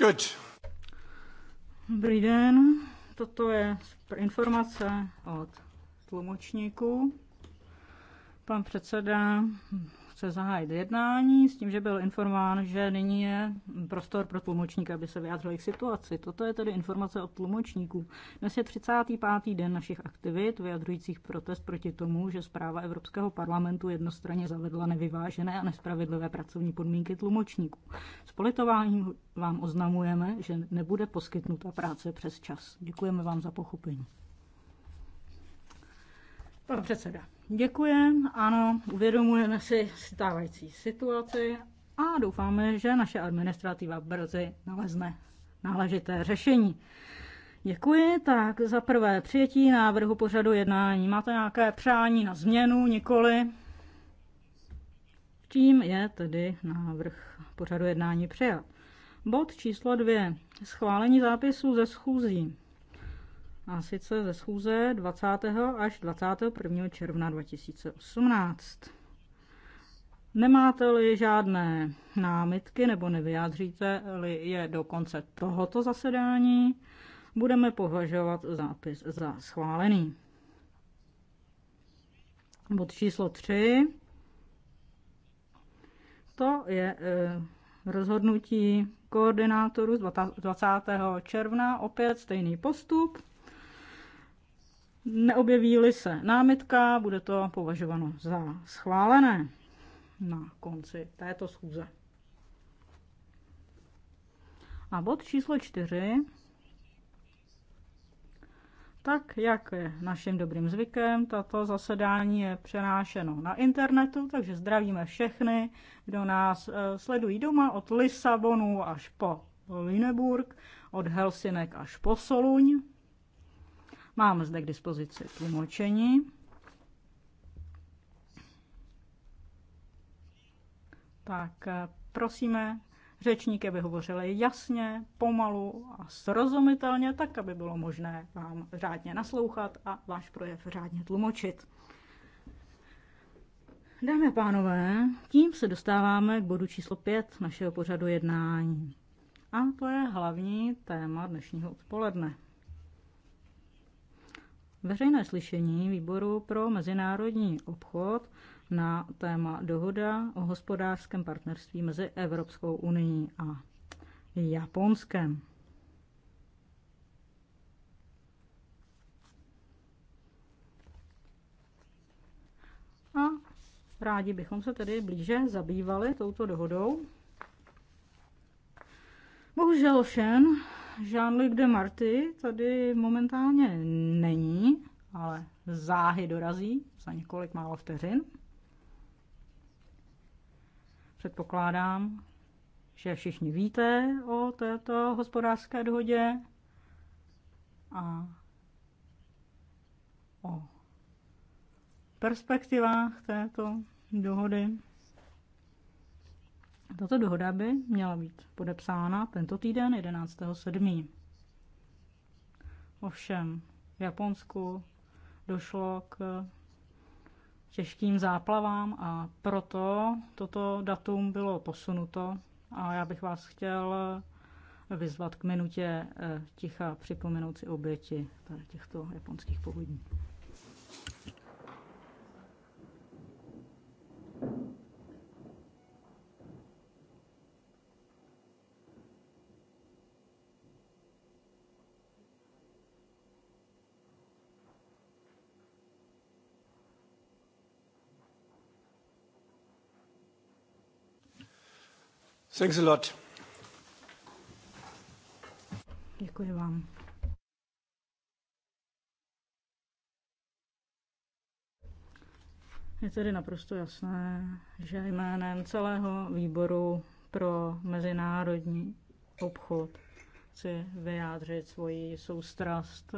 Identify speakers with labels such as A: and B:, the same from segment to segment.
A: Good. Dobrý den, toto je informace od tlumočníků. Pan předseda chce zahájit jednání s tím, že byl informován, že nyní je prostor pro tlumočníka, aby se vyjádřili k situaci. Toto je tedy informace od tlumočníků. Dnes je 35. den našich aktivit, vyjadřujících protest proti tomu, že zpráva Evropského parlamentu jednostranně zavedla nevyvážené a nespravedlivé pracovní podmínky tlumočníků. S politováním vám oznamujeme, že nebude poskytnuta práce přes čas. Děkujeme vám za pochopení. Pan předseda, děkujem. Ano, uvědomujeme si stávající situaci a doufáme, že naše administrativa brzy nalezne náležité řešení. Děkuji. Tak za prvé přijetí návrhu pořadu jednání. Máte nějaké přání na změnu? Nikoli. Tím je tedy návrh pořadu jednání přijat. Bod číslo dvě. Schválení zápisu ze schůzí a sice ze schůze 20. až 21. června 2018. Nemáte-li žádné námitky nebo nevyjádříte-li je do konce tohoto zasedání, budeme považovat zápis za schválený. Bod číslo 3. To je e, rozhodnutí koordinátorů z 20. června. Opět stejný postup. Neobjeví-li se námitka, bude to považováno za schválené na konci této schůze. A bod číslo čtyři, tak jak je naším dobrým zvykem, tato zasedání je přenášeno na internetu, takže zdravíme všechny, kdo nás eh, sledují doma od Lisabonu až po Lineburg, od Helsinek až po Soluň. Mám zde k dispozici tlumočení. Tak eh, prosíme řečníky, aby hovořili jasně, pomalu a srozumitelně, tak, aby bylo možné vám řádně naslouchat a váš projev řádně tlumočit. Dámy a pánové, tím se dostáváme k bodu číslo 5 našeho pořadu jednání. A to je hlavní téma dnešního odpoledne veřejné slyšení výboru pro mezinárodní obchod na téma dohoda o hospodářském partnerství mezi Evropskou unii a Japonskem. A rádi bychom se tedy blíže zabývali touto dohodou. Bohužel všem Jean-Luc Marty tady momentálně není, ale záhy dorazí za několik málo vteřin. Předpokládám, že všichni víte o této hospodářské dohodě a o perspektivách této dohody. Tato dohoda by měla být podepsána tento týden 11.7. Ovšem v Japonsku došlo k těžkým záplavám a proto toto datum bylo posunuto a já bych vás chtěl vyzvat k minutě eh, ticha připomenout si oběti těchto japonských povodní. Thanks a lot. Děkuji vám. Je tedy naprosto jasné, že jménem celého výboru pro mezinárodní obchod chci vyjádřit svoji soustrast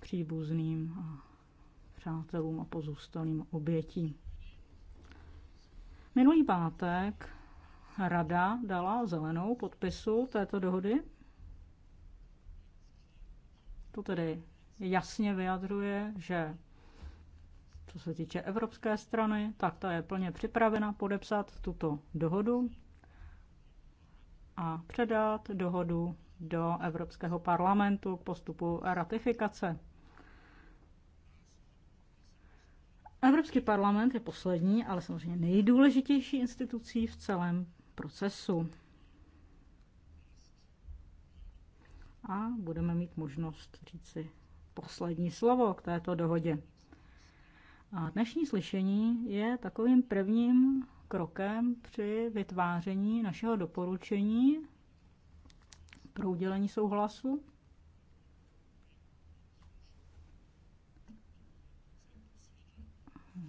A: příbuzným a přátelům a pozůstalým obětí. Minulý pátek rada dala zelenou podpisu této dohody. To tedy jasně vyjadřuje, že co se týče evropské strany, tak ta je plně připravena podepsat tuto dohodu a předat dohodu do Evropského parlamentu k postupu ratifikace. Evropský parlament je poslední, ale samozřejmě nejdůležitější institucí v celém procesu. A budeme mít možnost říci poslední slovo k této dohodě. A dnešní slyšení je takovým prvním krokem při vytváření našeho doporučení pro udělení souhlasu.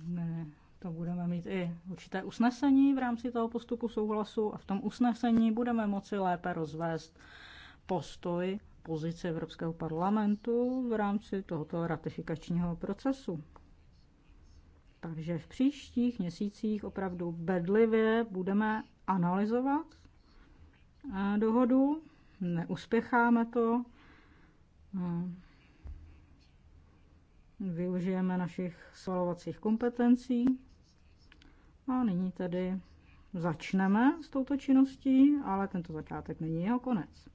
A: Ne to budeme mít i určité usnesení v rámci toho postupu souhlasu a v tom usnesení budeme moci lépe rozvést postoj pozici Evropského parlamentu v rámci tohoto ratifikačního procesu. Takže v příštích měsících opravdu bedlivě budeme analyzovat eh, dohodu, neuspěcháme to, eh, využijeme našich svalovacích kompetencí a nyní tedy začneme s touto činností, ale tento začátek není jeho konec.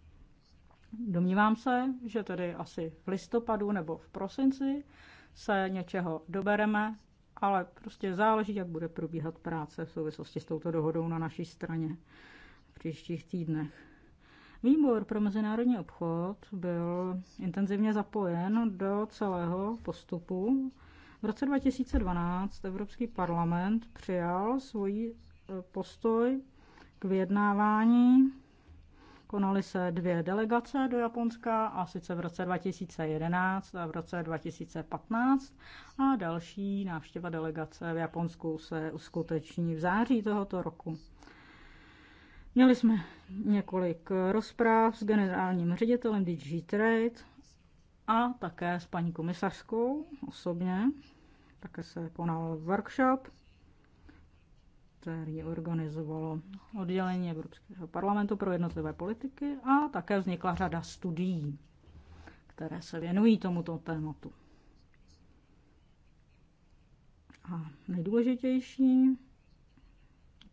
A: Domnívám se, že tedy asi v listopadu nebo v prosinci se něčeho dobereme, ale prostě záleží, jak bude probíhat práce v souvislosti s touto dohodou na naší straně v příštích týdnech. Výbor pro mezinárodní obchod byl intenzivně zapojen do celého postupu v roce 2012 Evropský parlament přijal svůj e, postoj k vyjednávání. Konaly se dvě delegace do Japonska, a sice v roce 2011 a v roce 2015. A další návštěva delegace v Japonsku se uskuteční v září tohoto roku. Měli jsme několik rozpráv s generálním ředitelem DG Trade a také s paní komisařkou osobně. Také se konal workshop, který organizovalo oddělení Evropského parlamentu pro jednotlivé politiky a také vznikla řada studií, které se věnují tomuto tématu. A nejdůležitější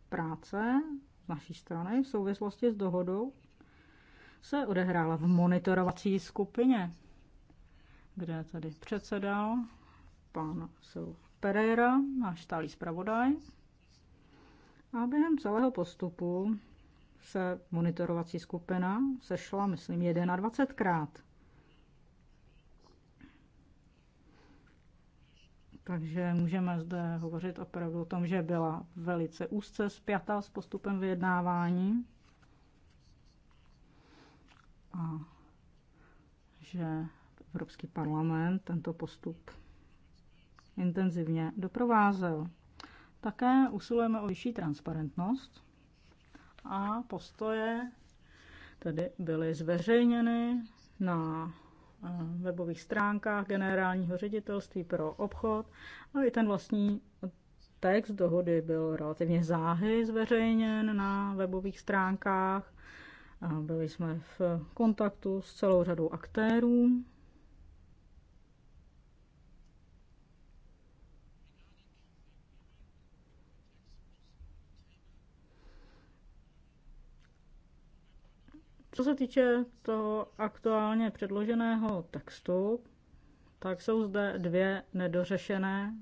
A: práce z naší strany v souvislosti s dohodou se odehrála v monitorovací skupině kde tady předsedal pan Sil Pereira, náš stálý zpravodaj. A během celého postupu se monitorovací skupina sešla, myslím, 21krát. Takže můžeme zde hovořit opravdu o tom, že byla velice úzce spjatá s postupem vyjednávání a že Evropský parlament tento postup intenzivně doprovázel. Také usilujeme o vyšší transparentnost a postoje tedy byly zveřejněny na eh, webových stránkách generálního ředitelství pro obchod a i ten vlastní text dohody byl relativně záhy zveřejněn na webových stránkách. Byli jsme v kontaktu s celou řadou aktérů Co se týče toho aktuálně předloženého textu, tak jsou zde dvě nedořešené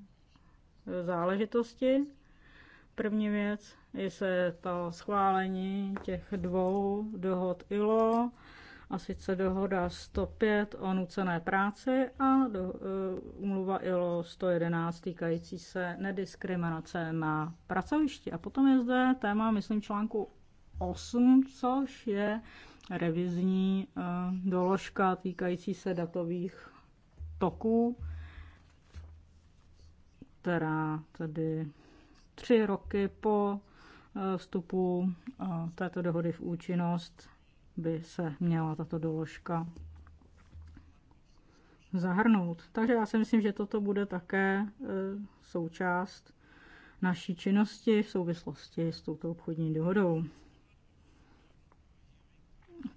A: záležitosti. První věc je se to schválení těch dvou dohod ILO, a sice dohoda 105 o nucené práci a do, umluva e, ILO 111 týkající se nediskriminace na pracovišti. A potom je zde téma, myslím, článku 8, což je revizní eh, doložka týkající se datových toků, která tedy tři roky po eh, vstupu eh, této dohody v účinnost by se měla tato doložka zahrnout. Takže já si myslím, že toto bude také součást naší činnosti v souvislosti s touto obchodní dohodou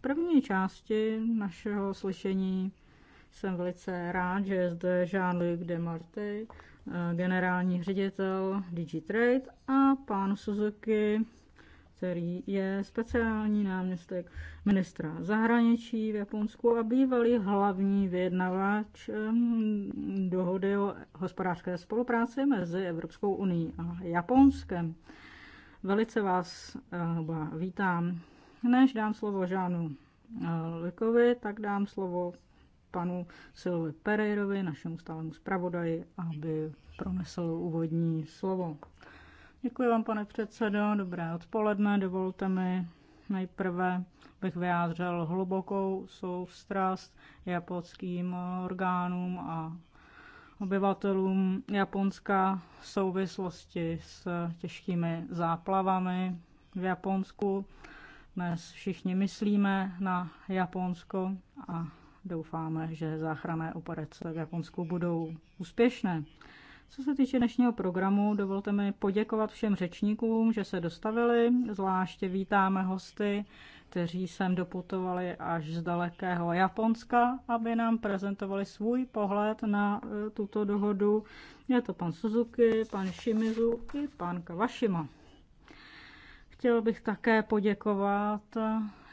A: první části našeho slyšení jsem velice rád, že je zde Jean-Luc Demarty, eh, generální ředitel DigiTrade a pán Suzuki, který je speciální náměstek ministra zahraničí v Japonsku a bývalý hlavní vyjednavač dohody o hospodářské spolupráci mezi Evropskou unii a Japonskem. Velice vás eh, vítám. Než dám slovo Žánu eh, Likovi, tak dám slovo panu Silovi Pereirovi, našemu stálemu zpravodaji, aby pronesl úvodní slovo. Děkuji vám, pane předsedo, dobré odpoledne. Dovolte mi nejprve bych vyjádřil hlubokou soustrast japonským orgánům a obyvatelům Japonska v souvislosti s těžkými záplavami v Japonsku. Dnes všichni myslíme na Japonsko a doufáme, že záchranné operace v Japonsku budou úspěšné. Co se týče dnešního programu, dovolte mi poděkovat všem řečníkům, že se dostavili. Zvláště vítáme hosty, kteří sem doputovali až z dalekého Japonska, aby nám prezentovali svůj pohled na e, tuto dohodu. Je to pan Suzuki, pan Shimizu i pan Kawashima. Chtěl bych také poděkovat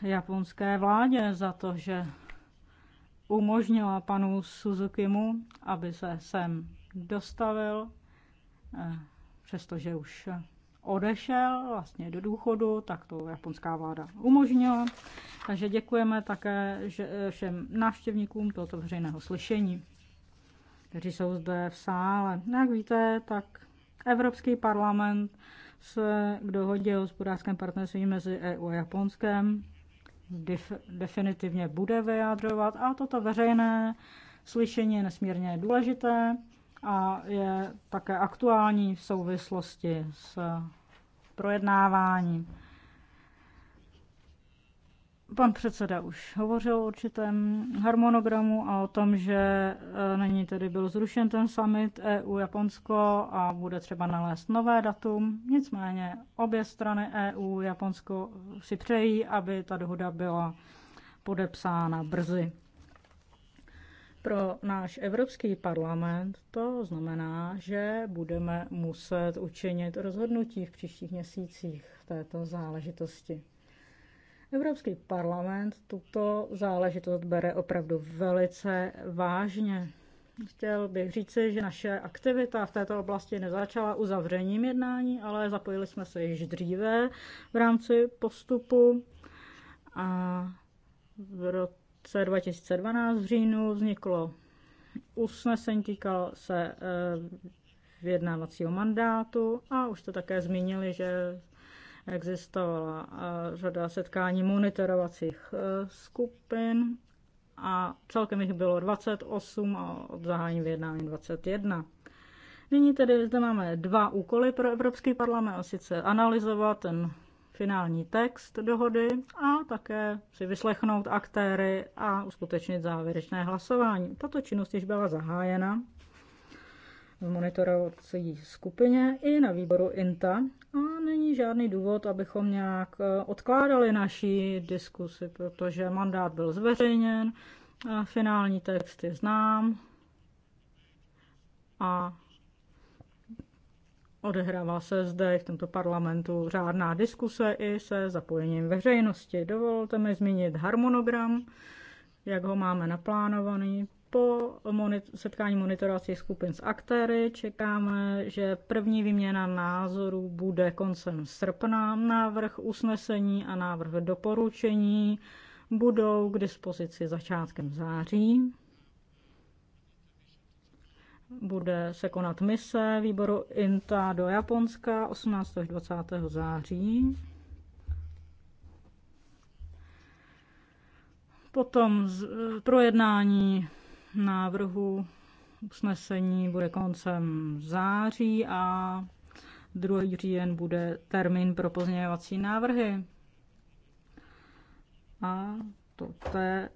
A: japonské vládě za to, že umožnila panu Suzukimu, aby se sem dostavil, eh, přestože už odešel vlastně do důchodu, tak to japonská vláda umožnila. Takže děkujeme také eh, všem návštěvníkům tohoto veřejného slyšení, kteří jsou zde v sále. Jak víte, tak Evropský parlament se k dohodě o hospodářském partnerství mezi EU a Japonskem definitivně bude vyjádřovat a toto veřejné slyšení je nesmírně důležité a je také aktuální v souvislosti s projednáváním Pan předseda už hovořil o určitém harmonogramu a o tom, že eh, není tedy byl zrušen ten summit EU-Japonsko a bude třeba nalézt nové datum. Nicméně obě strany EU-Japonsko si přejí, aby ta dohoda byla podepsána brzy. Pro náš Evropský parlament to znamená, že budeme muset učinit rozhodnutí v příštích měsících v této záležitosti. Evropský parlament tuto záležitost bere opravdu velice vážně. Chtěl bych říci, že naše aktivita v této oblasti nezačala uzavřením jednání, ale zapojili jsme se již dříve v rámci postupu a v roce 2012 v říjnu vzniklo usnesení týkal se eh, vyjednávacího mandátu a už to také zmínili, že Existovala řada setkání monitorovacích e, skupin a celkem jich bylo 28 a od zahájení vyjednání 21. Nyní tedy zde máme dva úkoly pro Evropský parlament, a sice analyzovat ten finální text dohody a také si vyslechnout aktéry a uskutečnit závěrečné hlasování. Tato činnost již byla zahájena v monitorovací skupině i na výboru INTA a není žádný důvod, abychom nějak eh, odkládali naší diskusi, protože mandát byl zveřejněn, a finální je znám a odehrává se zde v tomto parlamentu řádná diskuse i se zapojením veřejnosti. Dovolte mi zmínit harmonogram, jak ho máme naplánovaný po setkání monitoracích skupin s aktéry čekáme, že první výměna názorů bude koncem srpna. Návrh usnesení a návrh doporučení budou k dispozici začátkem září. Bude se konat mise výboru INTA do Japonska 18. až 20. září. Potom z, projednání návrhu usnesení bude koncem září a 2. říjen bude termín pro pozměňovací návrhy. A té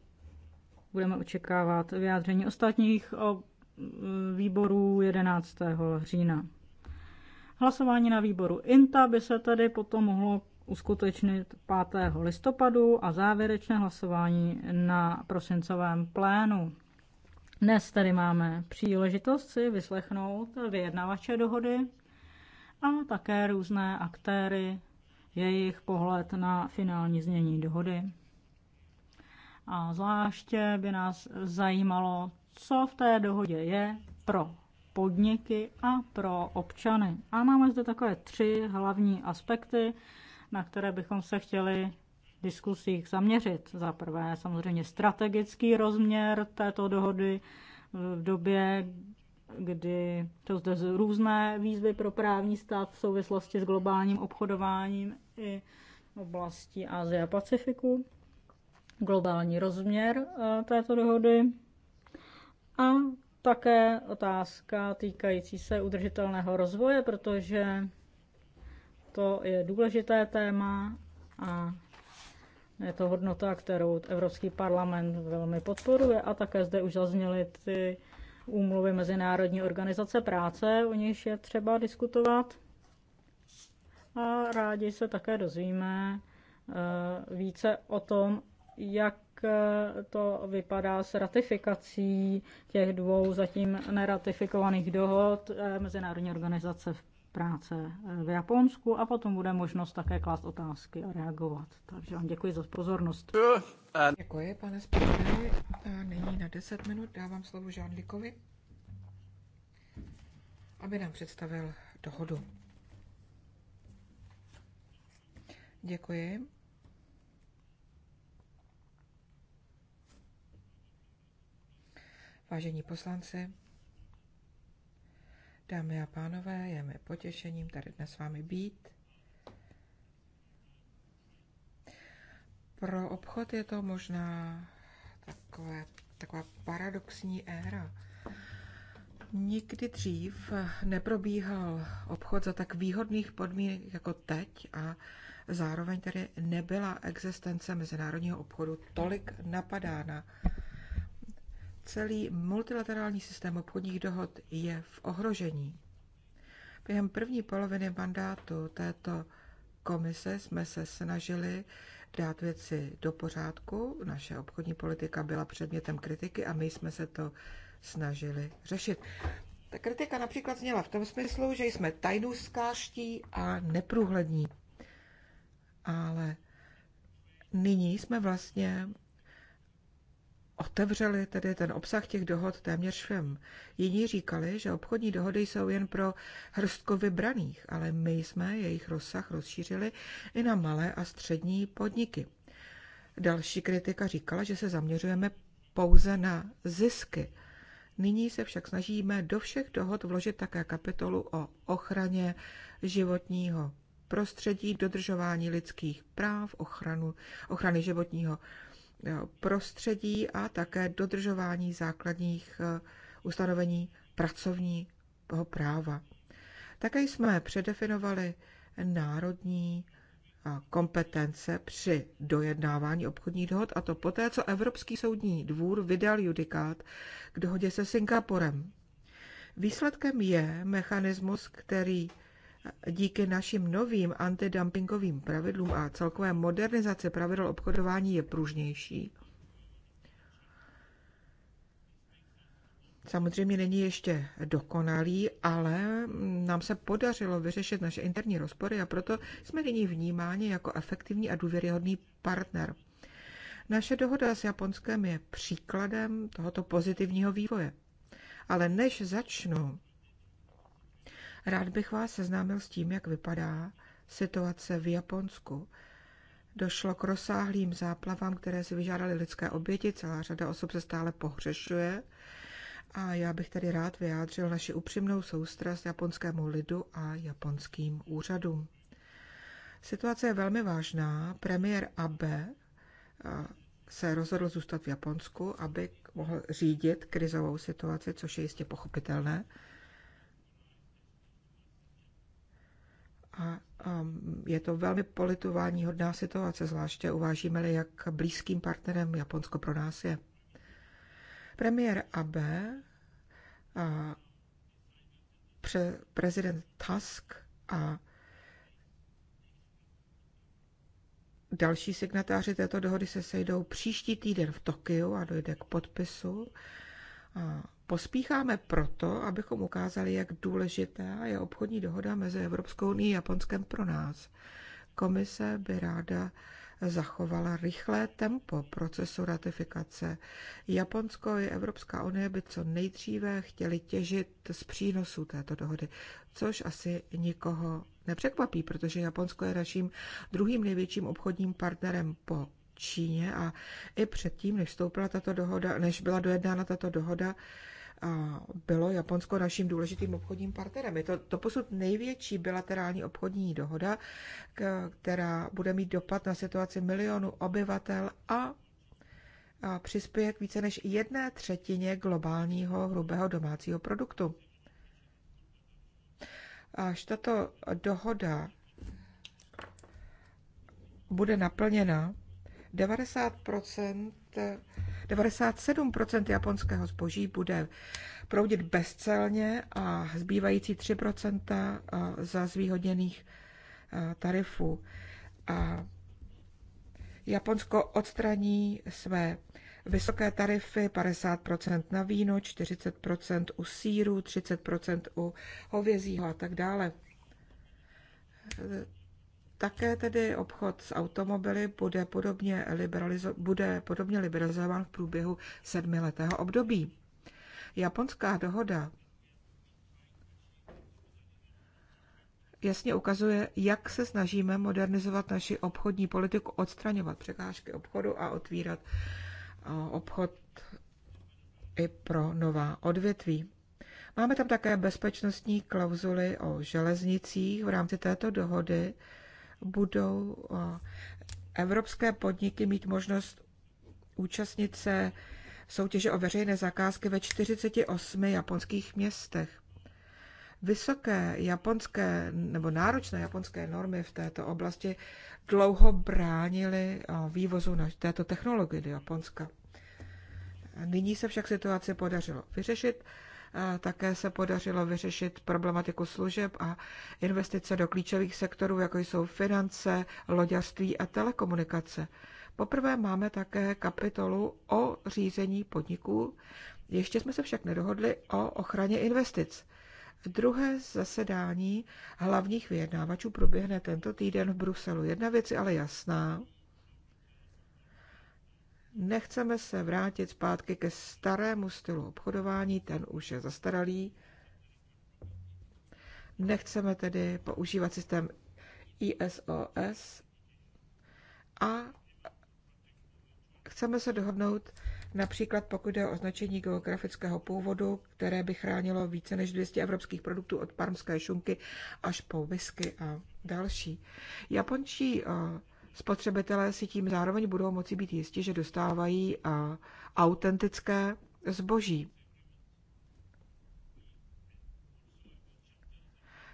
A: budeme očekávat vyjádření ostatních o e, výborů 11. října. Hlasování na výboru INTA by se tedy potom mohlo uskutečnit 5. listopadu a závěrečné hlasování na prosincovém plénu. Dnes tady máme příležitost si vyslechnout vyjednavače dohody a také různé aktéry, jejich pohled na finální znění dohody. A zvláště by nás zajímalo, co v té dohodě je pro podniky a pro občany. A máme zde takové tři hlavní aspekty, na které bychom se chtěli diskusích zaměřit. Za prvé samozřejmě strategický rozměr této dohody v době, kdy to zde různé výzvy pro právní stát v souvislosti s globálním obchodováním i oblasti Asie a Pacifiku, globální rozměr eh, této dohody a také otázka týkající se udržitelného rozvoje, protože to je důležité téma a je to hodnota, kterou Evropský parlament velmi podporuje a také zde už zazněly ty úmluvy Mezinárodní organizace práce, o nichž je třeba diskutovat. A rádi se také dozvíme eh, více o tom, jak eh, to vypadá s ratifikací těch dvou zatím neratifikovaných dohod eh, Mezinárodní organizace práce v Japonsku a potom bude možnost také klást otázky a reagovat. Takže vám děkuji
B: za pozornost. Děkuji, pane zpravodaji. nyní na 10 minut dávám slovo Žánlíkovi, aby nám představil dohodu. Děkuji. Vážení poslanci, Dámy a pánové, je mi potěšením tady dnes s vámi být. Pro obchod je to možná takové, taková paradoxní éra. Nikdy dřív neprobíhal obchod za tak výhodných podmínek jako teď a zároveň tedy nebyla existence mezinárodního obchodu tolik napadána celý multilaterální systém obchodních dohod je v ohrožení. Během první poloviny mandátu této komise jsme se snažili dát věci do pořádku. Naše obchodní politika byla předmětem kritiky a my jsme se to snažili řešit. Ta kritika například zněla v tom smyslu, že jsme tajnou skáští a neprůhlední. Ale nyní jsme vlastně otevřeli tedy ten obsah těch dohod téměř všem. Jiní říkali, že obchodní dohody jsou jen pro hrstko vybraných, ale my jsme jejich rozsah rozšířili i na malé a střední podniky. Další kritika říkala, že se zaměřujeme pouze na zisky. Nyní se však snažíme do všech dohod vložit také kapitolu o ochraně životního prostředí, dodržování lidských práv, ochranu, ochrany životního prostředí Eh, prostředí a také dodržování základních eh, ustanovení pracovního práva. Také jsme předefinovali národní eh, kompetence při dojednávání obchodních dohod, a to poté, co Evropský soudní dvůr vydal judikát k dohodě se Singapurem. Výsledkem je mechanismus, který díky našim novým antidumpingovým pravidlům a celkové modernizaci pravidel obchodování je pružnější. Samozřejmě není ještě dokonalý, ale nám se podařilo vyřešit naše interní rozpory a proto jsme nyní vnímáni jako efektivní a důvěryhodný partner. Naše dohoda s Japonskem je příkladem tohoto pozitivního vývoje. Ale než začnu Rád bych vás seznámil s tím, jak vypadá situace v Japonsku. Došlo k rozsáhlým záplavám, které si vyžádaly lidské oběti, celá řada osob se stále pohřešuje. A já bych tady rád vyjádřil naši upřímnou soustrast japonskému lidu a japonským úřadům. Situace je velmi vážná. Premiér Abe eh, se rozhodl zůstat v Japonsku, aby mohl řídit krizovou situaci, což je jistě pochopitelné. A um, je to velmi politování hodná situace, zvláště uvážíme-li, jak blízkým partnerem Japonsko pro nás je. Premiér Abe, a pře- prezident Tusk a další signatáři této dohody se sejdou příští týden v Tokiu a dojde k podpisu. A Pospícháme proto, abychom ukázali, jak důležitá je obchodní dohoda mezi Evropskou unii a Japonskem pro nás. Komise by ráda zachovala rychlé tempo procesu ratifikace. Japonsko i Evropská unie by co nejdříve chtěli těžit z přínosu této dohody, což asi nikoho nepřekvapí, protože Japonsko je naším druhým největším obchodním partnerem po Číně a i předtím, než vstoupila tato dohoda, než byla dojednána tato dohoda, bylo Japonsko naším důležitým obchodním partnerem. Je to posud největší bilaterální obchodní dohoda, která bude mít dopad na situaci milionu obyvatel a přispěje k více než jedné třetině globálního hrubého domácího produktu. Až tato dohoda bude naplněna, 90 97% japonského zboží bude proudit bezcelně a zbývající 3% eh, za zvýhodněných eh, tarifů. A Japonsko odstraní své vysoké tarify, 50% na víno, 40% u síru, 30% u hovězího a tak dále. Také tedy obchod s automobily bude podobně, liberalizo- bude podobně liberalizován v průběhu sedmiletého období. Japonská dohoda jasně ukazuje, jak se snažíme modernizovat naši obchodní politiku, odstraňovat překážky obchodu a otvírat obchod i pro nová odvětví. Máme tam také bezpečnostní klauzuly o železnicích v rámci této dohody budou eh, evropské podniky mít možnost účastnit se soutěže o veřejné zakázky ve 48 japonských městech. Vysoké japonské nebo náročné japonské normy v této oblasti dlouho bránily eh, vývozu na této technologie do Japonska. Nyní se však situaci podařilo vyřešit také se podařilo vyřešit problematiku služeb a investice do klíčových sektorů, jako jsou finance, loďařství a telekomunikace. Poprvé máme také kapitolu o řízení podniků. Ještě jsme se však nedohodli o ochraně investic. Druhé zasedání hlavních vyjednávačů proběhne tento týden v Bruselu. Jedna věc je ale jasná. Nechceme se vrátit zpátky ke starému stylu obchodování, ten už je zastaralý. Nechceme tedy používat systém ISOS a chceme se dohodnout například pokud je o označení geografického původu, které by chránilo více než 200 evropských produktů od parmské šunky až po whisky a další. Japonští eh, Spotřebitelé si tím zároveň budou moci být jistí, že dostávají autentické zboží.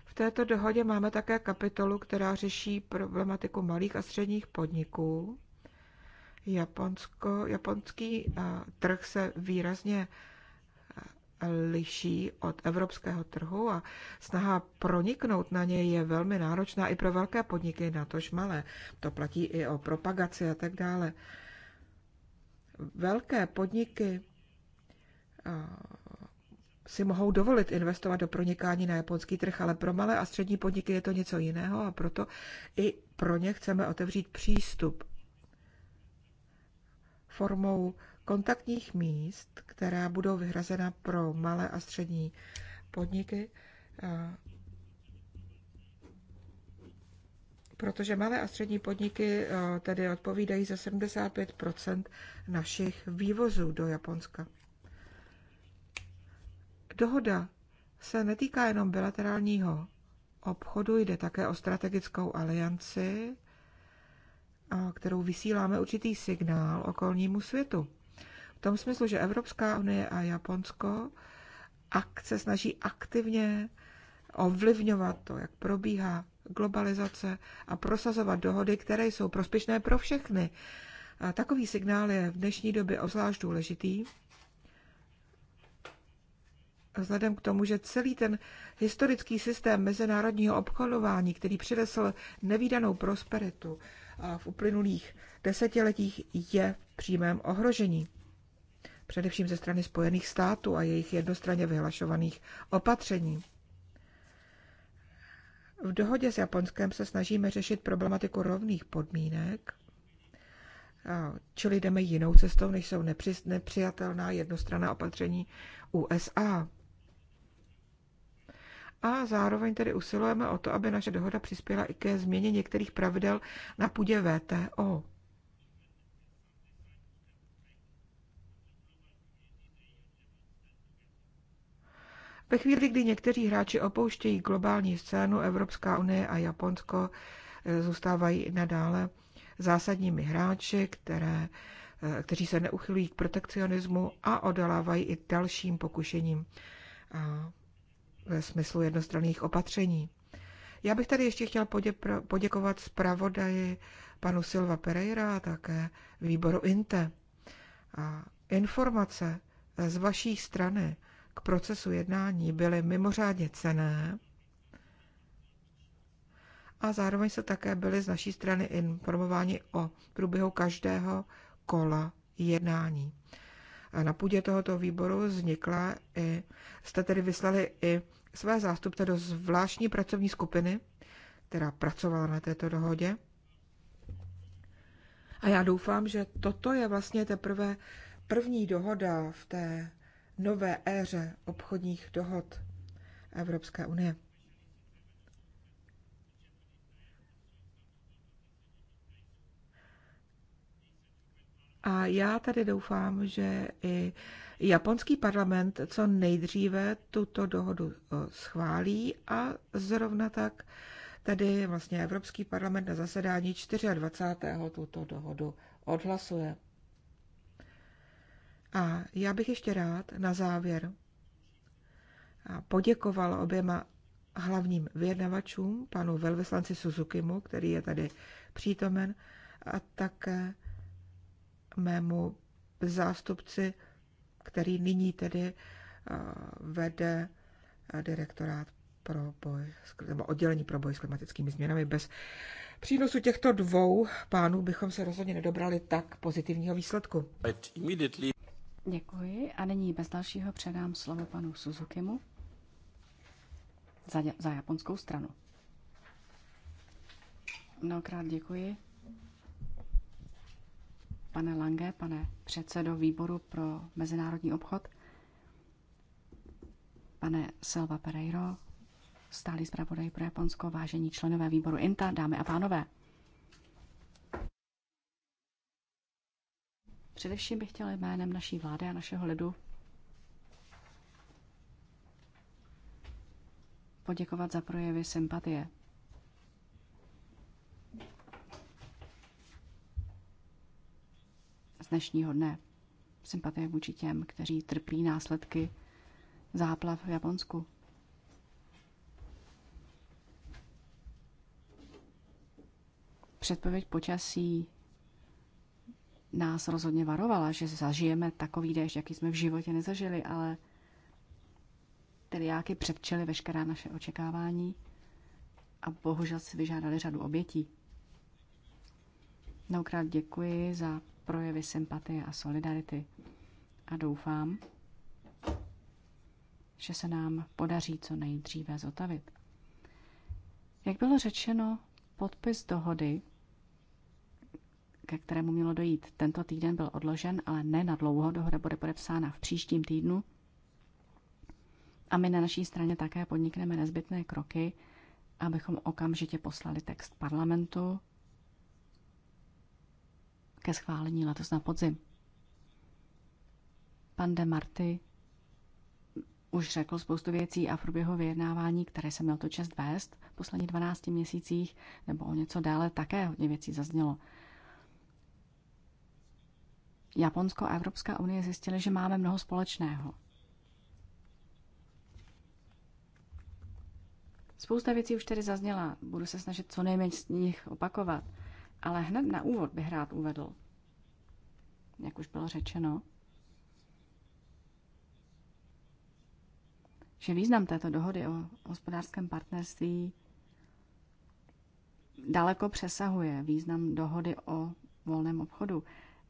B: V této dohodě máme také kapitolu, která řeší problematiku malých a středních podniků. Japonsko, japonský trh se výrazně liší od evropského trhu a snaha proniknout na něj je velmi náročná i pro velké podniky, natož malé. To platí i o propagaci a tak dále. Velké podniky si mohou dovolit investovat do pronikání na japonský trh, ale pro malé a střední podniky je to něco jiného a proto i pro ně chceme otevřít přístup formou kontaktních míst, která budou vyhrazena pro malé a střední podniky, protože malé a střední podniky tedy odpovídají za 75 našich vývozů do Japonska. Dohoda se netýká jenom bilaterálního obchodu, jde také o strategickou alianci, kterou vysíláme určitý signál okolnímu světu tom smyslu, že Evropská unie a Japonsko se snaží aktivně ovlivňovat to, jak probíhá globalizace a prosazovat dohody, které jsou prospěšné pro všechny. A takový signál je v dnešní době obzvlášť důležitý, vzhledem k tomu, že celý ten historický systém mezinárodního obchodování, který přinesl nevýdanou prosperitu v uplynulých desetiletích, je v přímém ohrožení především ze strany Spojených států a jejich jednostranně vyhlašovaných opatření. V dohodě s Japonskem se snažíme řešit problematiku rovných podmínek, čili jdeme jinou cestou, než jsou nepři, nepřijatelná jednostranná opatření USA. A zároveň tedy usilujeme o to, aby naše dohoda přispěla i ke změně některých pravidel na půdě VTO. Ve chvíli, kdy někteří hráči opouštějí globální scénu, Evropská unie a Japonsko eh, zůstávají nadále zásadními hráči, které, eh, kteří se neuchylují k protekcionismu a odolávají i dalším pokušením ve smyslu jednostranných opatření. Já bych tady ještě chtěl poděkovat zpravodaji panu Silva Pereira a také výboru INTE. A informace z vaší strany k procesu jednání byly mimořádně cené a zároveň se také byli z naší strany informováni o průběhu každého kola jednání. A na půdě tohoto výboru vznikla i, jste tedy vyslali i své zástupce do zvláštní pracovní skupiny, která pracovala na této dohodě. A já doufám, že toto je vlastně teprve první dohoda v té nové éře obchodních dohod Evropské unie. A já tady doufám, že i japonský parlament co nejdříve tuto dohodu eh, schválí a zrovna tak tady vlastně Evropský parlament na zasedání 24. tuto dohodu odhlasuje. A já bych ještě rád na závěr poděkoval oběma hlavním vyjednavačům, panu velvyslanci Suzukimu, který je tady přítomen, a také mému zástupci, který nyní tedy vede direktorát pro boj, nebo oddělení pro boj s klimatickými změnami. Bez přínosu těchto dvou pánů bychom se rozhodně nedobrali tak pozitivního výsledku. Děkuji a nyní bez dalšího předám
C: slovo panu Suzukimu za, za japonskou stranu. Mnohokrát děkuji. Pane Lange, pane předsedo výboru pro mezinárodní obchod, pane Silva Pereiro, stálý zpravodaj pro Japonsko, vážení členové výboru INTA, dámy a pánové. Především bych chtěla jménem naší vlády a našeho lidu poděkovat za projevy sympatie. Z dnešního dne sympatie vůči těm, kteří trpí následky záplav v Japonsku. Předpověď počasí nás rozhodně varovala, že zažijeme takový déšť, jaký jsme v životě nezažili, ale teriáky předčeli veškerá naše očekávání a bohužel si vyžádali řadu obětí. Mnohokrát děkuji za projevy sympatie a solidarity a doufám, že se nám podaří co nejdříve zotavit. Jak bylo řečeno, podpis dohody ke kterému mělo dojít tento týden, byl odložen, ale ne na dlouho. Dohoda bude podepsána v příštím týdnu. A my na naší straně také podnikneme nezbytné kroky, abychom okamžitě poslali text parlamentu ke schválení letos na podzim. Pan de Marty už řekl spoustu věcí a v průběhu vyjednávání, které jsem měl tu čest vést v posledních 12 měsících nebo o něco déle, také hodně věcí zaznělo. Japonsko a Evropská unie zjistili, že máme mnoho společného. Spousta věcí už tady zazněla, budu se snažit co nejméně z nich opakovat, ale hned na úvod bych rád uvedl, jak už bylo řečeno, že význam této dohody o hospodářském partnerství daleko přesahuje význam dohody o volném obchodu.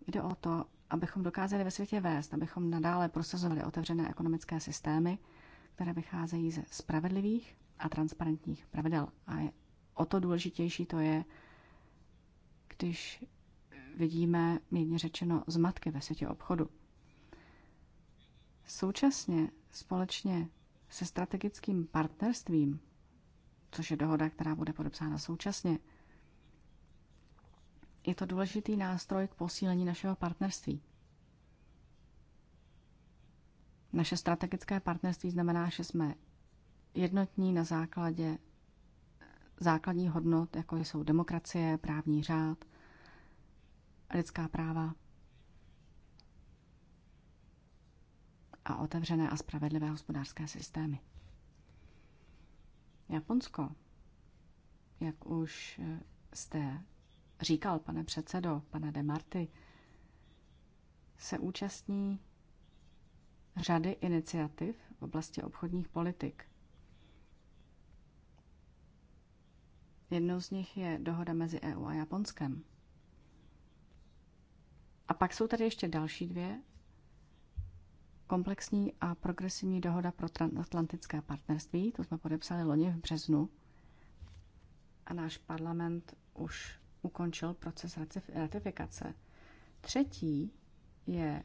C: Jde o to, abychom dokázali ve světě vést, abychom nadále prosazovali otevřené ekonomické systémy, které vycházejí ze spravedlivých a transparentních pravidel. A je, o to důležitější to je, když vidíme, mírně řečeno, zmatky ve světě obchodu. Současně společně se strategickým partnerstvím, což je dohoda, která bude podepsána současně, je to důležitý nástroj k posílení našeho partnerství. Naše strategické partnerství znamená, že jsme jednotní na základě základních hodnot, jako jsou demokracie, právní řád, lidská práva a otevřené a spravedlivé hospodářské systémy. Japonsko, jak už jste říkal, pane předsedo, pane Demarty, se účastní řady iniciativ v oblasti obchodních politik. Jednou z nich je dohoda mezi EU a Japonskem. A pak jsou tady ještě další dvě. Komplexní a progresivní dohoda pro transatlantické partnerství, to jsme podepsali loni v březnu. A náš parlament už ukončil proces ratifikace. Třetí je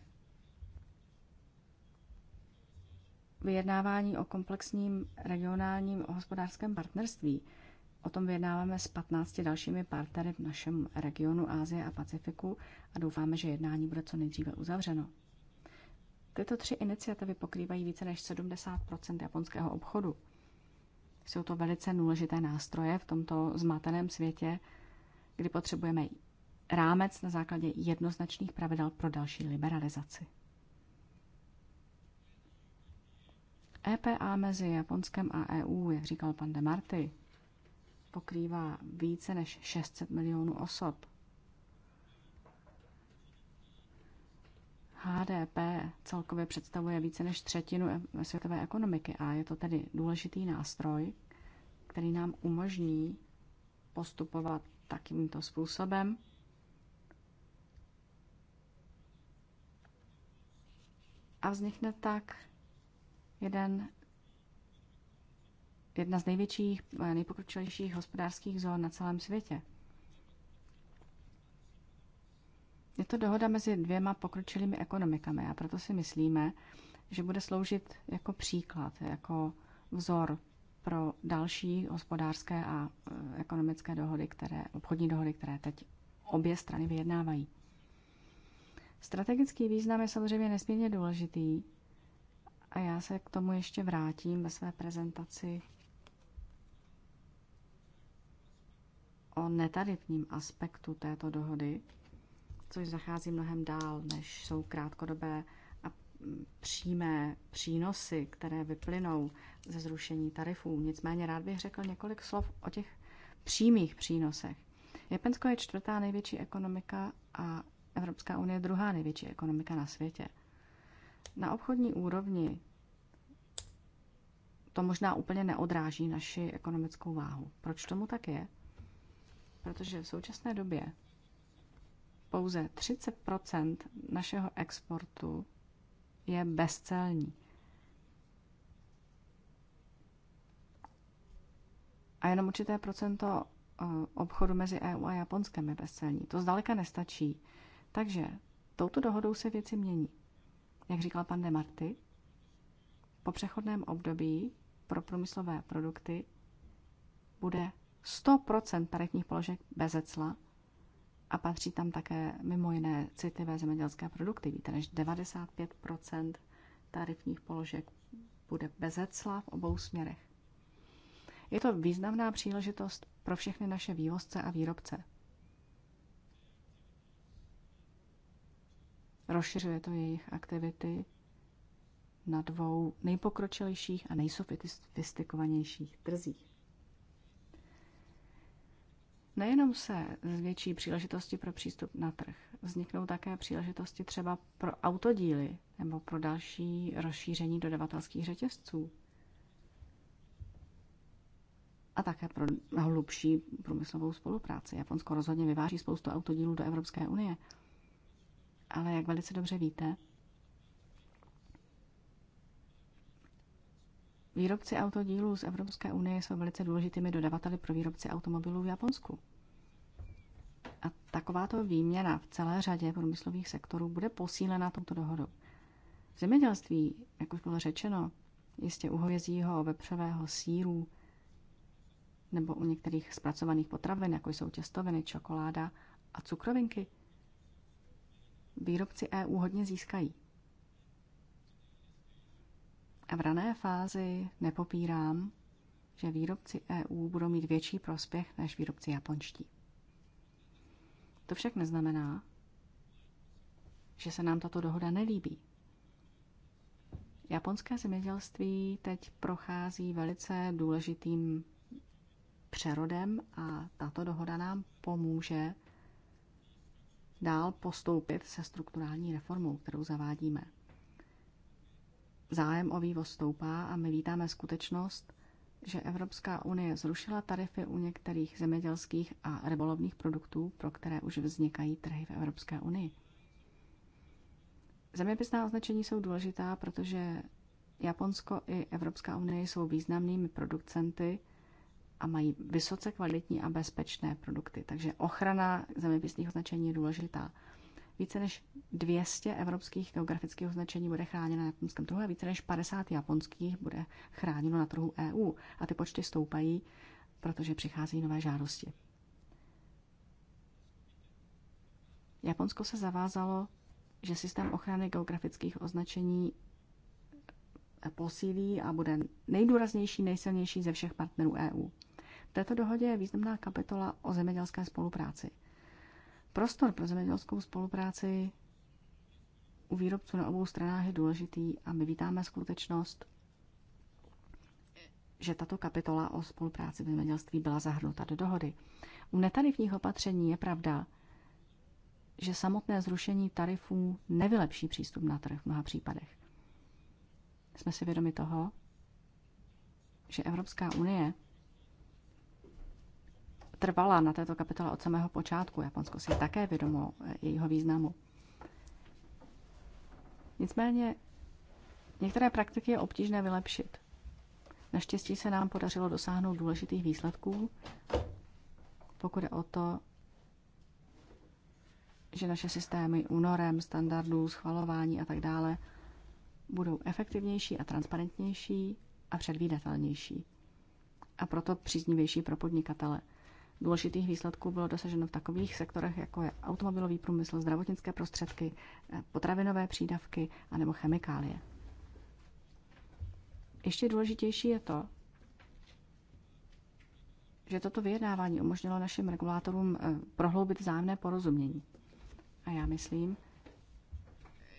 C: vyjednávání o komplexním regionálním hospodářském partnerství. O tom vyjednáváme s 15 dalšími partnery v našem regionu Ázie a Pacifiku a doufáme, že jednání bude co nejdříve uzavřeno. Tyto tři iniciativy pokrývají více než 70 japonského obchodu. Jsou to velice důležité nástroje v tomto zmateném světě kdy potřebujeme rámec na základě jednoznačných pravidel pro další liberalizaci. EPA mezi Japonskem a EU, jak říkal pan de Marty, pokrývá více než 600 milionů osob. HDP celkově představuje více než třetinu e- světové ekonomiky a je to tedy důležitý nástroj, který nám umožní postupovat takýmto způsobem. A vznikne tak jeden, jedna z největších, eh, nejpokročilejších hospodářských zón na celém světě. Je to dohoda mezi dvěma pokročilými ekonomikami a proto si myslíme, že bude sloužit jako příklad, jako vzor pro další hospodářské a e, ekonomické dohody, které, obchodní dohody, které teď obě strany vyjednávají. Strategický význam je samozřejmě nesmírně důležitý a já se k tomu ještě vrátím ve své prezentaci o netarifním aspektu této dohody, což zachází mnohem dál, než jsou krátkodobé přímé přínosy, které vyplynou ze zrušení tarifů. Nicméně rád bych řekl několik slov o těch přímých přínosech. Japonsko je čtvrtá největší ekonomika a Evropská unie druhá největší ekonomika na světě. Na obchodní úrovni to možná úplně neodráží naši ekonomickou váhu. Proč tomu tak je? Protože v současné době pouze 30 našeho exportu je bezcelní. A jenom určité procento eh, obchodu mezi EU a Japonskem je bezcelní. To zdaleka nestačí. Takže touto dohodou se věci mění. Jak říkal pan Demarty, po přechodném období pro průmyslové produkty bude 100% tarifních položek bez a patří tam také mimo jiné citlivé zemědělské produkty. Víte, než 95 tarifních položek bude bez hecla v obou směrech. Je to významná příležitost pro všechny naše vývozce a výrobce. Rozšiřuje to jejich aktivity na dvou nejpokročilejších a nejsofistikovanějších trzích. Nejenom se zvětší příležitosti pro přístup na trh, vzniknou také příležitosti třeba pro autodíly nebo pro další rozšíření dodavatelských řetězců. A také pro hlubší průmyslovou spolupráci. Japonsko rozhodně vyváží spoustu autodílů do Evropské unie. Ale jak velice dobře víte, Výrobci autodílů z Evropské unie jsou velice důležitými dodavateli pro výrobci automobilů v Japonsku. A takováto výměna v celé řadě průmyslových sektorů bude posílena touto dohodou. V zemědělství, jak už bylo řečeno, jistě u hovězího, vepřového, síru nebo u některých zpracovaných potravin, jako jsou těstoviny, čokoláda a cukrovinky, výrobci EU hodně získají. A v rané fázi nepopírám, že výrobci EU budou mít větší prospěch než výrobci japonští. To však neznamená, že se nám tato dohoda nelíbí. Japonské zemědělství teď prochází velice důležitým přerodem a tato dohoda nám pomůže dál postoupit se strukturální reformou, kterou zavádíme zájem o vývoz stoupá a my vítáme skutečnost, že Evropská unie zrušila tarify u některých zemědělských a rybolovných produktů, pro které už vznikají trhy v Evropské unii. Zeměpisná označení jsou důležitá, protože Japonsko i Evropská unie jsou významnými producenty a mají vysoce kvalitní a bezpečné produkty. Takže ochrana zeměpisných označení je důležitá. Více než 200 evropských geografických označení bude chráněno na japonském trhu a více než 50 japonských bude chráněno na trhu EU. A ty počty stoupají, protože přicházejí nové žádosti. Japonsko se zavázalo, že systém ochrany geografických označení posílí a bude nejdůraznější, nejsilnější ze všech partnerů EU. V této dohodě je významná kapitola o zemědělské spolupráci – Prostor pro zemědělskou spolupráci u výrobců na obou stranách je důležitý a my vítáme skutečnost, že tato kapitola o spolupráci v zemědělství byla zahrnuta do dohody. U netarifních opatření je pravda, že samotné zrušení tarifů nevylepší přístup na trh v mnoha případech. Jsme si vědomi toho, že Evropská unie trvala na této kapitole od samého počátku. Japonsko si je také vědomo eh, jejího významu. Nicméně některé praktiky je obtížné vylepšit. Naštěstí se nám podařilo dosáhnout důležitých výsledků, pokud je o to, že naše systémy únorem, standardů, schvalování a tak dále budou efektivnější a transparentnější a předvídatelnější. A proto příznivější pro podnikatele – Důležitých výsledků bylo dosaženo v takových sektorech, jako je automobilový průmysl, zdravotnické prostředky, eh, potravinové přídavky a nebo chemikálie. Ještě důležitější je to, že toto vyjednávání umožnilo našim regulátorům eh, prohloubit vzájemné porozumění. A já myslím,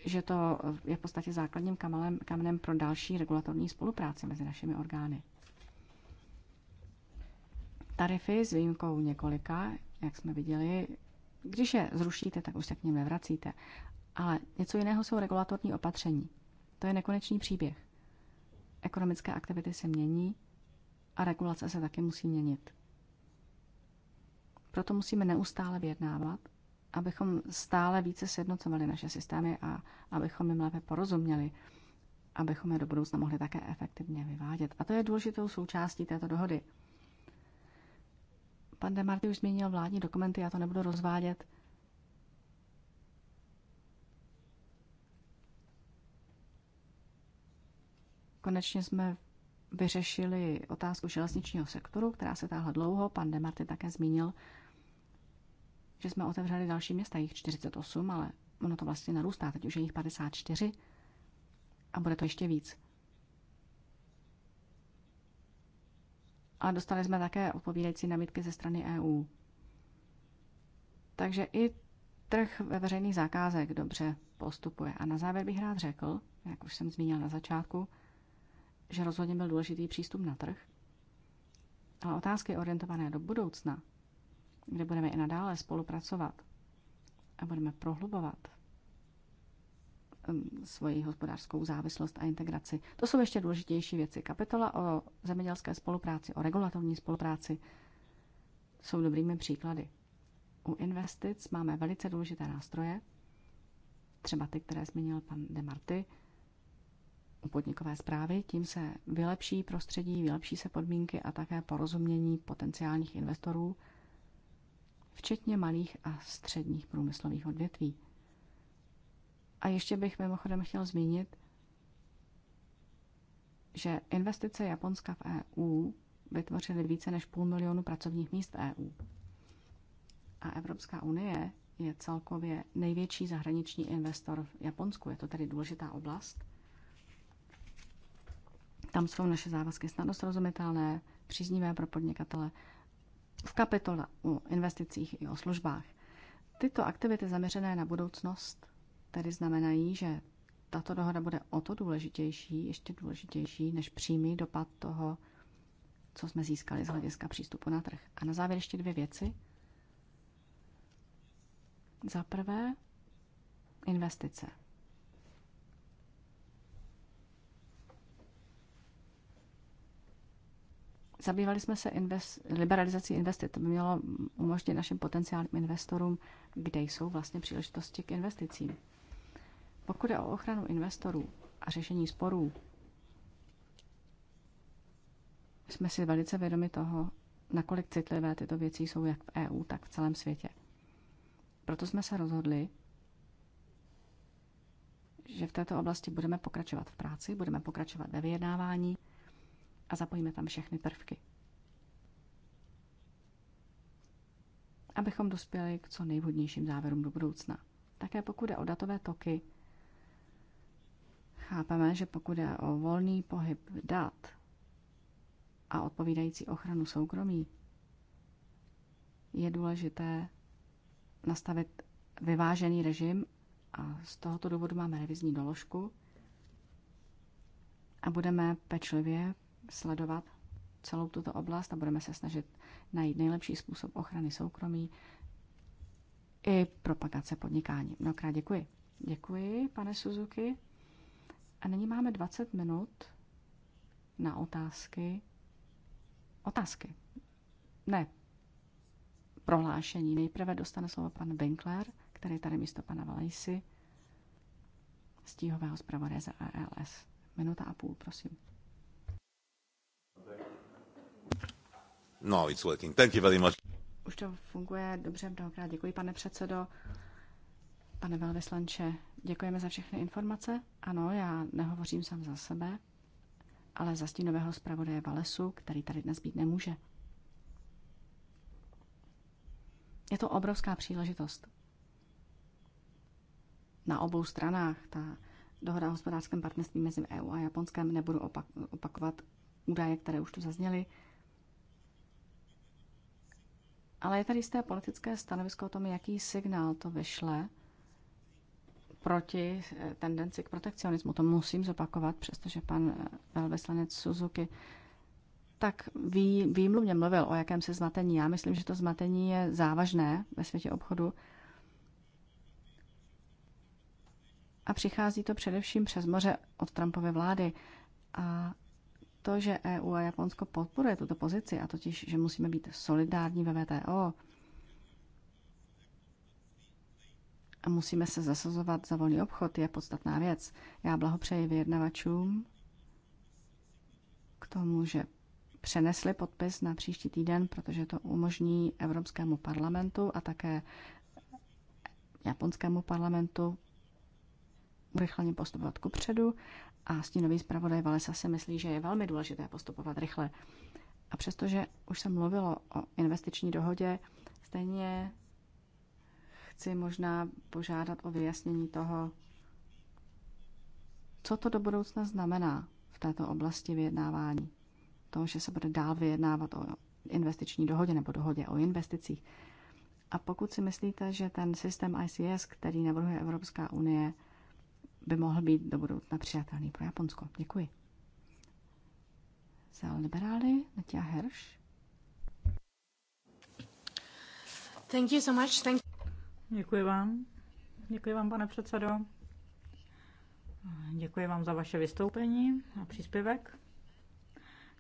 C: že to eh, je v podstatě základním kamenem pro další regulatorní spolupráci mezi našimi orgány tarify s výjimkou několika, jak jsme viděli, když je zrušíte, tak už se k ním nevracíte. Ale něco jiného jsou regulatorní opatření. To je nekonečný příběh. Ekonomické aktivity se mění a regulace se taky musí měnit. Proto musíme neustále vyjednávat, abychom stále více sjednocovali naše systémy a abychom jim lépe porozuměli, abychom je do budoucna mohli také efektivně vyvádět. A to je důležitou součástí této dohody. Pan Demarty už změnil vládní dokumenty, já to nebudu rozvádět. Konečně jsme vyřešili otázku železničního sektoru, která se táhla dlouho. Pan Demarty také zmínil, že jsme otevřeli další města, jich 48, ale ono to vlastně narůstá, teď už je jich 54 a bude to ještě víc. a dostali jsme také odpovídající nabídky ze strany EU. Takže i trh ve veřejných zakázek dobře postupuje. A na závěr bych rád řekl, jak už jsem zmínil na začátku, že rozhodně byl důležitý přístup na trh, ale otázky orientované do budoucna, kde budeme i nadále spolupracovat a budeme prohlubovat Um, svoji hospodářskou závislost a integraci. To jsou ještě důležitější věci. Kapitola o zemědělské spolupráci, o regulatorní spolupráci jsou dobrými příklady. U investic máme velice důležité nástroje, třeba ty, které zmínil pan Demarty, u podnikové zprávy, tím se vylepší prostředí, vylepší se podmínky a také porozumění potenciálních investorů, včetně malých a středních průmyslových odvětví. A ještě bych mimochodem chtěl zmínit, že investice Japonska v EU vytvořily více než půl milionu pracovních míst v EU. A Evropská unie je celkově největší zahraniční investor v Japonsku. Je to tedy důležitá oblast. Tam jsou naše závazky snadno srozumitelné, příznivé pro podnikatele v kapitole o investicích i o službách. Tyto aktivity zaměřené na budoucnost tedy znamenají, že tato dohoda bude o to důležitější, ještě důležitější, než přímý dopad toho, co jsme získali z hlediska přístupu na trh. A na závěr ještě dvě věci. Za prvé, investice. Zabývali jsme se invest, liberalizací investic. To by mělo umožnit našim potenciálním investorům, kde jsou vlastně příležitosti k investicím. Pokud je o ochranu investorů a řešení sporů, jsme si velice vědomi toho, nakolik citlivé tyto věci jsou jak v EU, tak v celém světě. Proto jsme se rozhodli, že v této oblasti budeme pokračovat v práci, budeme pokračovat ve vyjednávání a zapojíme tam všechny prvky. Abychom dospěli k co nejvhodnějším závěrům do budoucna. Také pokud je o datové toky, Chápeme, že pokud je o volný pohyb dat a odpovídající ochranu soukromí, je důležité nastavit vyvážený režim a z tohoto důvodu máme revizní doložku a budeme pečlivě sledovat celou tuto oblast a budeme se snažit najít nejlepší způsob ochrany soukromí i propagace podnikání. Mnohokrát děkuji. Děkuji, pane Suzuki. A nyní máme 20 minut na otázky. Otázky. Ne. Prohlášení. Nejprve dostane slovo pan Winkler, který je tady místo pana Valejsy, stíhového zpravodaje za ALS. Minuta a půl, prosím.
B: No, it's working. Thank you very much. Už
C: to funguje dobře, mnohokrát děkuji, pane předsedo. Pane velvyslanče, Děkujeme za všechny informace. Ano, já nehovořím sám za sebe, ale za stínového zpravodaje Valesu, který tady dnes být nemůže. Je to obrovská příležitost. Na obou stranách ta dohoda o hospodářském partnerství mezi EU a Japonskem nebudu opak- opakovat údaje, které už tu zazněly. Ale je tady jisté politické stanovisko o tom, jaký signál to vyšle proti tendenci k protekcionismu. To musím zopakovat, přestože pan eh, velvyslanec Suzuki tak vý, výmluvně mluvil o jakém se zmatení. Já myslím, že to zmatení je závažné ve světě obchodu. A přichází to především přes moře od Trumpovy vlády. A to, že EU a Japonsko podporuje tuto pozici, a totiž, že musíme být solidární ve VTO, a musíme se zasazovat za volný obchod, je podstatná věc. Já blahopřeji vyjednavačům k tomu, že přenesli podpis na příští týden, protože to umožní Evropskému parlamentu a také japonskému parlamentu urychleně postupovat kupředu a stínový zpravodaj Valesa si myslí, že je velmi důležité postupovat rychle. A přestože už se mluvilo o investiční dohodě, stejně chci možná požádat o vyjasnění toho, co to do budoucna znamená v této oblasti vyjednávání. To, že se bude dál vyjednávat o investiční dohodě nebo dohodě o investicích. A pokud si myslíte, že ten systém ICS, který navrhuje Evropská unie, by mohl být do budoucna přijatelný pro Japonsko. Děkuji. Za liberály Natia Hirsch.
A: Thank you so much. Thank Děkuji vám. Děkuji vám, pane předsedo. Děkuji vám za vaše vystoupení a příspěvek.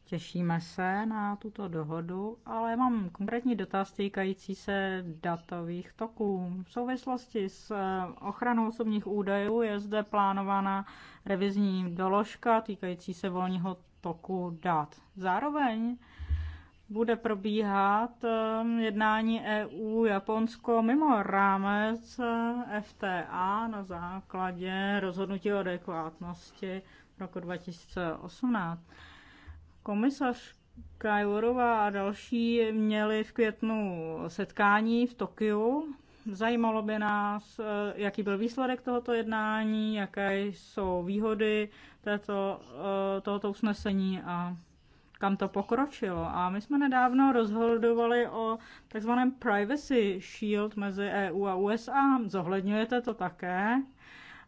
A: Těšíme se na tuto dohodu, ale mám konkrétní dotaz týkající se datových toků. V souvislosti s eh, ochranou osobních údajů je zde plánována revizní doložka týkající se volního toku dat. Zároveň bude probíhat ehm, jednání EU-Japonsko mimo rámec eh, FTA na základě rozhodnutí o adekvátnosti roku 2018. Komisař Kajurova a další měli v květnu setkání v Tokiu. Zajímalo by nás, eh, jaký byl výsledek tohoto jednání, jaké jsou výhody této, eh, tohoto usnesení a kam to pokročilo. A my jsme nedávno rozhodovali o takzvaném Privacy Shield mezi EU a USA. Zohledňujete to také?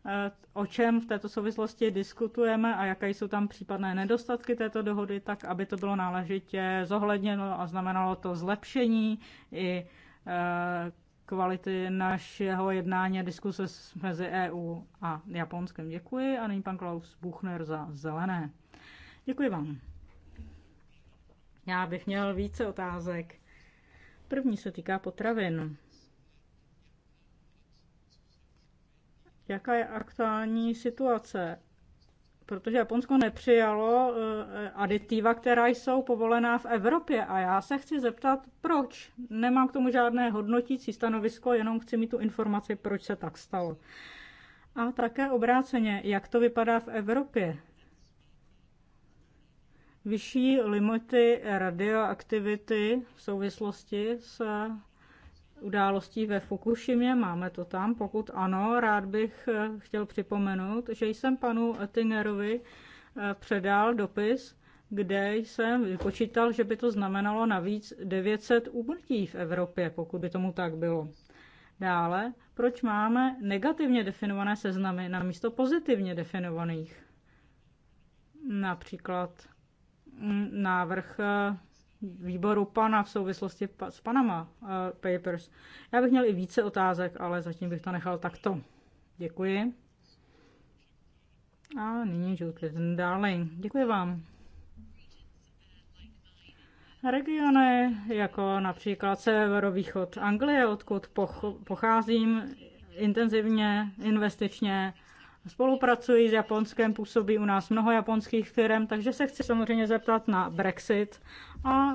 A: E, o čem v této souvislosti diskutujeme a jaké jsou tam případné nedostatky této dohody, tak aby to bylo náležitě zohledněno a znamenalo to zlepšení i e, kvality našeho jednání a diskuse mezi EU a Japonskem. Děkuji a nyní pan Klaus Buchner za zelené. Děkuji vám. Já bych měl více otázek. První se týká potravin. Jaká je aktuální situace? Protože Japonsko nepřijalo eh, aditiva, která jsou povolená v Evropě. A já se chci zeptat, proč? Nemám k tomu žádné hodnotící stanovisko, jenom chci mít tu informaci, proč se tak stalo. A také obráceně, jak to vypadá v Evropě? Vyšší limity radioaktivity v souvislosti s událostí ve Fukushimě, máme to tam. Pokud ano, rád bych eh, chtěl připomenout, že jsem panu Ettingerovi eh, předal dopis, kde jsem vypočítal, že by to znamenalo navíc 900 úmrtí v Evropě, pokud by tomu tak bylo. Dále, proč máme negativně definované seznamy na místo pozitivně definovaných? Například návrh eh, výboru pana v souvislosti s Panama eh, Papers. Já bych měl i více otázek, ale zatím bych to nechal takto. Děkuji. A nyní Jill Clinton Darling. Děkuji vám. Regiony jako například severovýchod Anglie, odkud pocházím, intenzivně investičně spolupracují s Japonskem, působí u nás mnoho japonských firm, takže se chci samozřejmě zeptat na Brexit a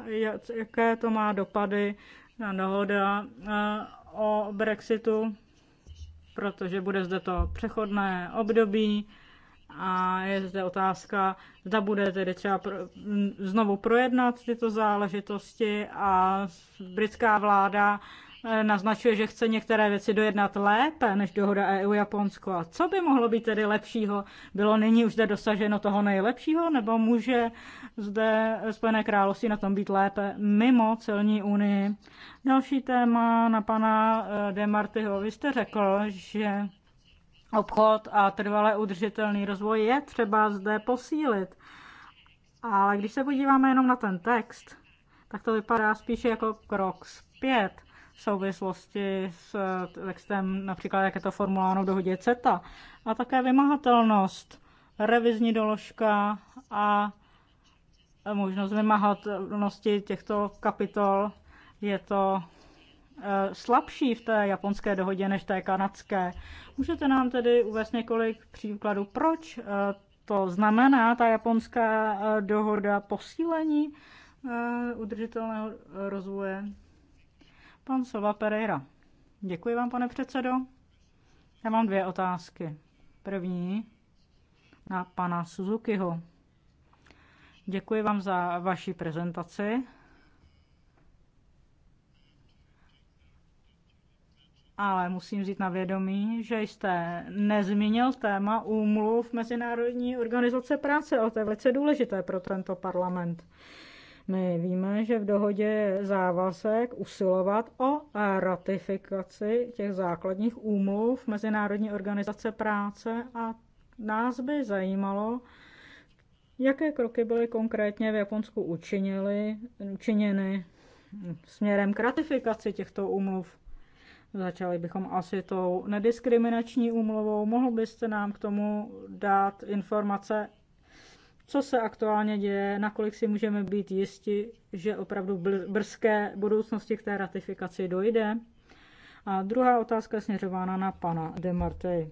A: jaké to má dopady na dohoda eh, o Brexitu, protože bude zde to přechodné období a je zde otázka, zda bude tedy třeba znovu projednat tyto záležitosti a britská vláda E, naznačuje, že chce některé věci dojednat lépe než dohoda EU-Japonsko. A co by mohlo být tedy lepšího? Bylo nyní už zde dosaženo toho nejlepšího, nebo může zde Spojené království na tom být lépe mimo celní unii? Další téma na pana e, Demartyho. Vy jste řekl, že obchod a trvalé udržitelný rozvoj je třeba zde posílit. Ale když se podíváme jenom na ten text, tak to vypadá spíše jako krok zpět v souvislosti s eh, textem například, jak je to formuláno v dohodě CETA. A také vymahatelnost, revizní doložka a možnost vymahatelnosti těchto kapitol je to eh, slabší v té japonské dohodě než té kanadské. Můžete nám tedy uvést několik příkladů, proč eh, to znamená ta japonská dohoda posílení udržitelného rozvoje? Pan Silva Pereira. Děkuji vám, pane předsedo. Já mám dvě otázky. První na pana Suzukiho. Děkuji vám za vaši prezentaci. Ale musím říct na vědomí, že jste nezmínil téma úmluv Mezinárodní organizace práce, ale to je velice důležité pro tento parlament. My víme, že v dohodě je závazek usilovat o ratifikaci těch základních úmluv Mezinárodní organizace práce a nás by zajímalo, jaké kroky byly konkrétně v Japonsku učinili, učiněny směrem k ratifikaci těchto úmluv. Začali bychom asi tou nediskriminační úmluvou. Mohl byste nám k tomu dát informace co se aktuálně děje, nakolik si můžeme být jisti, že opravdu v brzké budoucnosti k té ratifikaci dojde. A druhá otázka je směřována na pana Demartej.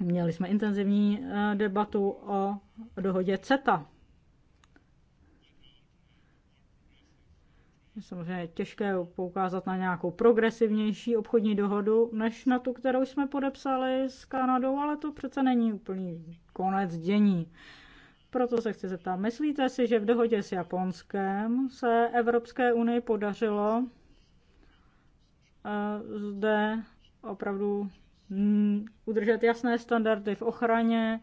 A: Měli jsme intenzivní eh, debatu o dohodě CETA. Je samozřejmě těžké poukázat na nějakou progresivnější obchodní dohodu, než na tu, kterou jsme podepsali s Kanadou, ale to přece není úplný konec dění. Proto se chci zeptat, myslíte si, že v dohodě s Japonskem se Evropské unii podařilo eh, zde opravdu mm, udržet jasné standardy v ochraně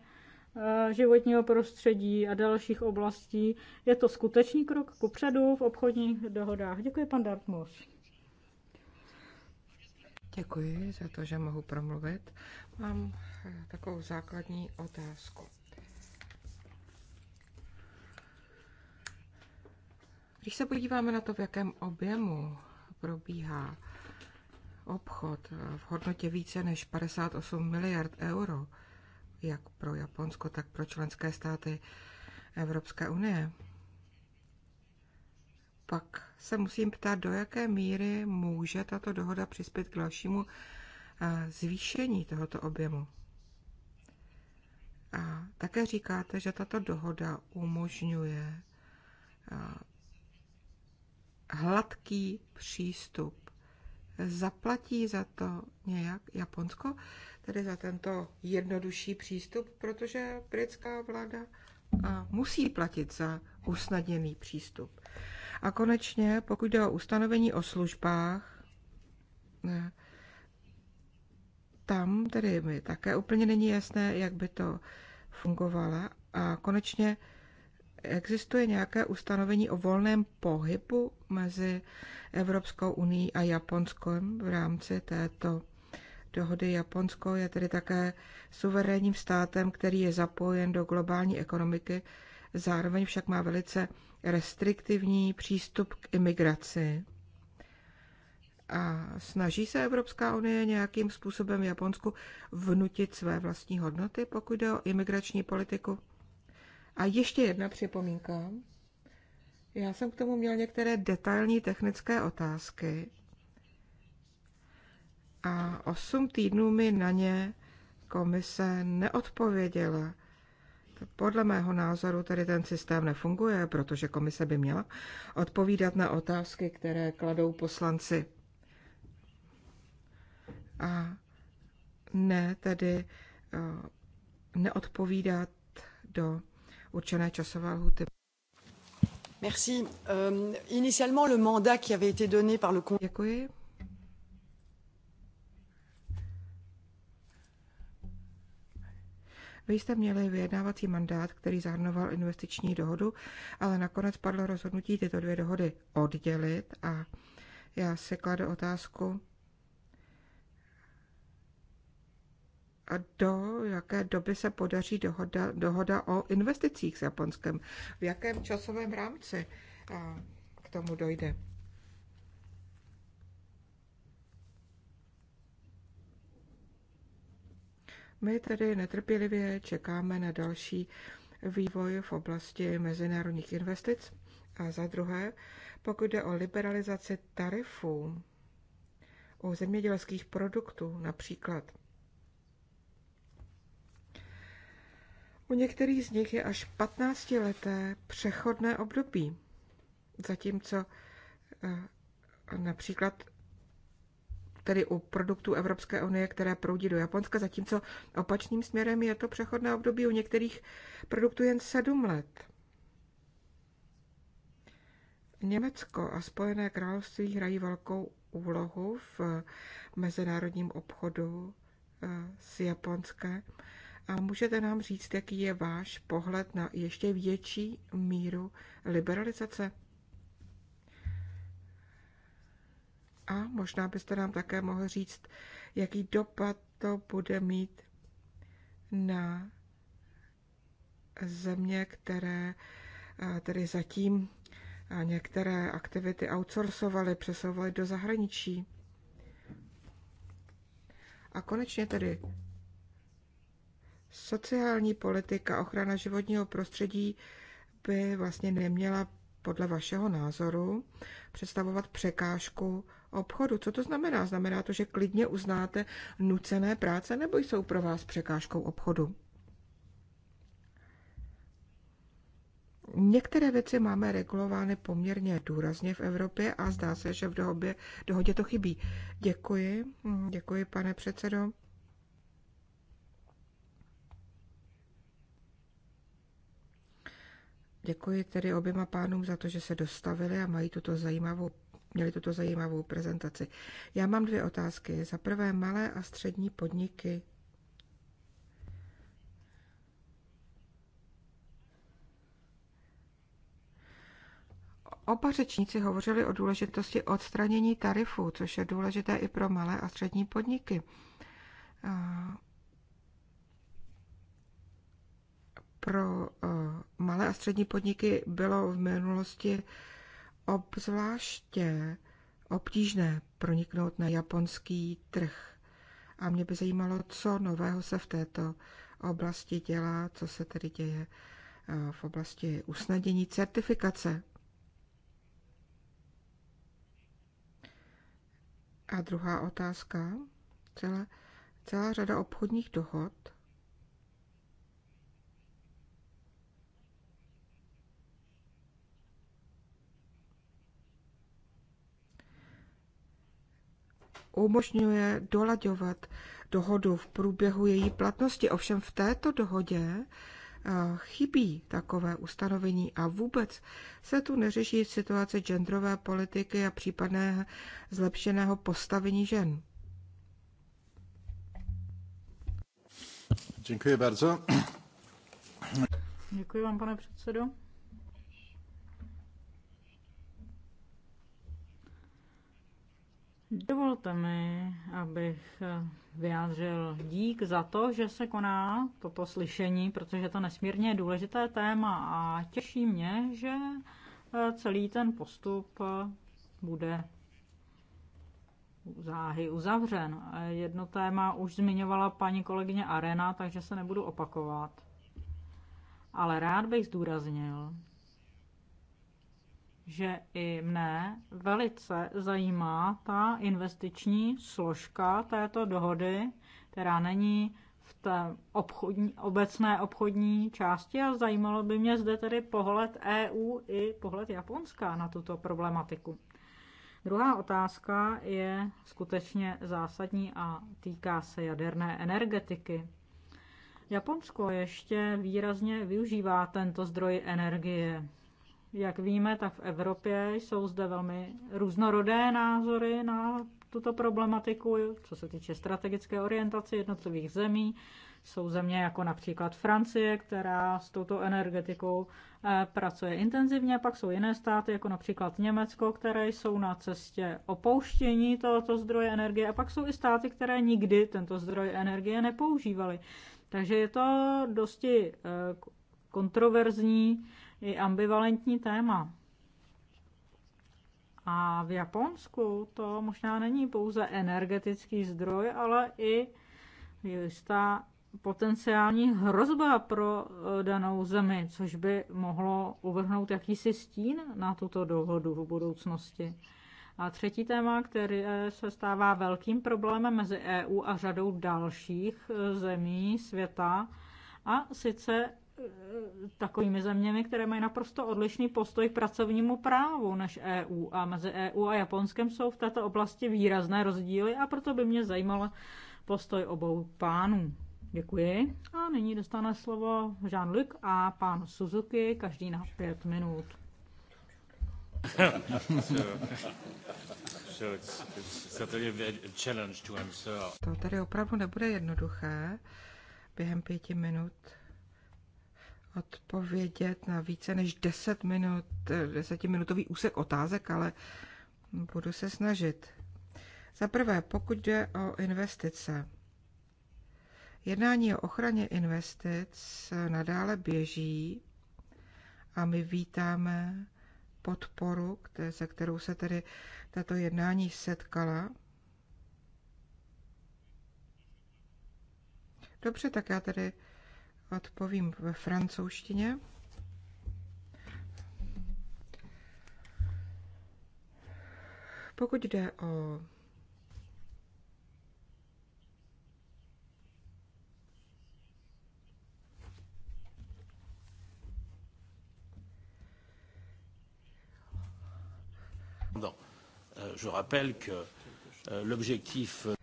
A: eh, životního prostředí a dalších oblastí. Je to skutečný krok kupředu v obchodních dohodách. Děkuji, pan Dartmouth.
B: Děkuji za to, že mohu promluvit. Mám takovou základní otázku. Když se podíváme na to, v jakém objemu probíhá obchod v hodnotě více než 58 miliard euro, jak pro Japonsko, tak pro členské státy Evropské unie, pak se musím ptát, do jaké míry může tato dohoda přispět k dalšímu eh, zvýšení tohoto objemu. A také říkáte, že tato dohoda umožňuje eh, hladký přístup. Zaplatí za to nějak Japonsko, tedy za tento jednodušší přístup, protože britská vláda musí platit za usnadněný přístup. A konečně, pokud jde o ustanovení o službách, tam tedy mi také úplně není jasné, jak by to fungovalo. A konečně existuje nějaké ustanovení o volném pohybu mezi Evropskou unii a Japonskem v rámci této dohody. Japonsko je tedy také suverénním státem, který je zapojen do globální ekonomiky, zároveň však má velice restriktivní přístup k imigraci. A snaží se Evropská unie nějakým způsobem Japonsku vnutit své vlastní hodnoty, pokud jde o imigrační politiku? A ještě jedna připomínka. Já jsem k tomu měl některé detailní technické otázky a osm týdnů mi na ně komise neodpověděla. Podle mého názoru tedy ten systém nefunguje, protože komise by měla odpovídat na otázky, které kladou poslanci. A ne tedy eh, neodpovídat do určené časové lhuty. Merci. Euh, initialement, le mandat qui avait été donné par le Conseil. Vy jste měli vyjednávací mandát, který zahrnoval investiční dohodu, ale nakonec padlo rozhodnutí tyto dvě dohody oddělit a já si kladu otázku, a do jaké doby se podaří dohoda, dohoda o investicích s Japonskem, v jakém časovém rámci k tomu dojde. My tedy netrpělivě čekáme na další vývoj v oblasti mezinárodních investic. A za druhé, pokud jde o liberalizaci tarifů u zemědělských produktů například, U některých z nich je až 15-leté přechodné období, zatímco eh, například tedy u produktů Evropské unie, které proudí do Japonska, zatímco opačným směrem je to přechodné období u některých produktů jen 7 let. Německo a Spojené království hrají velkou úlohu v mezinárodním obchodu eh, s Japonskem a můžete nám říct, jaký je váš pohled na ještě větší míru liberalizace? A možná byste nám také mohl říct, jaký dopad to bude mít na země, které tedy zatím některé aktivity outsourcovaly, přesouvaly do zahraničí. A konečně tedy sociální politika, ochrana životního prostředí by vlastně neměla podle vašeho názoru představovat překážku obchodu. Co to znamená? Znamená to, že klidně uznáte nucené práce nebo jsou pro vás překážkou obchodu? Některé věci máme regulovány poměrně důrazně v Evropě a zdá se, že v dohodě, dohodě to chybí. Děkuji, děkuji pane předsedo. Děkuji tedy oběma pánům za to, že se dostavili a mají tuto zajímavou, měli tuto zajímavou prezentaci. Já mám dvě otázky. Za prvé malé a střední podniky. Oba řečníci hovořili o důležitosti odstranění tarifů, což je důležité i pro malé a střední podniky. pro eh, malé a střední podniky bylo v minulosti obzvláště obtížné proniknout na japonský trh. A mě by zajímalo, co nového se v této oblasti dělá, co se tedy děje eh, v oblasti usnadění certifikace. A druhá otázka. Celá, celá řada obchodních dohod umožňuje dolaďovat dohodu v průběhu její platnosti. Ovšem v této dohodě eh, chybí takové ustanovení a vůbec se tu neřeší situace genderové politiky a případné zlepšeného postavení žen.
A: Děkuji bardzo.
B: Děkuji vám, pane předsedo.
A: Dovolte mi, abych eh, vyjádřil dík za to, že se koná toto slyšení, protože je to nesmírně důležité téma a těší mě, že eh, celý ten postup eh, bude záhy uzavřen. Jedno téma už zmiňovala paní kolegyně Arena, takže se nebudu opakovat. Ale rád bych zdůraznil, že i mne velice zajímá ta investiční složka této dohody, která není v té obchodní, obecné obchodní části a zajímalo by mě zde tedy pohled EU i pohled Japonska na tuto problematiku. Druhá otázka je skutečně zásadní a týká se jaderné energetiky. Japonsko ještě výrazně využívá tento zdroj energie jak víme, tak v Evropě jsou zde velmi různorodé názory na tuto problematiku, co se týče strategické orientace jednotlivých zemí. Jsou země jako například Francie, která s touto energetikou eh, pracuje intenzivně, pak jsou jiné státy, jako například Německo, které jsou na cestě opouštění tohoto zdroje energie a pak jsou i státy, které nikdy tento zdroj energie nepoužívaly. Takže je to dosti eh, kontroverzní i ambivalentní téma. A v Japonsku to možná není pouze energetický zdroj, ale i jistá potenciální hrozba pro eh, danou zemi, což by mohlo uvrhnout jakýsi stín na tuto dohodu v budoucnosti. A třetí téma, které eh, se stává velkým problémem mezi EU a řadou dalších eh, zemí světa, a sice takovými zeměmi, které mají naprosto odlišný postoj k pracovnímu právu než EU. A mezi EU a Japonskem jsou v této oblasti výrazné rozdíly a proto by mě zajímal postoj obou pánů. Děkuji. A nyní dostane slovo Jean-Luc a pán Suzuki, každý na pět
B: minut. To tady opravdu nebude jednoduché během pěti minut odpovědět na více než 10 minut, 10 minutový úsek otázek, ale budu se snažit. Za prvé, pokud jde o investice. Jednání o ochraně investic nadále běží a my vítáme podporu, se kterou se tedy tato jednání setkala. Dobře, tak já tedy odpovím ve francouzštině. Pokud jde o Non. Euh, je rappelle que euh, l'objectif euh,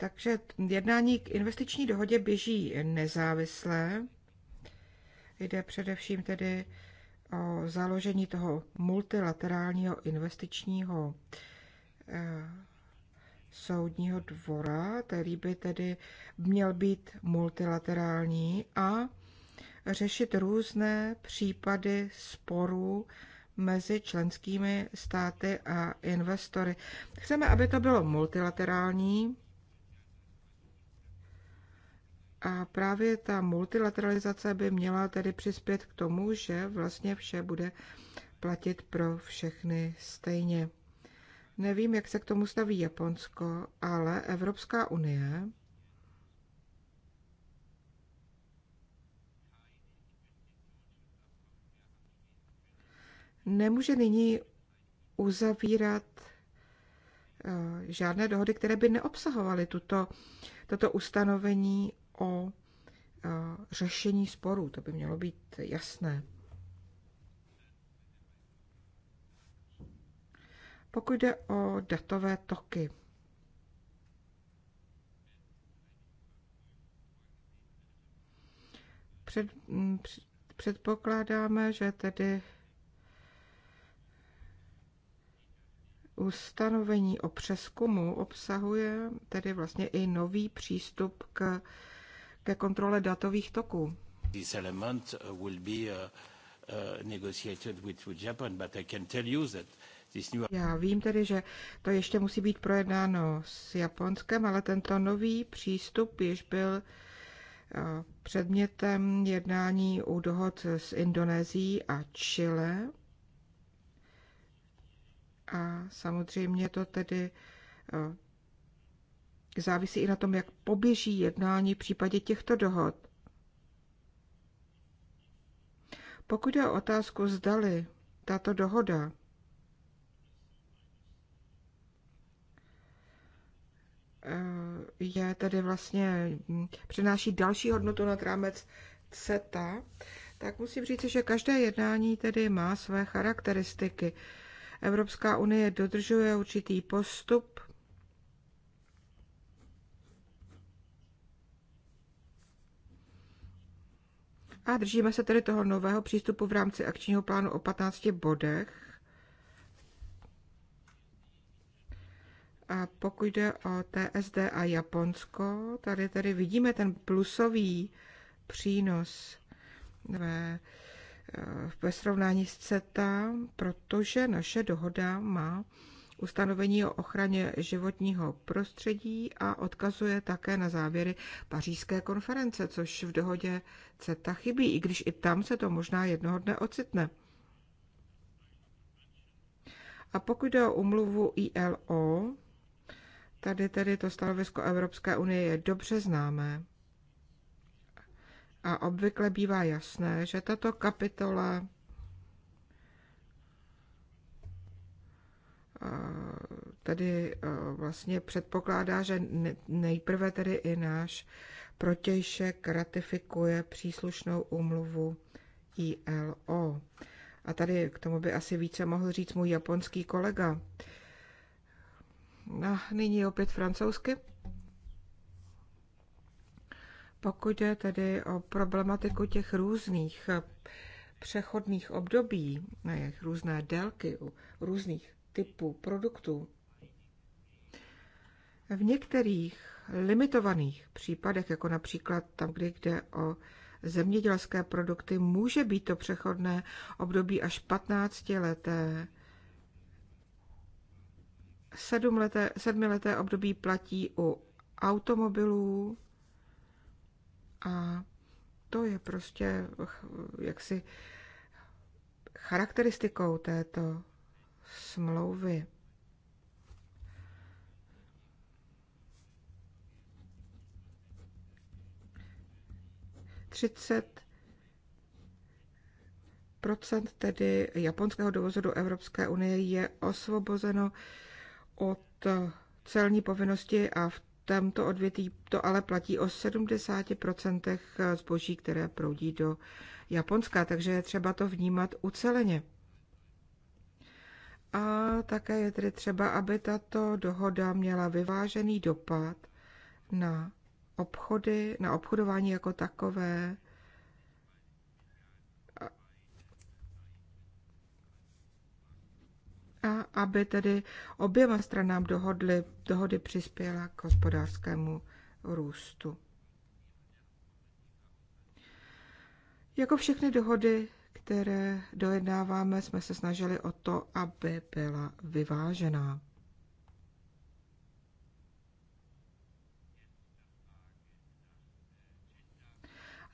B: takže jednání k investiční dohodě běží nezávisle. Jde především tedy o založení toho multilaterálního investičního eh, soudního dvora, který by tedy měl být multilaterální a řešit různé případy sporů mezi členskými státy a investory. Chceme, aby to bylo multilaterální, a právě ta multilateralizace by měla tedy přispět k tomu, že vlastně vše bude platit pro všechny stejně. Nevím, jak se k tomu staví Japonsko, ale Evropská unie nemůže nyní uzavírat eh, žádné dohody, které by neobsahovaly tuto, toto ustanovení o řešení sporů. To by mělo být jasné. Pokud jde o datové toky, před, předpokládáme, že tedy ustanovení o přeskumu obsahuje tedy vlastně i nový přístup k ke kontrole datových toků. Uh, uh, uh, já vím tedy, že to ještě musí být projednáno s Japonskem, ale tento nový přístup již byl předmětem jednání u dohod s Indonésií a Chile. A samozřejmě to tedy závisí i na tom, jak poběží jednání v případě těchto dohod. Pokud je o otázku, zdali tato dohoda eh, je tedy vlastně, hm, přináší další hodnotu nad rámec CETA, tak musím říct, že každé jednání tedy má své charakteristiky. Evropská unie dodržuje určitý postup, A držíme se tedy toho nového přístupu v rámci akčního plánu o 15 bodech. A pokud jde o TSD a Japonsko, tady tady vidíme ten plusový přínos ve, eh, ve srovnání s CETA, protože naše dohoda má ustanovení o ochraně životního prostředí a odkazuje také na závěry pařížské konference, což v dohodě CETA chybí, i když i tam se to možná jednoho dne ocitne. A pokud jde o umluvu ILO, tady tedy to stanovisko Evropské unie je dobře známé. A obvykle bývá jasné, že tato kapitola Eh, tedy eh, vlastně předpokládá, že nejprve tedy i náš protějšek ratifikuje příslušnou úmluvu ILO. A tady k tomu by asi více mohl říct můj japonský kolega. No, nyní opět francouzsky. Pokud je tedy o problematiku těch různých eh, přechodných období, na jejich různé délky u různých typu produktů. V některých limitovaných případech, jako například tam, kde jde o zemědělské produkty, může být to přechodné období až 15 leté. Sedmleté, sedmileté období platí u automobilů a to je prostě jaksi charakteristikou této smlouvy. Třicet procent tedy japonského dovozu do Evropské unie je osvobozeno od celní povinnosti a v tomto odvětví to ale platí o 70% zboží, které proudí do Japonska, takže je třeba to vnímat uceleně. A také je tedy třeba, aby tato dohoda měla vyvážený dopad na obchody, na obchodování jako takové. A aby tedy oběma stranám dohodly, dohody přispěla k hospodářskému růstu. Jako všechny dohody které dojednáváme, jsme se snažili o to, aby byla vyvážená.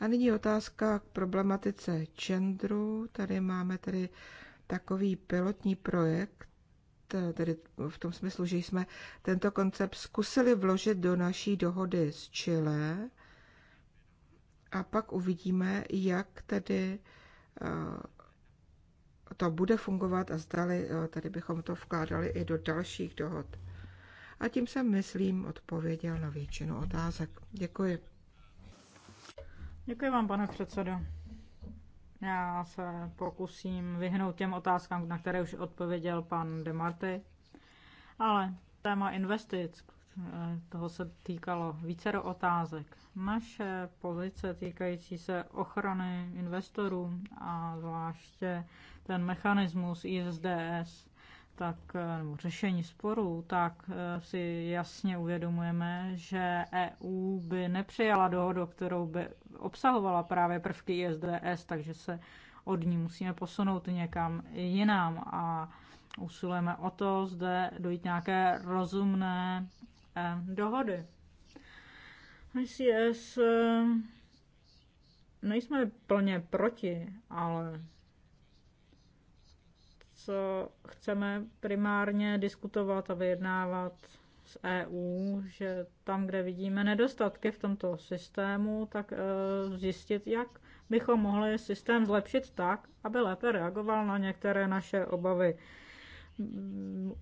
B: A nyní otázka k problematice čendru. Tady máme tedy takový pilotní projekt, tedy v tom smyslu, že jsme tento koncept zkusili vložit do naší dohody s Chile a pak uvidíme, jak tedy Eh, to bude fungovat a zdali eh, tady bychom to vkládali i do dalších dohod. A tím jsem, myslím, odpověděl na většinu otázek. Děkuji.
A: Děkuji vám, pane předsedo. Já se pokusím vyhnout těm otázkám, na které už odpověděl pan Demarty, ale téma investic, Eh, toho se týkalo vícero otázek. Naše pozice týkající se ochrany investorů a zvláště ten mechanismus ISDS, tak, eh, nebo řešení sporů, tak eh, si jasně uvědomujeme, že EU by nepřijala dohodu, kterou by obsahovala právě prvky ISDS, takže se od ní musíme posunout někam jinam a usilujeme o to zde dojít nějaké rozumné dohody. ICS eh, nejsme plně proti, ale co chceme primárně diskutovat a vyjednávat s EU, že tam, kde vidíme nedostatky v tomto systému, tak eh, zjistit, jak bychom mohli systém zlepšit tak, aby lépe reagoval na některé naše obavy. Mm,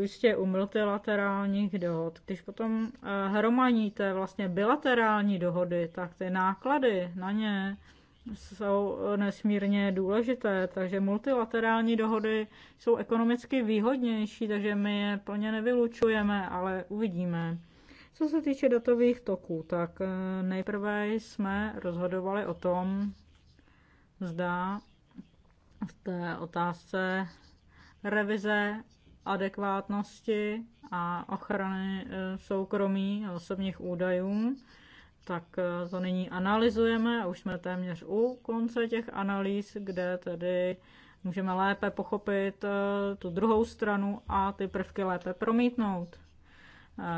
A: jistě u multilaterálních dohod. Když potom eh, hromadíte vlastně bilaterální dohody, tak ty náklady na ně jsou nesmírně důležité, takže multilaterální dohody jsou ekonomicky výhodnější, takže my je plně nevylučujeme, ale uvidíme. Co se týče datových toků, tak eh, nejprve jsme rozhodovali o tom, zda v té otázce revize adekvátnosti a ochrany e, soukromí a osobních údajů, tak e, to nyní analyzujeme a už jsme téměř u konce těch analýz, kde tedy můžeme lépe pochopit e, tu druhou stranu a ty prvky lépe promítnout.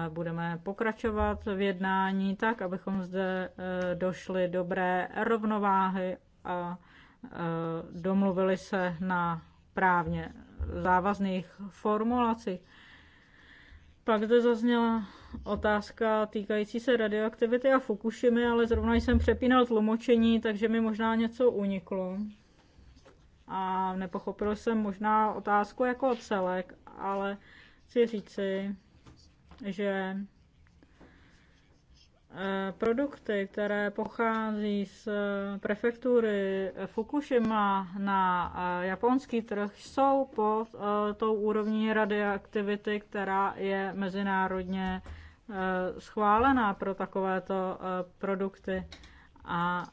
A: Budeme pokračovat v jednání tak, abychom zde došli dobré rovnováhy a domluvili se na právně závazných formulací. Pak zde zazněla otázka týkající se radioaktivity a Fukushimy, ale zrovna jsem přepínal tlumočení, takže mi možná něco uniklo. A nepochopil jsem možná otázku jako celek, ale chci říci, že Eh, produkty, které pochází z eh, prefektury Fukushima na eh, japonský trh, jsou pod tou úrovní radioaktivity, která je mezinárodně schválená pro takovéto produkty a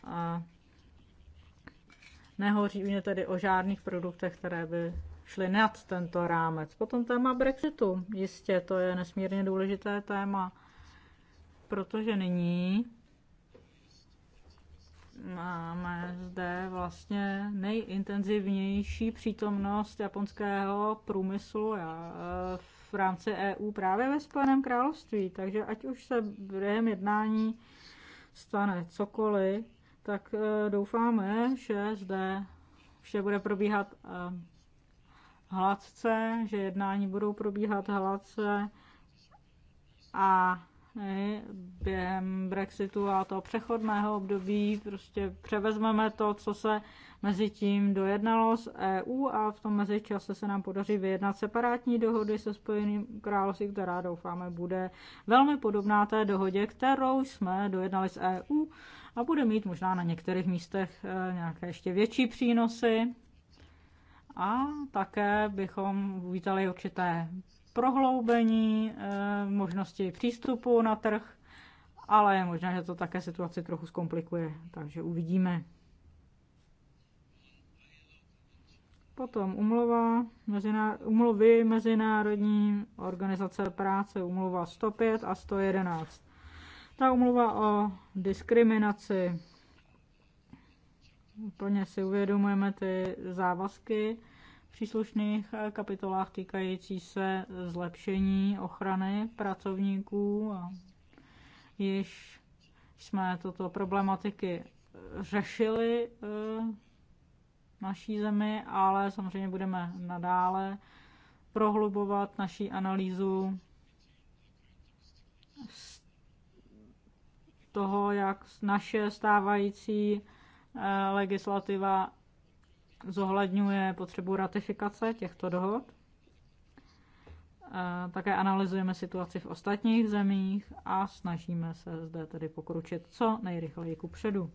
A: mě tedy o žádných produktech, které by šly nad tento rámec. Potom téma Brexitu. Jistě, to je nesmírně důležité téma protože nyní máme zde vlastně nejintenzivnější přítomnost japonského průmyslu e, v rámci EU právě ve Spojeném království. Takže ať už se během jednání stane cokoliv, tak e, doufáme, že zde vše bude probíhat e, hladce, že jednání budou probíhat hladce a my během Brexitu a toho přechodného období prostě převezmeme to, co se mezi tím dojednalo s EU a v tom mezičase se nám podaří vyjednat separátní dohody se Spojeným království, která doufáme bude velmi podobná té dohodě, kterou jsme dojednali s EU a bude mít možná na některých místech eh, nějaké ještě větší přínosy. A také bychom uvítali určité prohloubení eh, možnosti přístupu na trh, ale je možná, že to také situaci trochu zkomplikuje, takže uvidíme. Potom umluva, mezina, umluvy Mezinárodní organizace práce, umluva 105 a 111. Ta umluva o diskriminaci. Úplně si uvědomujeme ty závazky, příslušných eh, kapitolách týkající se zlepšení ochrany pracovníků. A již jsme toto problematiky eh, řešili eh, naší zemi, ale samozřejmě budeme nadále prohlubovat naší analýzu z toho, jak naše stávající legislativa zohledňuje potřebu ratifikace těchto dohod. Eh, také analyzujeme situaci v ostatních zemích a snažíme se zde tedy pokročit co nejrychleji ku předu.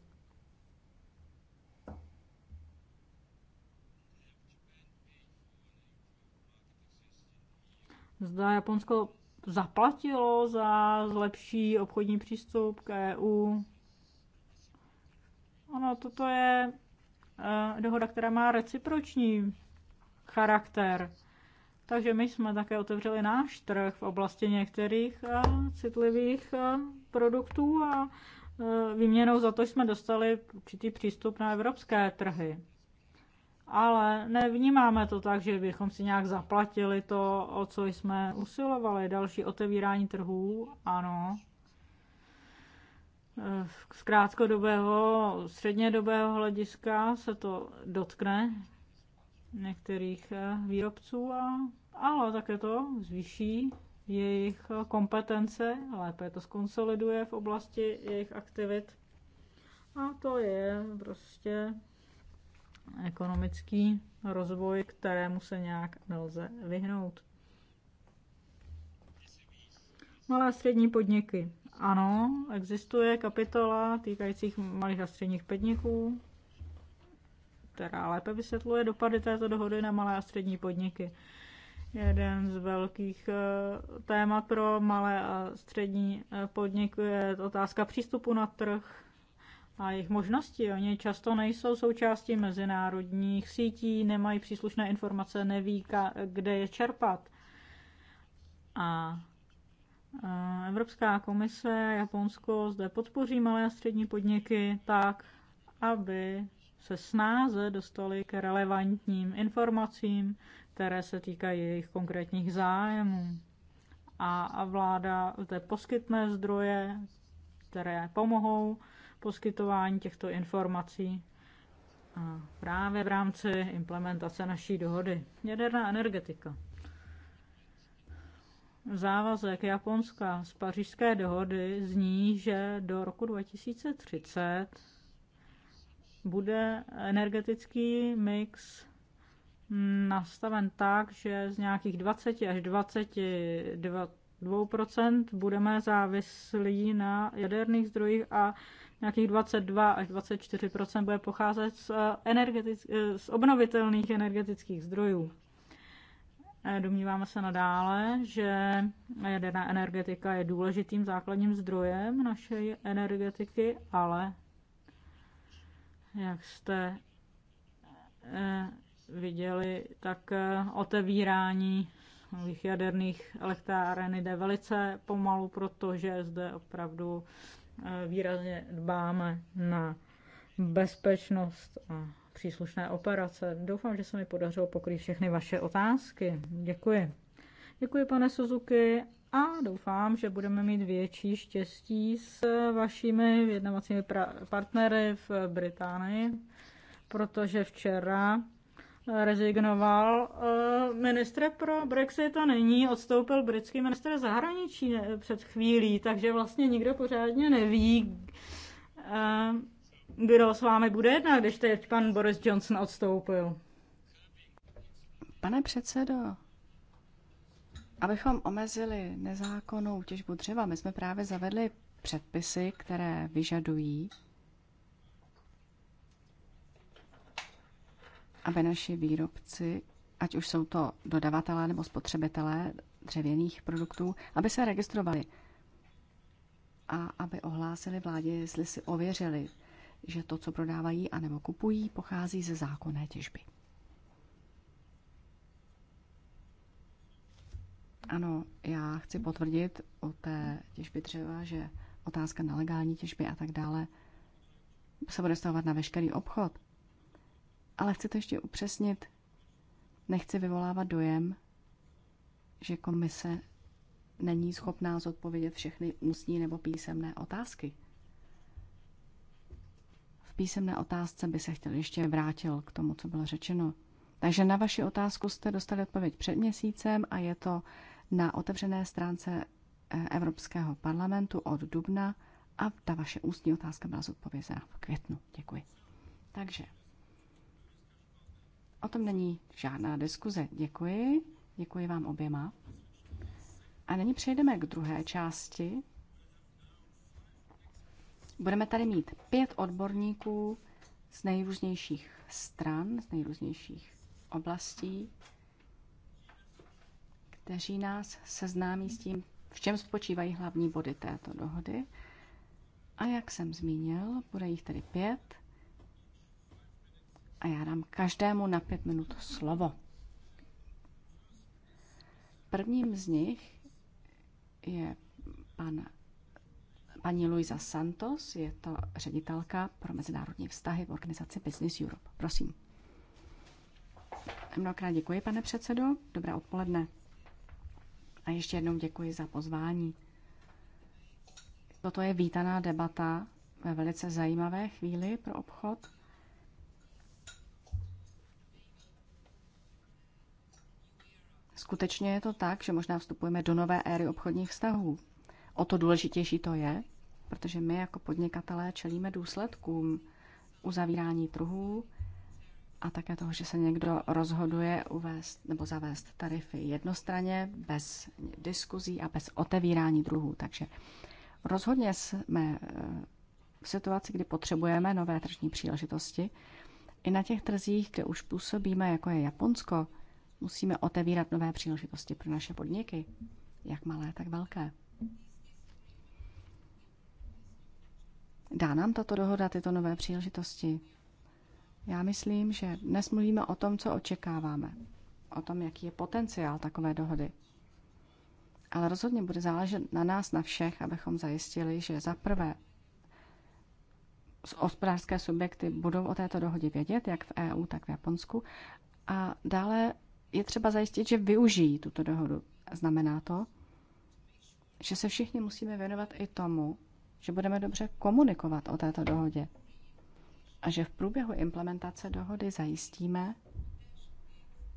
A: Zda Japonsko zaplatilo za lepší obchodní přístup k EU. Ono, toto je dohoda, která má reciproční charakter. Takže my jsme také otevřeli náš trh v oblasti některých citlivých produktů a výměnou za to jsme dostali určitý přístup na evropské trhy. Ale nevnímáme to tak, že bychom si nějak zaplatili to, o co jsme usilovali. Další otevírání trhů, ano, Eh, z krátkodobého, střednědobého hlediska se to dotkne některých eh, výrobců, a, ale také to zvýší jejich eh, kompetence, lépe to skonsoliduje v oblasti jejich aktivit. A to je prostě ekonomický rozvoj, kterému se nějak nelze vyhnout. Malé a střední podniky. Ano, existuje kapitola týkajících malých a středních podniků, která lépe vysvětluje dopady této dohody na malé a střední podniky. Jeden z velkých eh, témat pro malé a střední eh, podniky je otázka přístupu na trh a jejich možnosti. Oni často nejsou součástí mezinárodních sítí, nemají příslušné informace, neví, kde je čerpat. A Evropská komise a Japonsko zde podpoří malé a střední podniky tak, aby se snáze dostali k relevantním informacím, které se týkají jejich konkrétních zájmů. A, vláda zde poskytne zdroje, které pomohou poskytování těchto informací právě v rámci implementace naší dohody. Jaderná energetika závazek Japonska z pařížské dohody zní, že do roku 2030 bude energetický mix nastaven tak, že z nějakých 20 až 22 budeme závislí na jaderných zdrojích a nějakých 22 až 24% bude pocházet z, energetic, z obnovitelných energetických zdrojů. Domníváme se nadále, že jaderná energetika je důležitým základním zdrojem naší energetiky, ale jak jste eh, viděli, tak eh, otevírání nových jaderných elektráren jde velice pomalu, protože zde opravdu eh, výrazně dbáme na bezpečnost a příslušné operace. Doufám, že se mi podařilo pokrýt všechny vaše otázky. Děkuji. Děkuji, pane Suzuki, a doufám, že budeme mít větší štěstí s vašimi vyjednavacími partnery v Británii, protože včera rezignoval eh, ministr pro Brexit a nyní odstoupil britský ministr zahraničí eh, před chvílí, takže vlastně nikdo pořádně neví, eh, kdo s vámi bude jednat, když teď pan Boris Johnson odstoupil?
C: Pane předsedo, abychom omezili nezákonnou těžbu dřeva, my jsme právě zavedli předpisy, které vyžadují, aby naši výrobci, ať už jsou to dodavatelé nebo spotřebitelé dřevěných produktů, aby se registrovali a aby ohlásili vládě, jestli si ověřili že to, co prodávají a nebo kupují, pochází ze zákonné těžby. Ano, já chci potvrdit o té těžby dřeva, že otázka legální těžby a tak dále se bude stavovat na veškerý obchod. Ale chci to ještě upřesnit. Nechci vyvolávat dojem, že komise není schopná zodpovědět všechny ústní nebo písemné otázky písemné otázce by se chtěl ještě vrátil k tomu, co bylo řečeno. Takže na vaši otázku jste dostali odpověď před měsícem a je to na otevřené stránce eh, Evropského parlamentu od dubna a ta vaše ústní otázka byla zodpovězena v květnu. Děkuji. Takže o tom není žádná diskuze. Děkuji. Děkuji vám oběma. A nyní přejdeme k druhé části Budeme tady mít pět odborníků z nejrůznějších stran, z nejrůznějších oblastí, kteří nás seznámí s tím, v čem spočívají hlavní body této dohody. A jak jsem zmínil, bude jich tedy pět. A já dám každému na pět minut slovo. Prvním z nich je pan paní Luisa Santos, je to ředitelka pro mezinárodní vztahy v organizaci Business Europe. Prosím. Mnohokrát děkuji, pane předsedo. Dobré odpoledne. A ještě jednou děkuji za pozvání. Toto je vítaná debata ve velice zajímavé chvíli pro obchod. Skutečně je to tak, že možná vstupujeme do nové éry obchodních vztahů. O to důležitější to je, protože my jako podnikatelé čelíme důsledkům uzavírání trhů a také toho, že se někdo rozhoduje uvést nebo zavést tarify jednostranně, bez diskuzí a bez otevírání druhů. Takže rozhodně jsme e, v situaci, kdy potřebujeme nové tržní příležitosti. I na těch trzích, kde už působíme, jako je Japonsko, musíme otevírat nové příležitosti pro naše podniky, jak malé, tak velké. Dá nám tato dohoda tyto nové příležitosti? Já myslím, že dnes mluvíme o tom, co očekáváme, o tom, jaký je potenciál takové dohody. Ale rozhodně bude záležet na nás, na všech, abychom zajistili, že za prvé hospodářské subjekty budou o této dohodě vědět, jak v EU, tak v Japonsku. A dále je třeba zajistit, že využijí tuto dohodu. Znamená to, že se všichni musíme věnovat i tomu, že budeme dobře komunikovat o této dohodě a že v průběhu implementace dohody zajistíme,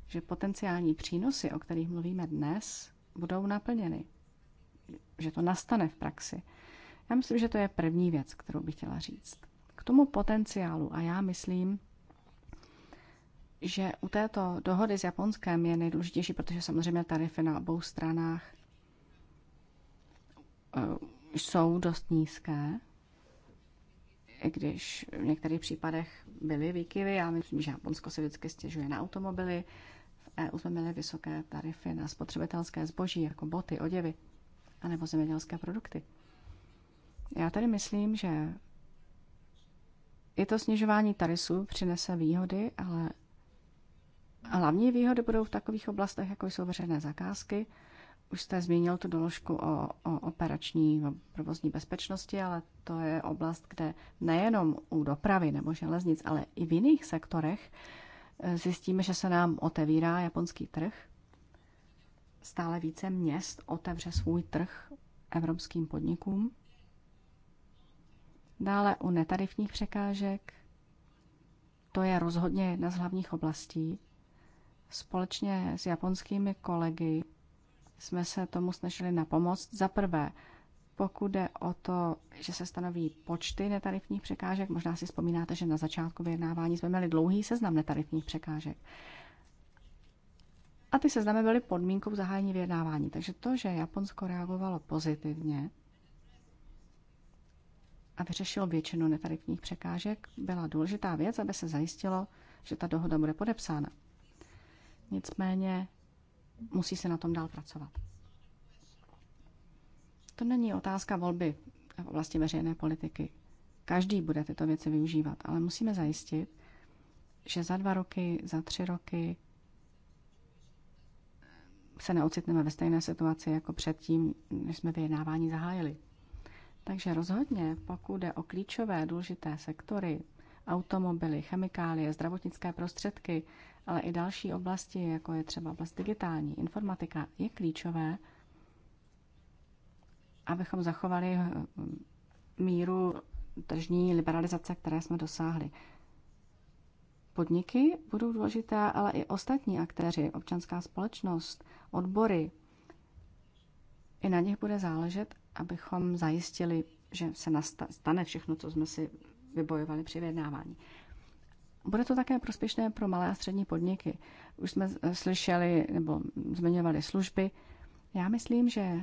C: že potenciální přínosy, o kterých mluvíme dnes, budou naplněny. Že to nastane v praxi. Já myslím, že to je první věc, kterou bych chtěla říct. K tomu potenciálu a já myslím, že u této dohody s Japonskem je nejdůležitější, protože samozřejmě tarify na obou stranách jsou dost nízké, i když v některých případech byly výkyvy. Já myslím, že Japonsko se vždycky stěžuje na automobily. V EU jsme měli vysoké tarify na spotřebitelské zboží, jako boty, oděvy, anebo zemědělské produkty. Já tady myslím, že i to snižování tarifů přinese výhody, ale hlavní výhody budou v takových oblastech, jako jsou veřejné zakázky – už jste zmínil tu doložku o, o operační o provozní bezpečnosti, ale to je oblast, kde nejenom u dopravy nebo železnic, ale i v jiných sektorech eh, zjistíme, že se nám otevírá japonský trh. Stále více měst otevře svůj trh evropským podnikům. Dále u netarifních překážek. To je rozhodně jedna z hlavních oblastí. Společně s japonskými kolegy jsme se tomu snažili na pomoc. Za prvé, pokud jde o to, že se stanoví počty netarifních překážek, možná si vzpomínáte, že na začátku vyjednávání jsme měli dlouhý seznam netarifních překážek. A ty seznamy byly podmínkou zahájení vyjednávání. Takže to, že Japonsko reagovalo pozitivně a vyřešilo většinu netarifních překážek, byla důležitá věc, aby se zajistilo, že ta dohoda bude podepsána. Nicméně musí se na tom dál pracovat. To není otázka volby v oblasti veřejné politiky. Každý bude tyto věci využívat, ale musíme zajistit, že za dva roky, za tři roky se neocitneme ve stejné situaci jako předtím, než jsme vyjednávání zahájili. Takže rozhodně, pokud jde o klíčové důležité sektory, automobily, chemikálie, zdravotnické prostředky, ale i další oblasti, jako je třeba oblast digitální, informatika, je klíčové, abychom zachovali eh, míru tržní liberalizace, které jsme dosáhli. Podniky budou důležité, ale i ostatní aktéři, občanská společnost, odbory. I na nich bude záležet, abychom zajistili, že se nastane všechno, co jsme si vybojovali při vyjednávání. Bude to také prospěšné pro malé a střední podniky. Už jsme eh, slyšeli nebo zmiňovali služby. Já myslím, že,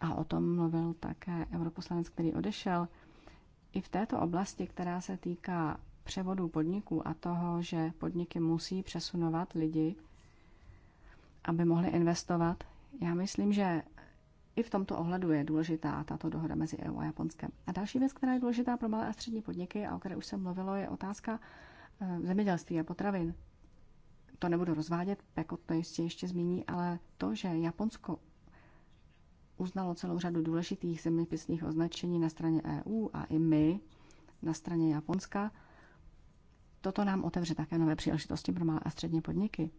C: a o tom mluvil také europoslanec, který odešel, i v této oblasti, která se týká převodu podniků a toho, že podniky musí přesunovat lidi, aby mohli investovat, já myslím, že i v tomto ohledu je důležitá tato dohoda mezi EU a Japonskem. A další věc, která je důležitá pro malé a střední podniky a o které už jsem mluvilo, je otázka eh, zemědělství a potravin. To nebudu rozvádět, Pekot to jistě ještě zmíní, ale to, že Japonsko uznalo celou řadu důležitých zeměpisných označení na straně EU a i my na straně Japonska, toto nám otevře také nové příležitosti pro malé a střední podniky.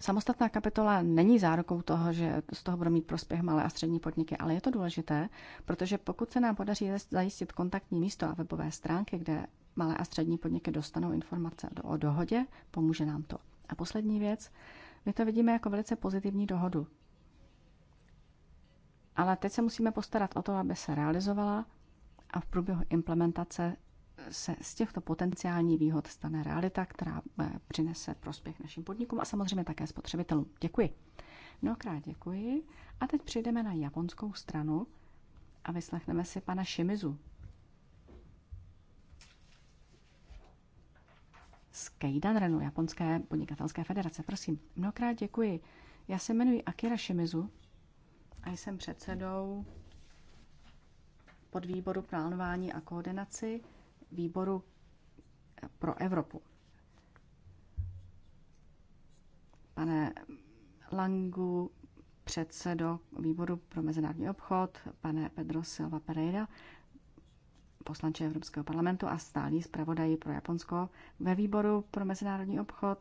C: Samostatná kapitola není zárukou toho, že z toho budou mít prospěch malé a střední podniky, ale je to důležité, protože pokud se nám podaří zajistit kontaktní místo a webové stránky, kde malé a střední podniky dostanou informace o dohodě, pomůže nám to. A poslední věc, my to vidíme jako velice pozitivní dohodu. Ale teď se musíme postarat o to, aby se realizovala a v průběhu implementace se z těchto potenciální výhod stane realita, která eh, přinese prospěch našim podnikům a samozřejmě také spotřebitelům. Děkuji. Mnohokrát děkuji. A teď přejdeme na japonskou stranu a vyslechneme si pana Shimizu. Z Keidanrenu, Japonské podnikatelské federace. Prosím, mnohokrát děkuji. Já se jmenuji Akira Shimizu a jsem předsedou podvýboru plánování a koordinaci výboru pro Evropu. Pane Langu, předsedo výboru pro mezinárodní obchod, pane Pedro Silva Pereira, poslanče Evropského parlamentu a stálý zpravodaj pro Japonsko ve výboru pro mezinárodní obchod,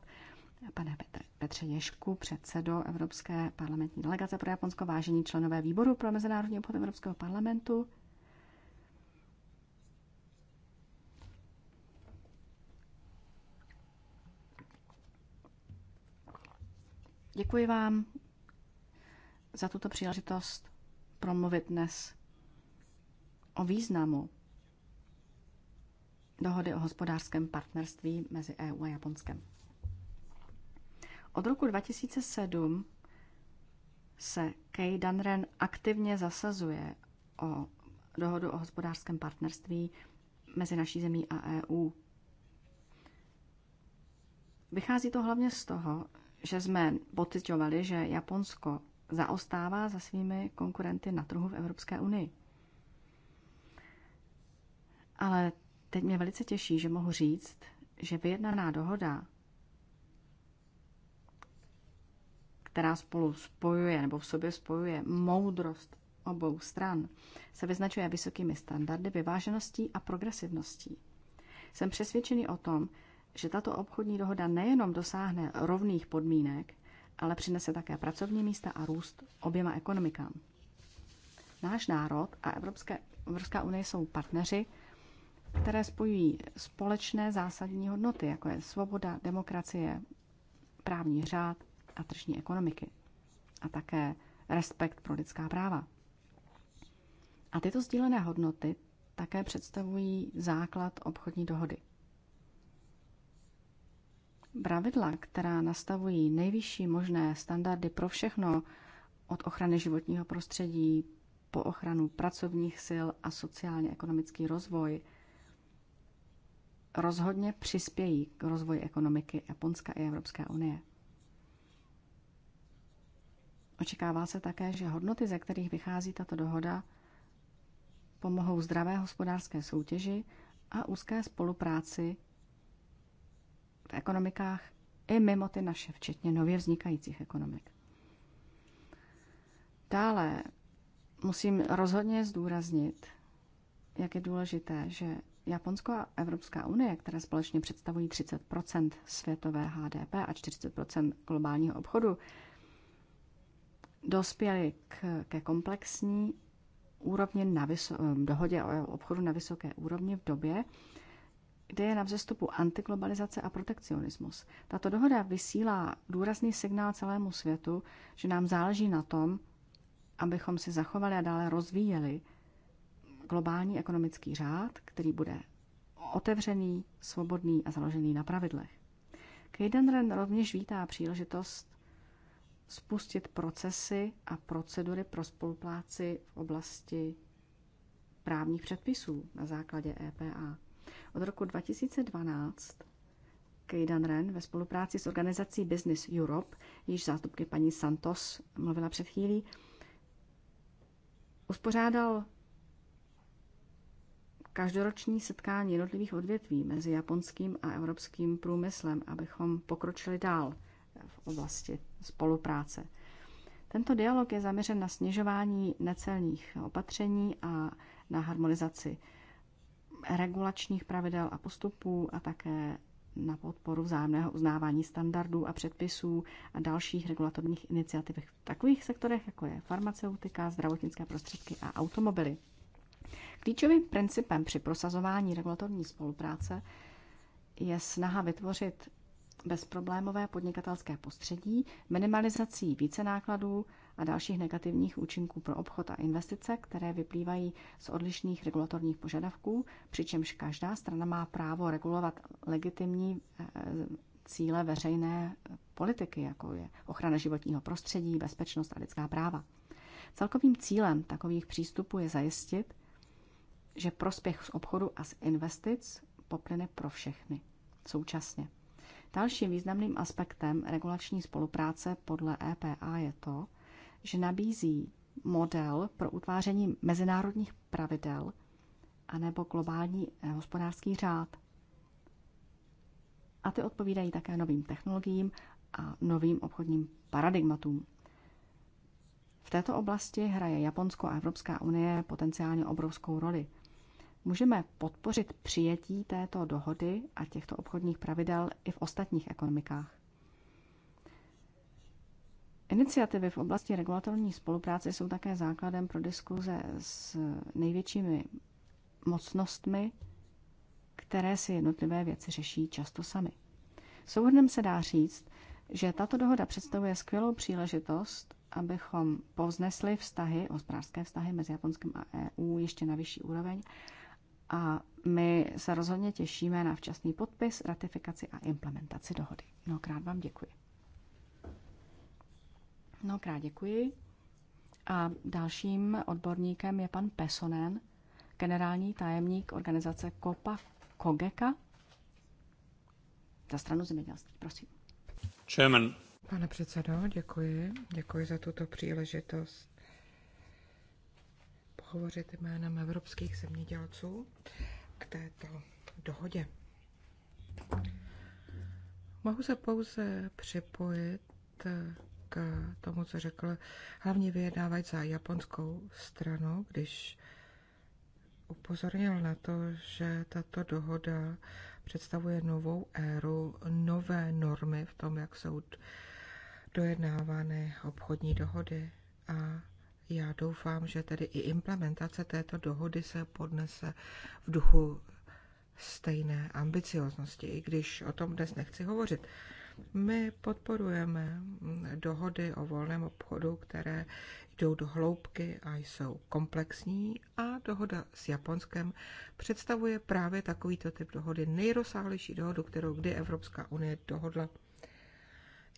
C: pane Petr, Petře Ješku, předsedo Evropské parlamentní delegace pro Japonsko, vážení členové výboru pro mezinárodní obchod Evropského parlamentu, Děkuji vám za tuto příležitost promluvit dnes o významu dohody o hospodářském partnerství mezi EU a Japonskem. Od roku 2007 se Kei Danren aktivně zasazuje o dohodu o hospodářském partnerství mezi naší zemí a EU. Vychází to hlavně z toho, že jsme pocitovali, že Japonsko zaostává za svými konkurenty na trhu v Evropské unii. Ale teď mě velice těší, že mohu říct, že vyjednaná dohoda, která spolu spojuje nebo v sobě spojuje moudrost obou stran, se vyznačuje vysokými standardy, vyvážeností a progresivností. Jsem přesvědčený o tom, že tato obchodní dohoda nejenom dosáhne rovných podmínek, ale přinese také pracovní místa a růst oběma ekonomikám. Náš národ a Evropské, Evropská unie jsou partneři, které spojují společné zásadní hodnoty, jako je svoboda, demokracie, právní řád a tržní ekonomiky. A také respekt pro lidská práva. A tyto sdílené hodnoty také představují základ obchodní dohody. Pravidla, která nastavují nejvyšší možné standardy pro všechno, od ochrany životního prostředí po ochranu pracovních sil a sociálně-ekonomický rozvoj, rozhodně přispějí k rozvoji ekonomiky Japonska i Evropské unie. Očekává se také, že hodnoty, ze kterých vychází tato dohoda, pomohou zdravé hospodářské soutěži a úzké spolupráci ekonomikách i mimo ty naše, včetně nově vznikajících ekonomik. Dále musím rozhodně zdůraznit, jak je důležité, že Japonsko a Evropská unie, které společně představují 30 světové HDP a 40 globálního obchodu, dospěly k, ke komplexní úrovně na vyso- dohodě o obchodu na vysoké úrovni v době, kde je na vzestupu antiglobalizace a protekcionismus. Tato dohoda vysílá důrazný signál celému světu, že nám záleží na tom, abychom si zachovali a dále rozvíjeli globální ekonomický řád, který bude otevřený, svobodný a založený na pravidlech. Kejdenren rovněž vítá příležitost spustit procesy a procedury pro spolupráci v oblasti právních předpisů na základě EPA. Od roku 2012 Kejdan Ren ve spolupráci s organizací Business Europe, již zástupky paní Santos mluvila před chvílí, uspořádal každoroční setkání jednotlivých odvětví mezi japonským a evropským průmyslem, abychom pokročili dál v oblasti spolupráce. Tento dialog je zaměřen na snižování necelních opatření a na harmonizaci regulačních pravidel a postupů a také na podporu vzájemného uznávání standardů a předpisů a dalších regulatorních iniciativ v takových sektorech, jako je farmaceutika, zdravotnické prostředky a automobily. Klíčovým principem při prosazování regulatorní spolupráce je snaha vytvořit bezproblémové podnikatelské prostředí, minimalizací více nákladů a dalších negativních účinků pro obchod a investice, které vyplývají z odlišných regulatorních požadavků, přičemž každá strana má právo regulovat legitimní eh, cíle veřejné politiky, jako je ochrana životního prostředí, bezpečnost a lidská práva. Celkovým cílem takových přístupů je zajistit, že prospěch z obchodu a z investic poplyne pro všechny současně. Dalším významným aspektem regulační spolupráce podle EPA je to, že nabízí model pro utváření mezinárodních pravidel anebo globální eh, hospodářský řád. A ty odpovídají také novým technologiím a novým obchodním paradigmatům. V této oblasti hraje Japonsko a Evropská unie potenciálně obrovskou roli, Můžeme podpořit přijetí této dohody a těchto obchodních pravidel i v ostatních ekonomikách. Iniciativy v oblasti regulatorní spolupráce jsou také základem pro diskuze s největšími mocnostmi, které si jednotlivé věci řeší často sami. Souhrnem se dá říct, že tato dohoda představuje skvělou příležitost, abychom povznesli vztahy, hospodářské vztahy mezi Japonskem a EU ještě na vyšší úroveň a my se rozhodně těšíme na včasný podpis, ratifikaci a implementaci dohody. Mnohokrát vám děkuji. Mnohokrát děkuji. A dalším odborníkem je pan Pesonen, generální tajemník organizace COPA Kogeka za
B: stranu zemědělství. Prosím. Chairman. Pane předsedo, děkuji. Děkuji za tuto příležitost hovořit jménem evropských zemědělců k této dohodě. Mohu se pouze připojit k tomu, co řekl hlavně vyjednávač za japonskou stranu, když upozornil na to, že tato dohoda představuje novou éru, nové normy v tom, jak jsou dojednávány obchodní dohody a já doufám, že tedy i implementace této dohody se podnese v duchu stejné ambicioznosti, i když o tom dnes nechci hovořit. My podporujeme dohody o volném obchodu, které jdou do hloubky a jsou komplexní a dohoda s Japonskem představuje právě takovýto typ dohody, nejrozsáhlejší dohodu, kterou kdy Evropská unie dohodla.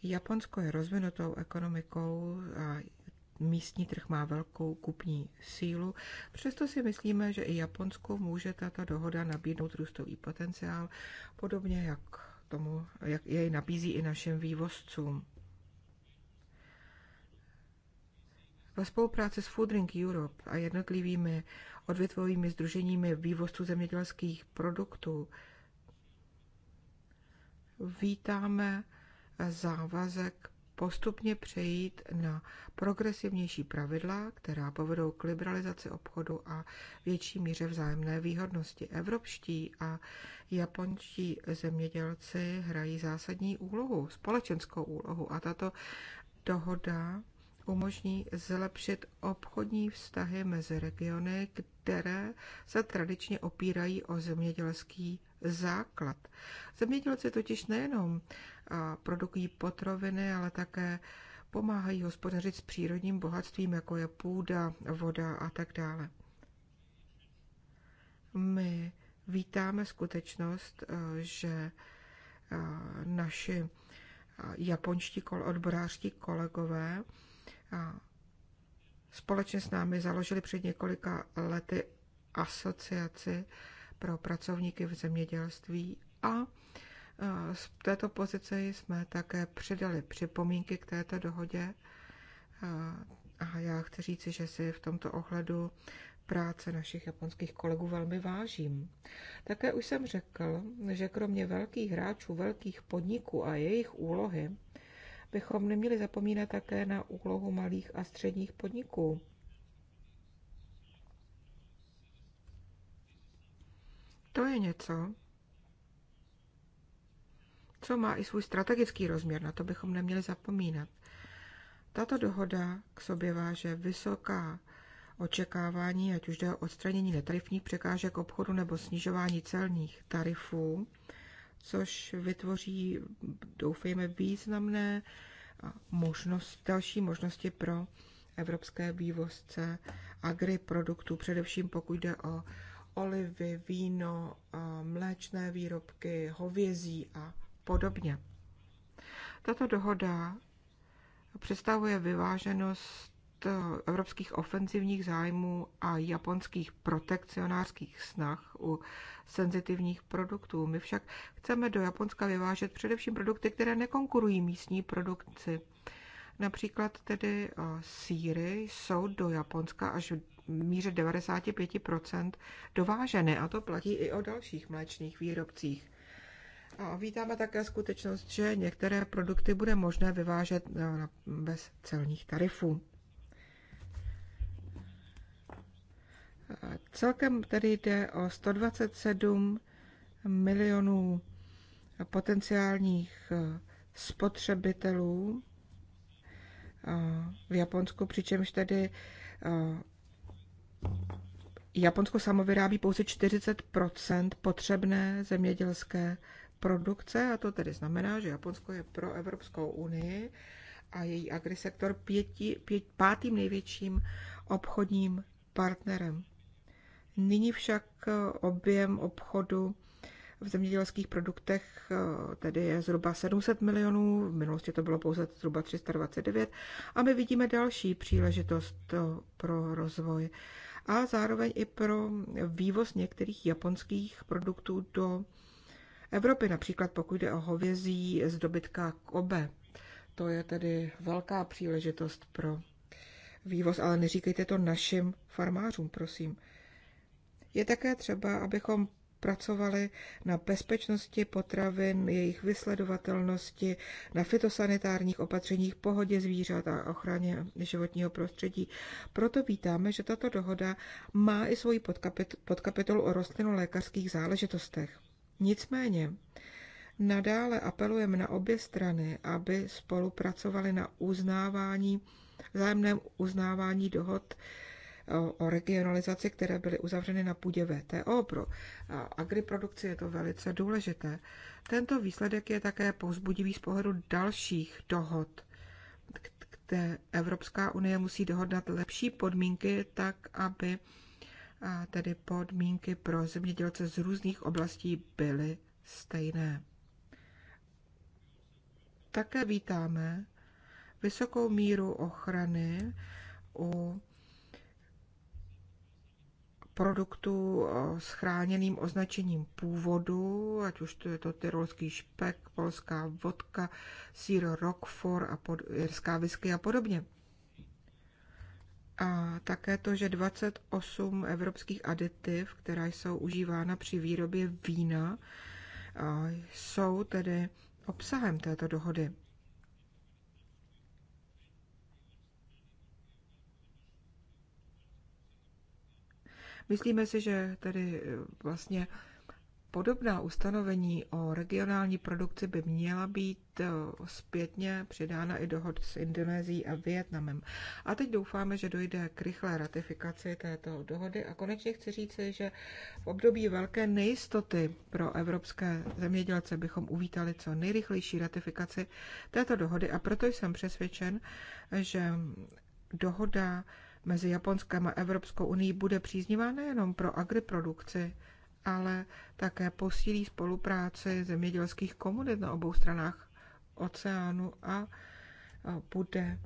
B: Japonsko je rozvinutou ekonomikou a místní trh má velkou kupní sílu. Přesto si myslíme, že i Japonsku může tato dohoda nabídnout růstový potenciál, podobně jak tomu, jak jej nabízí i našim vývozcům. Ve spolupráci s Foodring Europe a jednotlivými odvětvovými združeními vývozců zemědělských produktů vítáme závazek postupně přejít na progresivnější pravidla, která povedou k liberalizaci obchodu a větší míře vzájemné výhodnosti. Evropští a japonští zemědělci hrají zásadní úlohu, společenskou úlohu a tato dohoda umožní zlepšit obchodní vztahy mezi regiony, které se tradičně opírají o zemědělský základ. Zemědělci totiž nejenom produkují potroviny, ale také pomáhají hospodařit s přírodním bohatstvím, jako je půda, voda a tak dále. My vítáme skutečnost, že naši japonští odborářští kolegové společně s námi založili před několika lety asociaci pro pracovníky v zemědělství a z této pozice jsme také přidali připomínky k této dohodě a já chci říci, že si v tomto ohledu práce našich japonských kolegů velmi vážím. Také už jsem řekl, že kromě velkých hráčů, velkých podniků a jejich úlohy, bychom neměli zapomínat také na úlohu malých a středních podniků. To je něco, co má i svůj strategický rozměr, na to bychom neměli zapomínat. Tato dohoda k sobě váže vysoká očekávání, ať už jde o odstranění netarifních překážek obchodu nebo snižování celních tarifů, což vytvoří, doufejme, významné možnost, další možnosti pro evropské vývozce agriproduktů, především pokud jde o olivy, víno, mléčné výrobky, hovězí a podobně. Tato dohoda představuje vyváženost e, evropských ofenzivních zájmů a japonských protekcionářských snah u senzitivních produktů. My však chceme do Japonska vyvážet především produkty, které nekonkurují místní produkci. Například tedy e, síry jsou do Japonska až míře 95% dovážené a to platí i o dalších mléčných výrobcích. A vítáme také skutečnost, že některé produkty bude možné vyvážet eh, bez celních tarifů. Eh, celkem tedy jde o 127 milionů potenciálních eh, spotřebitelů v Japonsku, přičemž tedy Japonsko samo vyrábí pouze 40 potřebné zemědělské produkce a to tedy znamená, že Japonsko je pro Evropskou unii a její agrisektor pěti, pět, pátým největším obchodním partnerem. Nyní však objem obchodu v zemědělských produktech eh, tedy je zhruba 700 milionů, v minulosti to bylo pouze zhruba 329 a my vidíme další příležitost eh, pro rozvoj a zároveň i pro vývoz některých japonských produktů do Evropy, například pokud jde o hovězí z dobytka Kobe. To je tedy velká příležitost pro vývoz, ale neříkejte to našim farmářům, prosím. Je také třeba, abychom pracovali na bezpečnosti potravin, jejich vysledovatelnosti, na fitosanitárních opatřeních, pohodě zvířat a ochraně životního prostředí. Proto vítáme, že tato dohoda má i svoji podkapit- podkapitolu o lékařských záležitostech. Nicméně, Nadále apelujeme na obě strany, aby spolupracovali na uznávání, vzájemném uznávání dohod o, regionalizaci, které byly uzavřeny na půdě VTO. Pro agriprodukci je to velice důležité. Tento výsledek je také povzbudivý z pohledu dalších dohod, kde Evropská unie musí dohodnat lepší podmínky tak, aby a tedy podmínky pro zemědělce z různých oblastí byly stejné. Také vítáme vysokou míru ochrany u produktů eh, s chráněným označením původu, ať už to je to tyrolský špek, polská vodka, sír Rockford a pod, jirská whisky a podobně. A také to, že 28 evropských aditiv, která jsou užívána při výrobě vína, eh, jsou tedy obsahem této dohody. Myslíme si, že tedy eh, vlastně podobná ustanovení o regionální produkci by měla být eh, zpětně přidána i dohod s Indonésií a Vietnamem. A teď doufáme, že dojde k rychlé ratifikaci této dohody. A konečně chci říci, že v období velké nejistoty pro evropské zemědělce bychom uvítali co nejrychlejší ratifikaci této dohody. A proto jsem přesvědčen, že dohoda mezi Japonskem a Evropskou unii bude příznivá nejenom pro agriprodukci, ale také posílí spolupráci zemědělských komunit na obou stranách oceánu a bude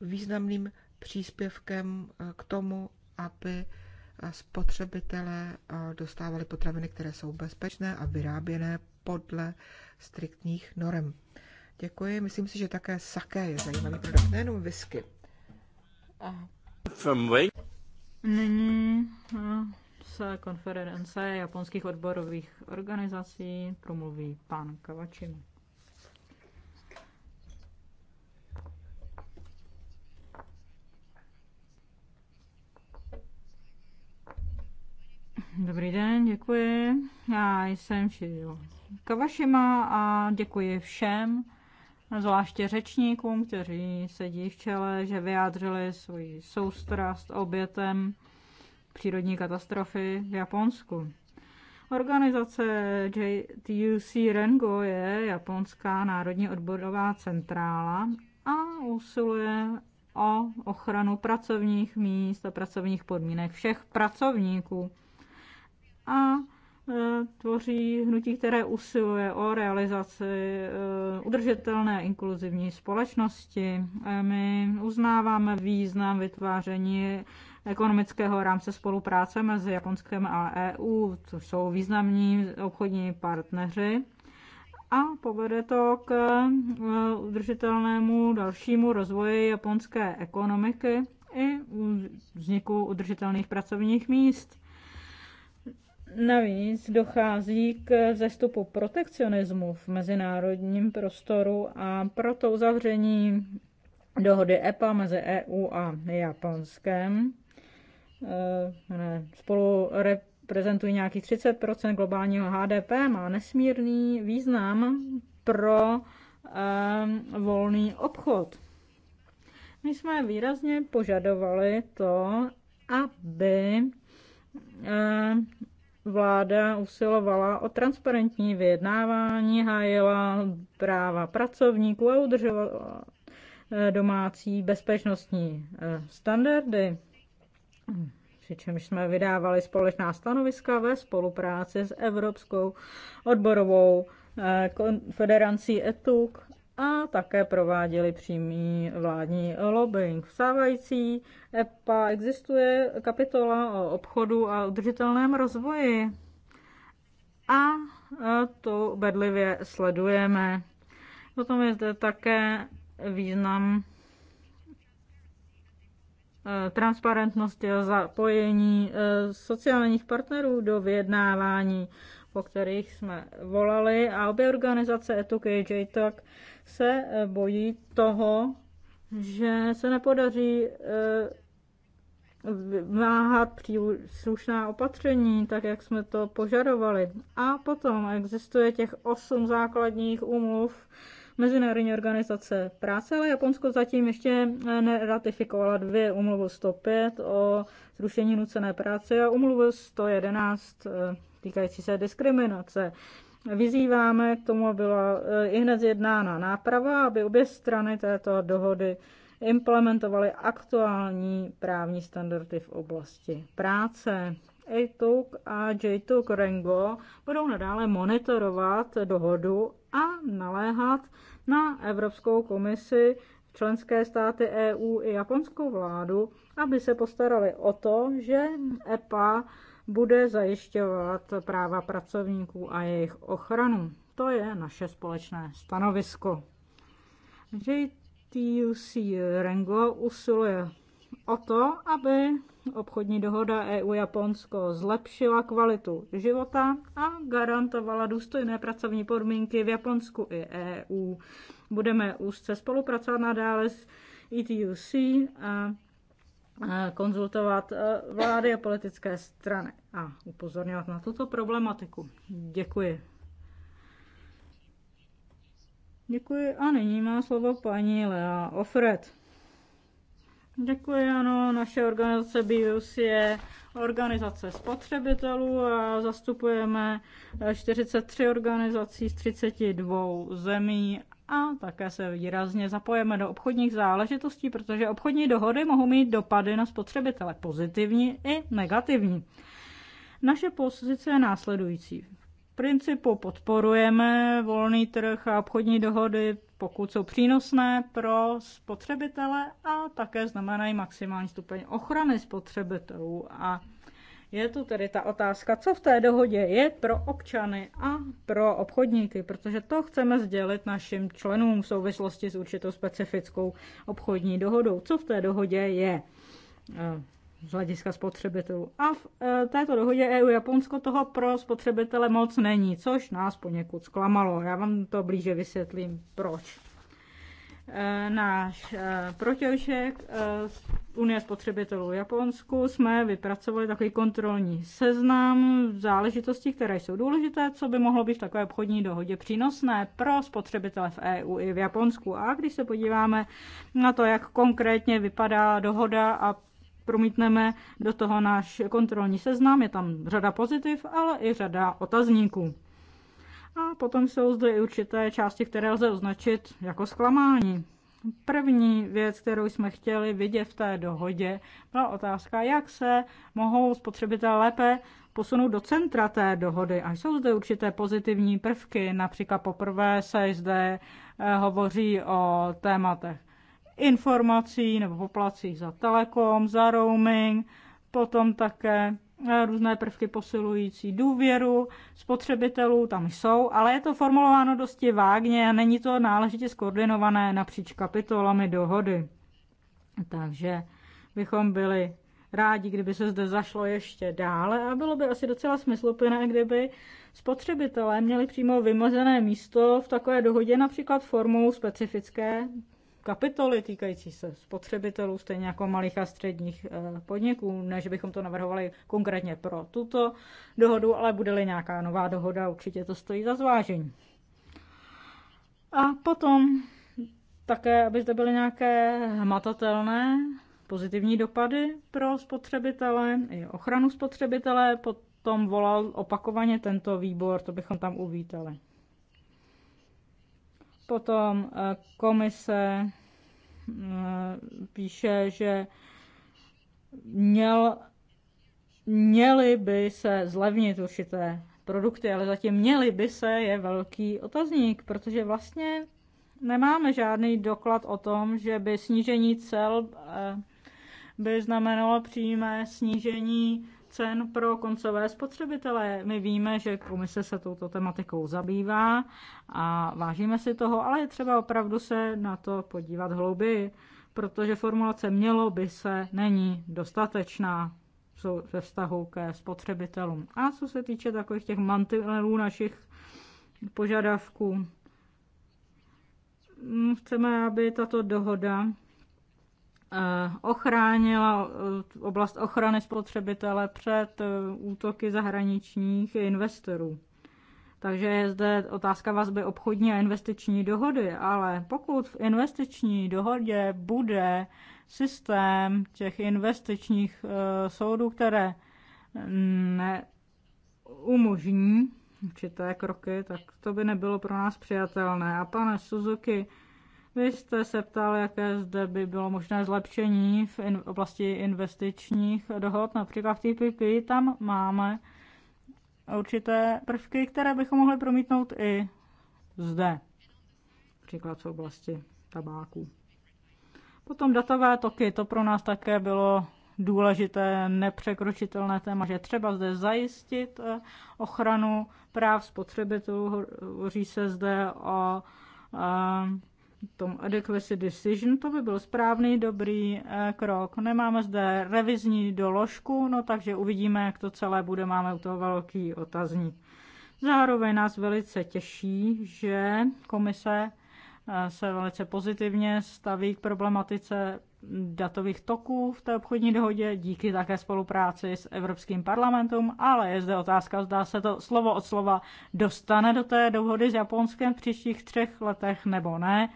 B: významným příspěvkem e, k tomu, aby e, spotřebitelé e, dostávali potraviny, které jsou bezpečné a vyráběné podle striktních norem. Děkuji. Myslím si, že také saké je zajímavý produkt, nejenom whisky. Aha. Nyní eh, se
A: konference japonských odborových organizací promluví pan Kavačin. Dobrý den, děkuji. Já jsem Shiro Kawashima a děkuji všem, zvláště řečníkům, kteří sedí v čele, že vyjádřili svoji soustrast obětem přírodní katastrofy v Japonsku. Organizace JTUC Rengo je japonská národní odborová centrála a usiluje o ochranu pracovních míst a pracovních podmínek všech pracovníků. A E, tvoří hnutí, které usiluje o realizaci e, udržitelné inkluzivní společnosti. E, my uznáváme význam vytváření ekonomického rámce spolupráce mezi Japonskem a EU, což jsou významní obchodní partneři. A povede to k udržitelnému dalšímu rozvoji japonské ekonomiky i vzniku udržitelných pracovních míst. Navíc dochází k zestupu protekcionismu v mezinárodním prostoru a proto uzavření dohody EPA mezi EU a Japonskem eh, spolu reprezentují nějaký 30 globálního HDP, má nesmírný význam pro eh, volný obchod. My jsme výrazně požadovali to, aby eh, vláda usilovala o transparentní vyjednávání, hájila práva pracovníků a udržovala eh, domácí bezpečnostní eh, standardy, přičemž jsme vydávali společná stanoviska ve spolupráci s Evropskou odborovou eh, konferencí ETUK a také prováděli přímý vládní lobbying. V stávající EPA existuje kapitola o obchodu a udržitelném rozvoji a e, to bedlivě sledujeme. Potom je zde také význam e, transparentnosti a zapojení e, sociálních partnerů do vyjednávání po kterých jsme volali a obě organizace AJ tak se eh, bojí toho, že se nepodaří eh, vymáhat příslušná opatření, tak jak jsme to požadovali. A potom existuje těch osm základních umluv Mezinárodní organizace práce, ale Japonsko zatím ještě eh, neratifikovala dvě umluvu 105 o zrušení nucené práce a umluvu 111 týkající se diskriminace. Vyzýváme k tomu, byla eh, i hned zjednána náprava, aby obě strany této dohody implementovaly aktuální právní standardy v oblasti práce. ATUK a JTUK Rengo budou nadále monitorovat dohodu a naléhat na Evropskou komisi, členské státy EU i japonskou vládu, aby se postarali o to, že EPA bude zajišťovat práva pracovníků a jejich ochranu. To je naše společné stanovisko. JTUC Rengo usiluje o to, aby obchodní dohoda EU-Japonsko zlepšila kvalitu života a garantovala důstojné pracovní podmínky v Japonsku i EU. Budeme úzce spolupracovat nadále s ETUC a konzultovat e, vlády a politické strany a upozorňovat na tuto problematiku. Děkuji. Děkuji a nyní má slovo paní Lea Ofred. Děkuji, ano, naše organizace Bius je organizace spotřebitelů a zastupujeme 43 organizací z 32 zemí a také se výrazně zapojeme do obchodních záležitostí, protože obchodní dohody mohou mít dopady na spotřebitele, pozitivní i negativní. Naše pozice je následující. V principu podporujeme volný trh a obchodní dohody, pokud jsou přínosné pro spotřebitele a také znamenají maximální stupeň ochrany spotřebitelů a je tu tedy ta otázka, co v té dohodě je pro občany a pro obchodníky, protože to chceme sdělit našim členům v souvislosti s určitou specifickou obchodní dohodou. Co v té dohodě je eh, z hlediska spotřebitelů. A v eh, této dohodě EU-Japonsko toho pro spotřebitele moc není, což nás poněkud zklamalo. Já vám to blíže vysvětlím, proč. Eh, náš eh, protějšek z eh, Unie spotřebitelů Japonsku jsme vypracovali takový kontrolní seznam záležitostí, které jsou důležité, co by mohlo být v takové obchodní dohodě přínosné pro spotřebitele v EU i v Japonsku. A když se podíváme na to, jak konkrétně vypadá dohoda a promítneme do toho náš kontrolní seznam, je tam řada pozitiv, ale i řada otazníků. A potom jsou zde i určité části, které lze označit jako zklamání. První věc, kterou jsme chtěli vidět v té dohodě, byla otázka, jak se mohou spotřebitelé lépe posunout do centra té dohody. A jsou zde určité pozitivní prvky, například poprvé se zde eh, hovoří o tématech informací nebo poplacích za telekom, za roaming, potom také Eh, různé prvky posilující důvěru spotřebitelů tam jsou, ale je to formulováno dosti vágně a není to náležitě skoordinované napříč kapitolami dohody. Takže bychom byli rádi, kdyby se zde zašlo ještě dále a bylo by asi docela smysluplné, kdyby spotřebitelé měli přímo vymezené místo v takové dohodě například formou specifické kapitoly týkající se spotřebitelů, stejně jako malých a středních eh, podniků, než bychom to navrhovali konkrétně pro tuto dohodu, ale bude-li nějaká nová dohoda, určitě to stojí za zvážení. A potom také, aby zde byly nějaké hmatatelné pozitivní dopady pro spotřebitele i ochranu spotřebitele, potom volal opakovaně tento výbor, to bychom tam uvítali. Potom eh, komise eh, píše, že měl, měly by se zlevnit určité produkty, ale zatím měly by se je velký otazník, protože vlastně nemáme žádný doklad o tom, že by snížení cel eh, by znamenalo přímé snížení cen pro koncové spotřebitele. My víme, že komise se touto tematikou zabývá a vážíme si toho, ale je třeba opravdu se na to podívat hlouběji, protože formulace mělo by se není dostatečná ve vztahu ke spotřebitelům. A co se týče takových těch mantinelů našich požadavků, mm, chceme, aby tato dohoda Eh, ochránila eh, oblast ochrany spotřebitele před eh, útoky zahraničních investorů. Takže je zde otázka vazby obchodní a investiční dohody, ale pokud v investiční dohodě bude systém těch investičních soudů, které mm, neumožní určité kroky, tak to by nebylo pro nás přijatelné. A pane Suzuki, vy jste se ptal, jaké zde by bylo možné zlepšení v in- oblasti investičních dohod, například v TPP. Tam máme určité prvky, které bychom mohli promítnout i zde, například v oblasti tabáku. Potom datové toky, to pro nás také bylo důležité, nepřekročitelné téma, že třeba zde zajistit eh, ochranu práv spotřebitelů. Hoří se zde o eh, tom adequacy decision, to by byl správný, dobrý eh, krok. Nemáme zde revizní doložku, no takže uvidíme, jak to celé bude, máme u toho velký otazník. Zároveň nás velice těší, že komise eh, se velice pozitivně staví k problematice datových toků v té obchodní dohodě díky také spolupráci s Evropským parlamentem, ale je zde otázka, zda se to slovo od slova dostane do té dohody s Japonskem v příštích třech letech nebo ne.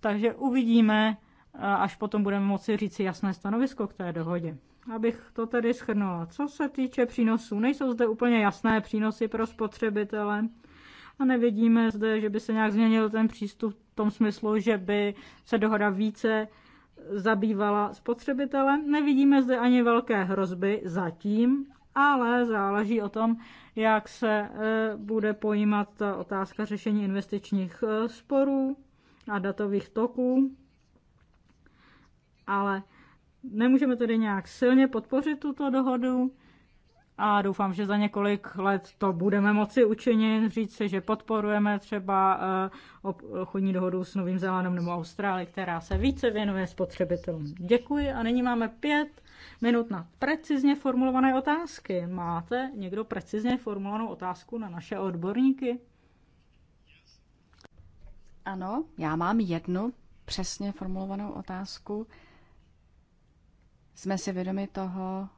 A: Takže uvidíme, až potom budeme moci říci jasné stanovisko k té dohodě. Abych to tedy schrnula. Co se týče přínosů, nejsou zde úplně jasné přínosy pro spotřebitele a nevidíme zde, že by se nějak změnil ten přístup v tom smyslu, že by se dohoda více zabývala spotřebitele. Nevidíme zde ani velké hrozby zatím, ale záleží o tom, jak se e, bude pojímat ta otázka řešení investičních e, sporů a datových toků. Ale nemůžeme tedy nějak silně podpořit tuto dohodu, a doufám, že za několik let to budeme moci učinit, říct si, že podporujeme třeba eh, obchodní dohodu s Novým Zélandem nebo Austrálií, která se více věnuje spotřebitelům. Děkuji a nyní máme pět minut na precizně formulované otázky. Máte někdo precizně formulovanou otázku na naše
C: odborníky? Ano, já mám jednu přesně formulovanou otázku. Jsme si vědomi toho,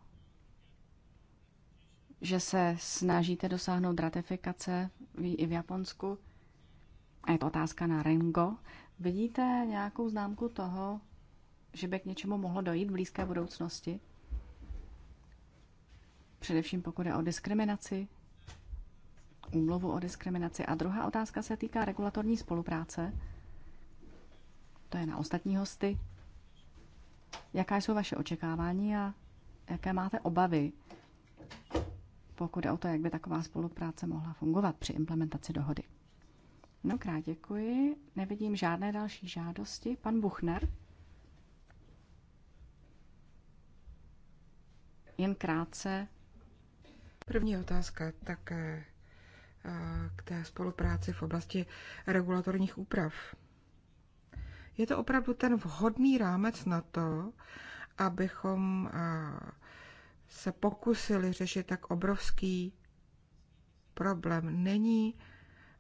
C: že se snažíte dosáhnout ratifikace ví i v Japonsku. A je to otázka na Rengo. Vidíte nějakou známku toho, že by k něčemu mohlo dojít v blízké budoucnosti? Především pokud je o diskriminaci, úmluvu o diskriminaci. A druhá otázka se týká regulatorní spolupráce. To je na ostatní hosty. Jaká jsou vaše očekávání a jaké máte obavy pokud je o to, jak by taková spolupráce mohla fungovat při implementaci dohody. Mnohokrát děkuji. Nevidím žádné další žádosti. Pan Buchner?
B: Jen krátce. První otázka také eh, k té spolupráci v oblasti regulatorních úprav. Je to opravdu ten vhodný rámec na to, abychom eh, se pokusili řešit tak obrovský problém. Není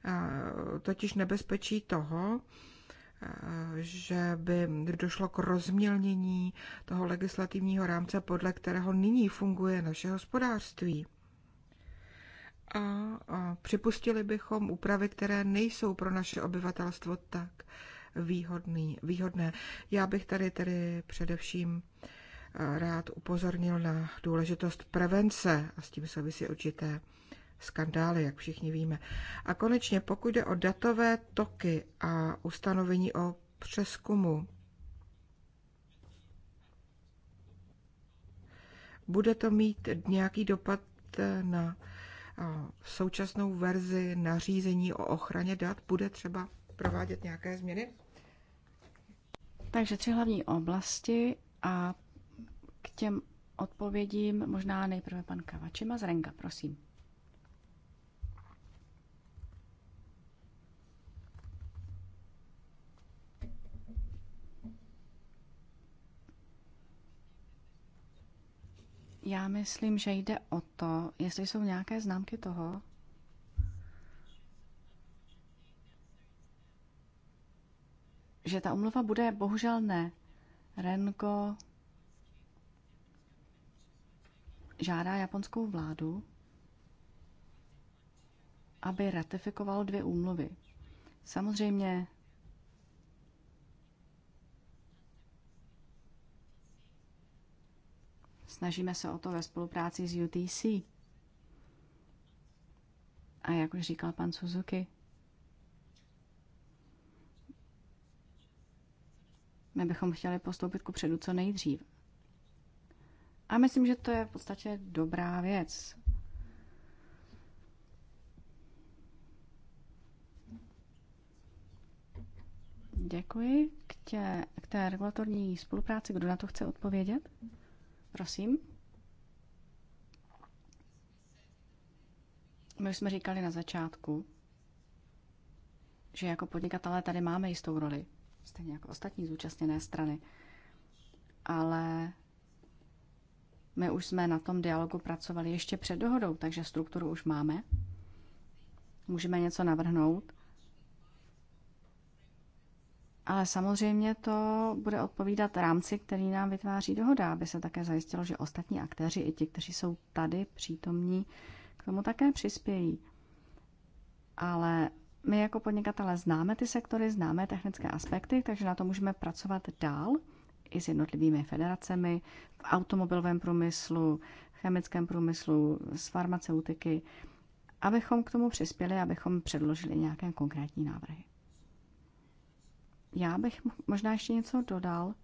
B: eh, totiž nebezpečí toho, eh, že by došlo k rozmělnění toho legislativního rámce, podle kterého nyní funguje naše hospodářství. A připustili bychom úpravy, které nejsou pro naše obyvatelstvo tak výhodný, výhodné. Já bych tady tedy především rád upozornil na důležitost prevence a s tím souvisí určité skandály, jak všichni víme. A konečně, pokud jde o datové toky a ustanovení o přeskumu, bude to mít nějaký dopad na současnou verzi nařízení o ochraně dat? Bude třeba provádět nějaké změny? Takže tři hlavní oblasti a k těm
C: odpovědím možná nejprve pan Kavačima z Renga prosím. Já myslím, že jde o to, jestli jsou nějaké známky toho, že ta umluva bude bohužel ne. Renko žádá japonskou vládu, aby ratifikoval dvě úmluvy. Samozřejmě snažíme se o to ve spolupráci s UTC. A jak už říkal pan Suzuki, my bychom chtěli postoupit ku předu co nejdříve. A myslím, že to je v podstatě dobrá věc. Děkuji. K, tě, k té regulatorní spolupráci, kdo na to chce odpovědět? Prosím. My jsme říkali na začátku, že jako podnikatelé tady máme jistou roli, stejně jako ostatní zúčastněné strany. Ale my už jsme na tom dialogu pracovali ještě před dohodou, takže strukturu už máme. Můžeme něco navrhnout. Ale samozřejmě to bude odpovídat rámci, který nám vytváří dohoda, aby se také zajistilo, že ostatní aktéři, i ti, kteří jsou tady přítomní, k tomu také přispějí. Ale my jako podnikatele známe ty sektory, známe technické aspekty, takže na to můžeme pracovat dál – i s jednotlivými federacemi v automobilovém průmyslu, chemickém průmyslu, s farmaceutiky, abychom k tomu přispěli, abychom předložili nějaké konkrétní návrhy. Já bych možná ještě něco dodal.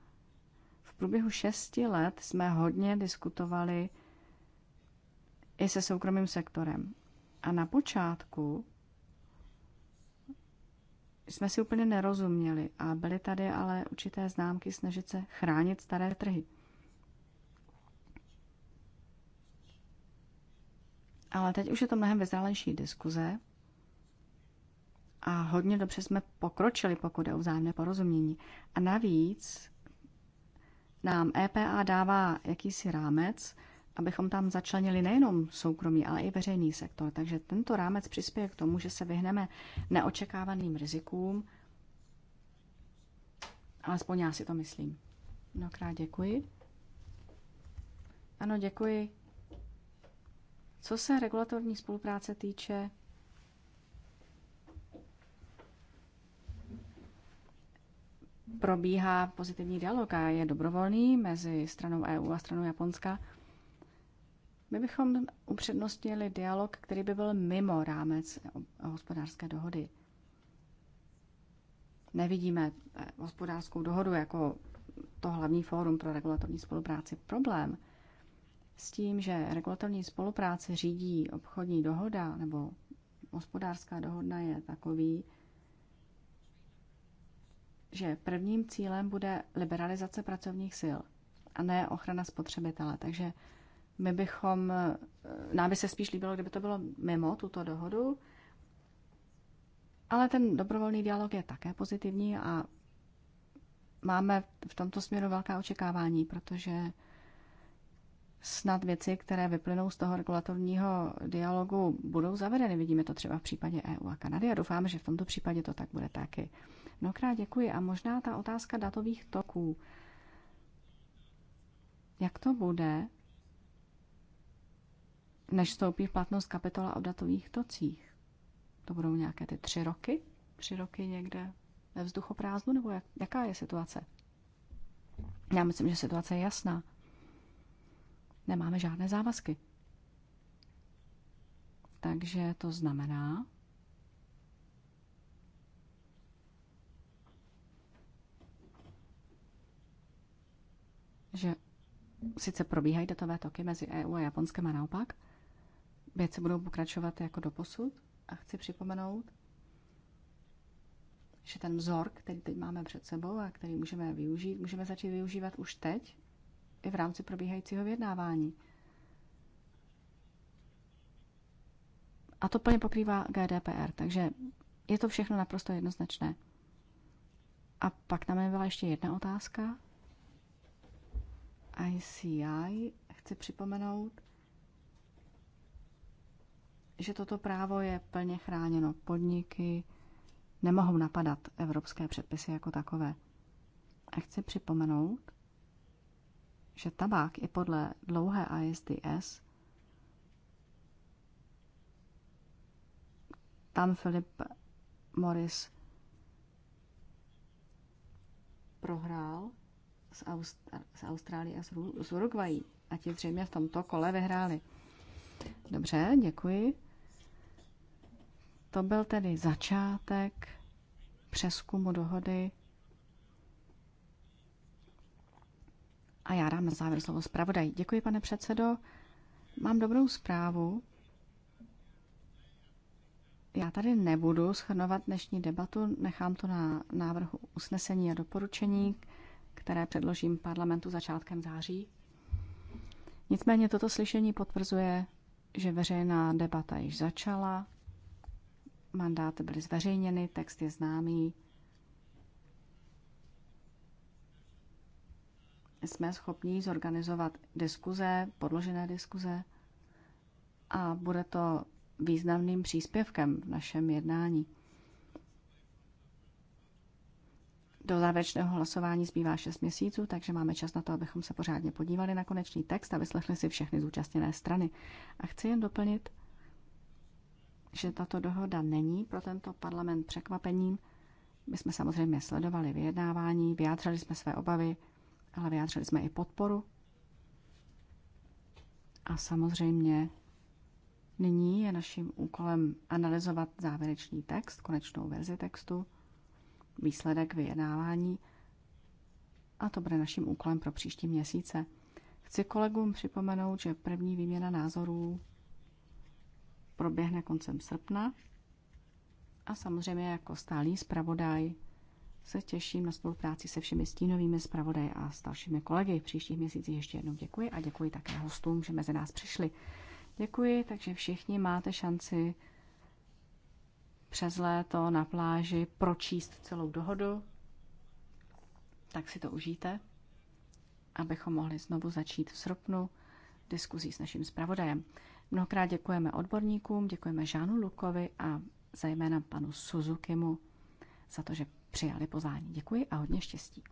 C: V průběhu šesti let jsme hodně diskutovali i se soukromým sektorem. A na počátku jsme si úplně nerozuměli a byly tady ale určité známky snažit se chránit staré trhy. Ale teď už je to mnohem vyzrálejší diskuze a hodně dobře jsme pokročili, pokud je o vzájemné porozumění. A navíc nám EPA dává jakýsi rámec, abychom tam začlenili nejenom soukromý, ale i veřejný sektor. Takže tento rámec přispěje k tomu, že se vyhneme neočekávaným rizikům. Alespoň já si to myslím. Mnohokrát děkuji. Ano, děkuji. Co se regulatorní spolupráce týče, probíhá pozitivní dialog a je dobrovolný mezi stranou EU a stranou Japonska. My bychom upřednostnili dialog, který by byl mimo rámec hospodářské dohody. Nevidíme eh, hospodářskou dohodu jako to hlavní fórum pro regulatorní spolupráci. Problém s tím, že regulatorní spolupráce řídí obchodní dohoda nebo hospodářská dohoda je takový, že prvním cílem bude liberalizace pracovních sil a ne ochrana spotřebitele. Takže my bychom, nám by se spíš líbilo, kdyby to bylo mimo tuto dohodu, ale ten dobrovolný dialog je také pozitivní a máme v tomto směru velká očekávání, protože snad věci, které vyplynou z toho regulatorního dialogu, budou zavedeny. Vidíme to třeba v případě EU a Kanady a doufám, že v tomto případě to tak bude taky. Mnohokrát děkuji. A možná ta otázka datových toků. Jak to bude, než vstoupí v platnost kapitola o datových tocích. To budou nějaké ty tři roky? Tři roky někde ve vzduchoprázdnu? Nebo jak, jaká je situace? Já myslím, že situace je jasná. Nemáme žádné závazky. Takže to znamená, že sice probíhají datové toky mezi EU a Japonskem a naopak, Věci budou pokračovat jako do posud, a chci připomenout, že ten vzor, který teď máme před sebou a který můžeme využít, můžeme začít využívat už teď i v rámci probíhajícího vyjednávání. A to plně pokrývá GDPR, takže je to všechno naprosto jednoznačné. A pak tam byla ještě jedna otázka. ICI, chci připomenout, že toto právo je plně chráněno. Podniky nemohou napadat evropské předpisy jako takové. A chci připomenout, že tabák i podle dlouhé ISDS tam Filip Morris prohrál s, Austr- s Austrálií a s, Ru- Uruguayí. A ti zřejmě v tomto kole vyhráli. Dobře, děkuji. To byl tedy začátek přeskumu dohody. A já dám na závěr slovo zpravodaj. Děkuji, pane předsedo. Mám dobrou zprávu. Já tady nebudu schrnovat dnešní debatu, nechám to na návrhu usnesení a doporučení, které předložím parlamentu začátkem září. Nicméně toto slyšení potvrzuje, že veřejná debata již začala, Mandáty byly zveřejněny, text je známý. Jsme schopni zorganizovat diskuze, podložené diskuze a bude to významným příspěvkem v našem jednání. Do závěrečného hlasování zbývá 6 měsíců, takže máme čas na to, abychom se pořádně podívali na konečný text a vyslechli si všechny zúčastněné strany. A chci jen doplnit, že tato dohoda není pro tento parlament překvapením. My jsme samozřejmě sledovali vyjednávání, vyjádřili jsme své obavy, ale vyjádřili jsme i podporu. A samozřejmě nyní je naším úkolem analyzovat závěrečný text, konečnou verzi textu, výsledek vyjednávání a to bude naším úkolem pro příští měsíce. Chci kolegům připomenout, že první výměna názorů proběhne koncem srpna. A samozřejmě jako stálý zpravodaj se těším na spolupráci se všemi stínovými zpravodaji a s dalšími kolegy. V příštích měsících ještě jednou děkuji a děkuji také hostům, že mezi nás přišli. Děkuji, takže všichni máte šanci přes léto na pláži pročíst celou dohodu, tak si to užijte, abychom mohli znovu začít v srpnu diskuzí s naším zpravodajem. Mnohokrát děkujeme odborníkům, děkujeme Žánu Lukovi a zejména panu Suzukimu za to, že přijali pozvání. Děkuji a hodně štěstí.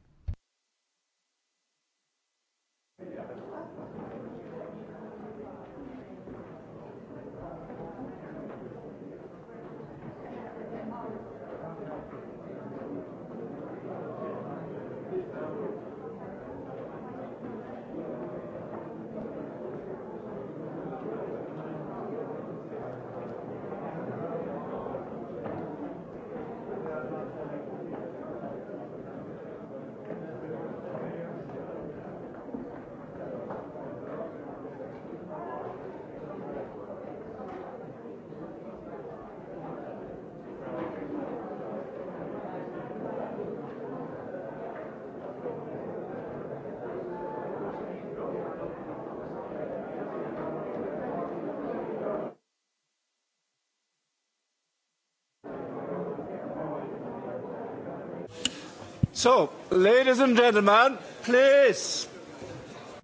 C: So,
B: ladies and gentlemen, please.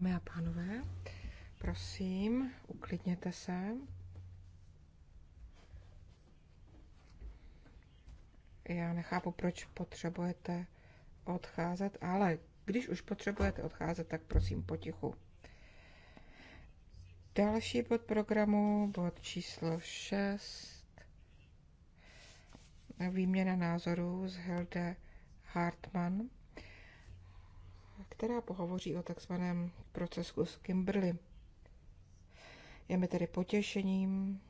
B: Dámy a pánové, prosím, uklidněte se. Já nechápu, proč potřebujete odcházet, ale když už potřebujete odcházet, tak prosím potichu. Další bod programu, bod číslo 6, výměna názorů z Helde Hartmann, která pohovoří o takzvaném procesu z Kimberly. Je mi tedy potěšením,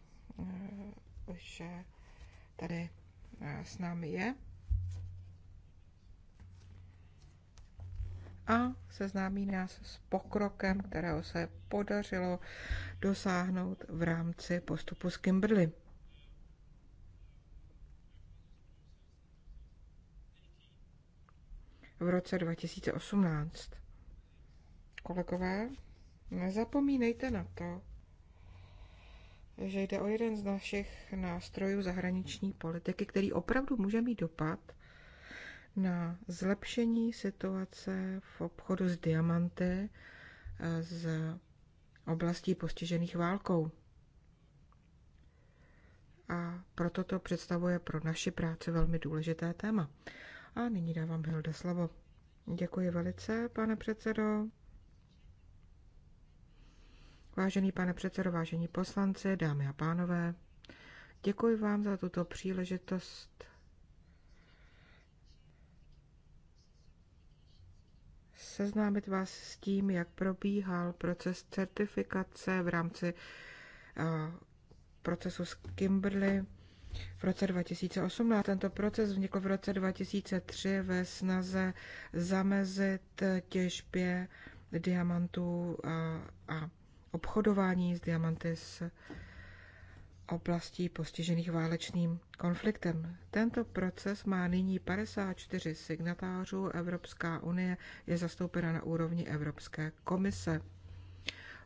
B: eh, že tady eh, s námi je a seznámí nás s pokrokem, kterého se podařilo dosáhnout v rámci postupu z Kimberly. v roce 2018. Kolegové, nezapomínejte na to, že jde o jeden z našich nástrojů zahraniční politiky, který opravdu může mít dopad na zlepšení situace v obchodu s diamanty eh, z oblastí postižených válkou. A proto to představuje pro naši práci velmi důležité téma. A nyní dávám Hilde slovo. Děkuji velice, pane předsedo. Vážený pane předsedo, vážení poslanci, dámy a pánové, děkuji vám za tuto příležitost seznámit vás s tím, jak probíhal proces certifikace v rámci eh, procesu s Kimberly v roce 2018. Tento proces vznikl v roce 2003 ve snaze zamezit těžbě diamantů a, a obchodování s diamanty z oblastí postižených válečným konfliktem. Tento proces má nyní 54 signatářů. Evropská unie je zastoupena na úrovni Evropské komise.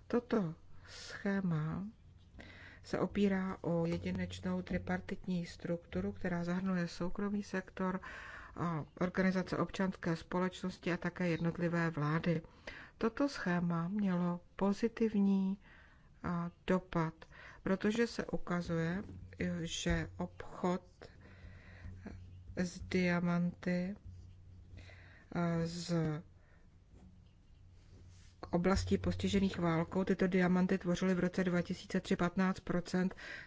B: Toto schéma se opírá o jedinečnou tripartitní strukturu, která zahrnuje soukromý sektor, organizace občanské společnosti a také jednotlivé vlády. Toto schéma mělo pozitivní dopad, protože se ukazuje, že obchod s diamanty z oblastí postižených válkou. Tyto diamanty tvořily v roce 2015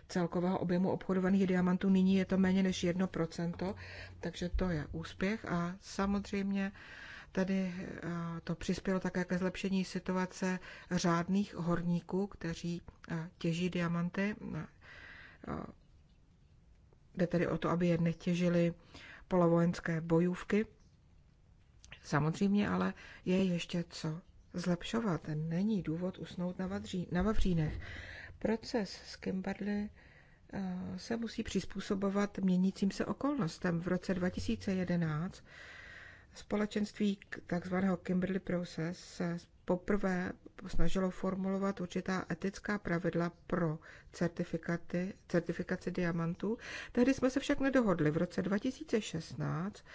B: celkového objemu obchodovaných diamantů. Nyní je to méně než 1 takže to je úspěch. A samozřejmě tady eh, to přispělo také ke zlepšení situace řádných horníků, kteří eh, těží diamanty. Eh, jde tedy o to, aby je netěžili polovojenské bojůvky. Samozřejmě ale je ještě co zlepšovat. Není důvod usnout na, vadří, na Vavřínech. Proces s Kimberly eh, se musí přizpůsobovat měnícím se okolnostem. V roce 2011 společenství tzv. Kimberly Process se poprvé snažilo formulovat určitá etická pravidla pro certifikaty, certifikaci diamantů. Tehdy jsme se však nedohodli. V roce 2016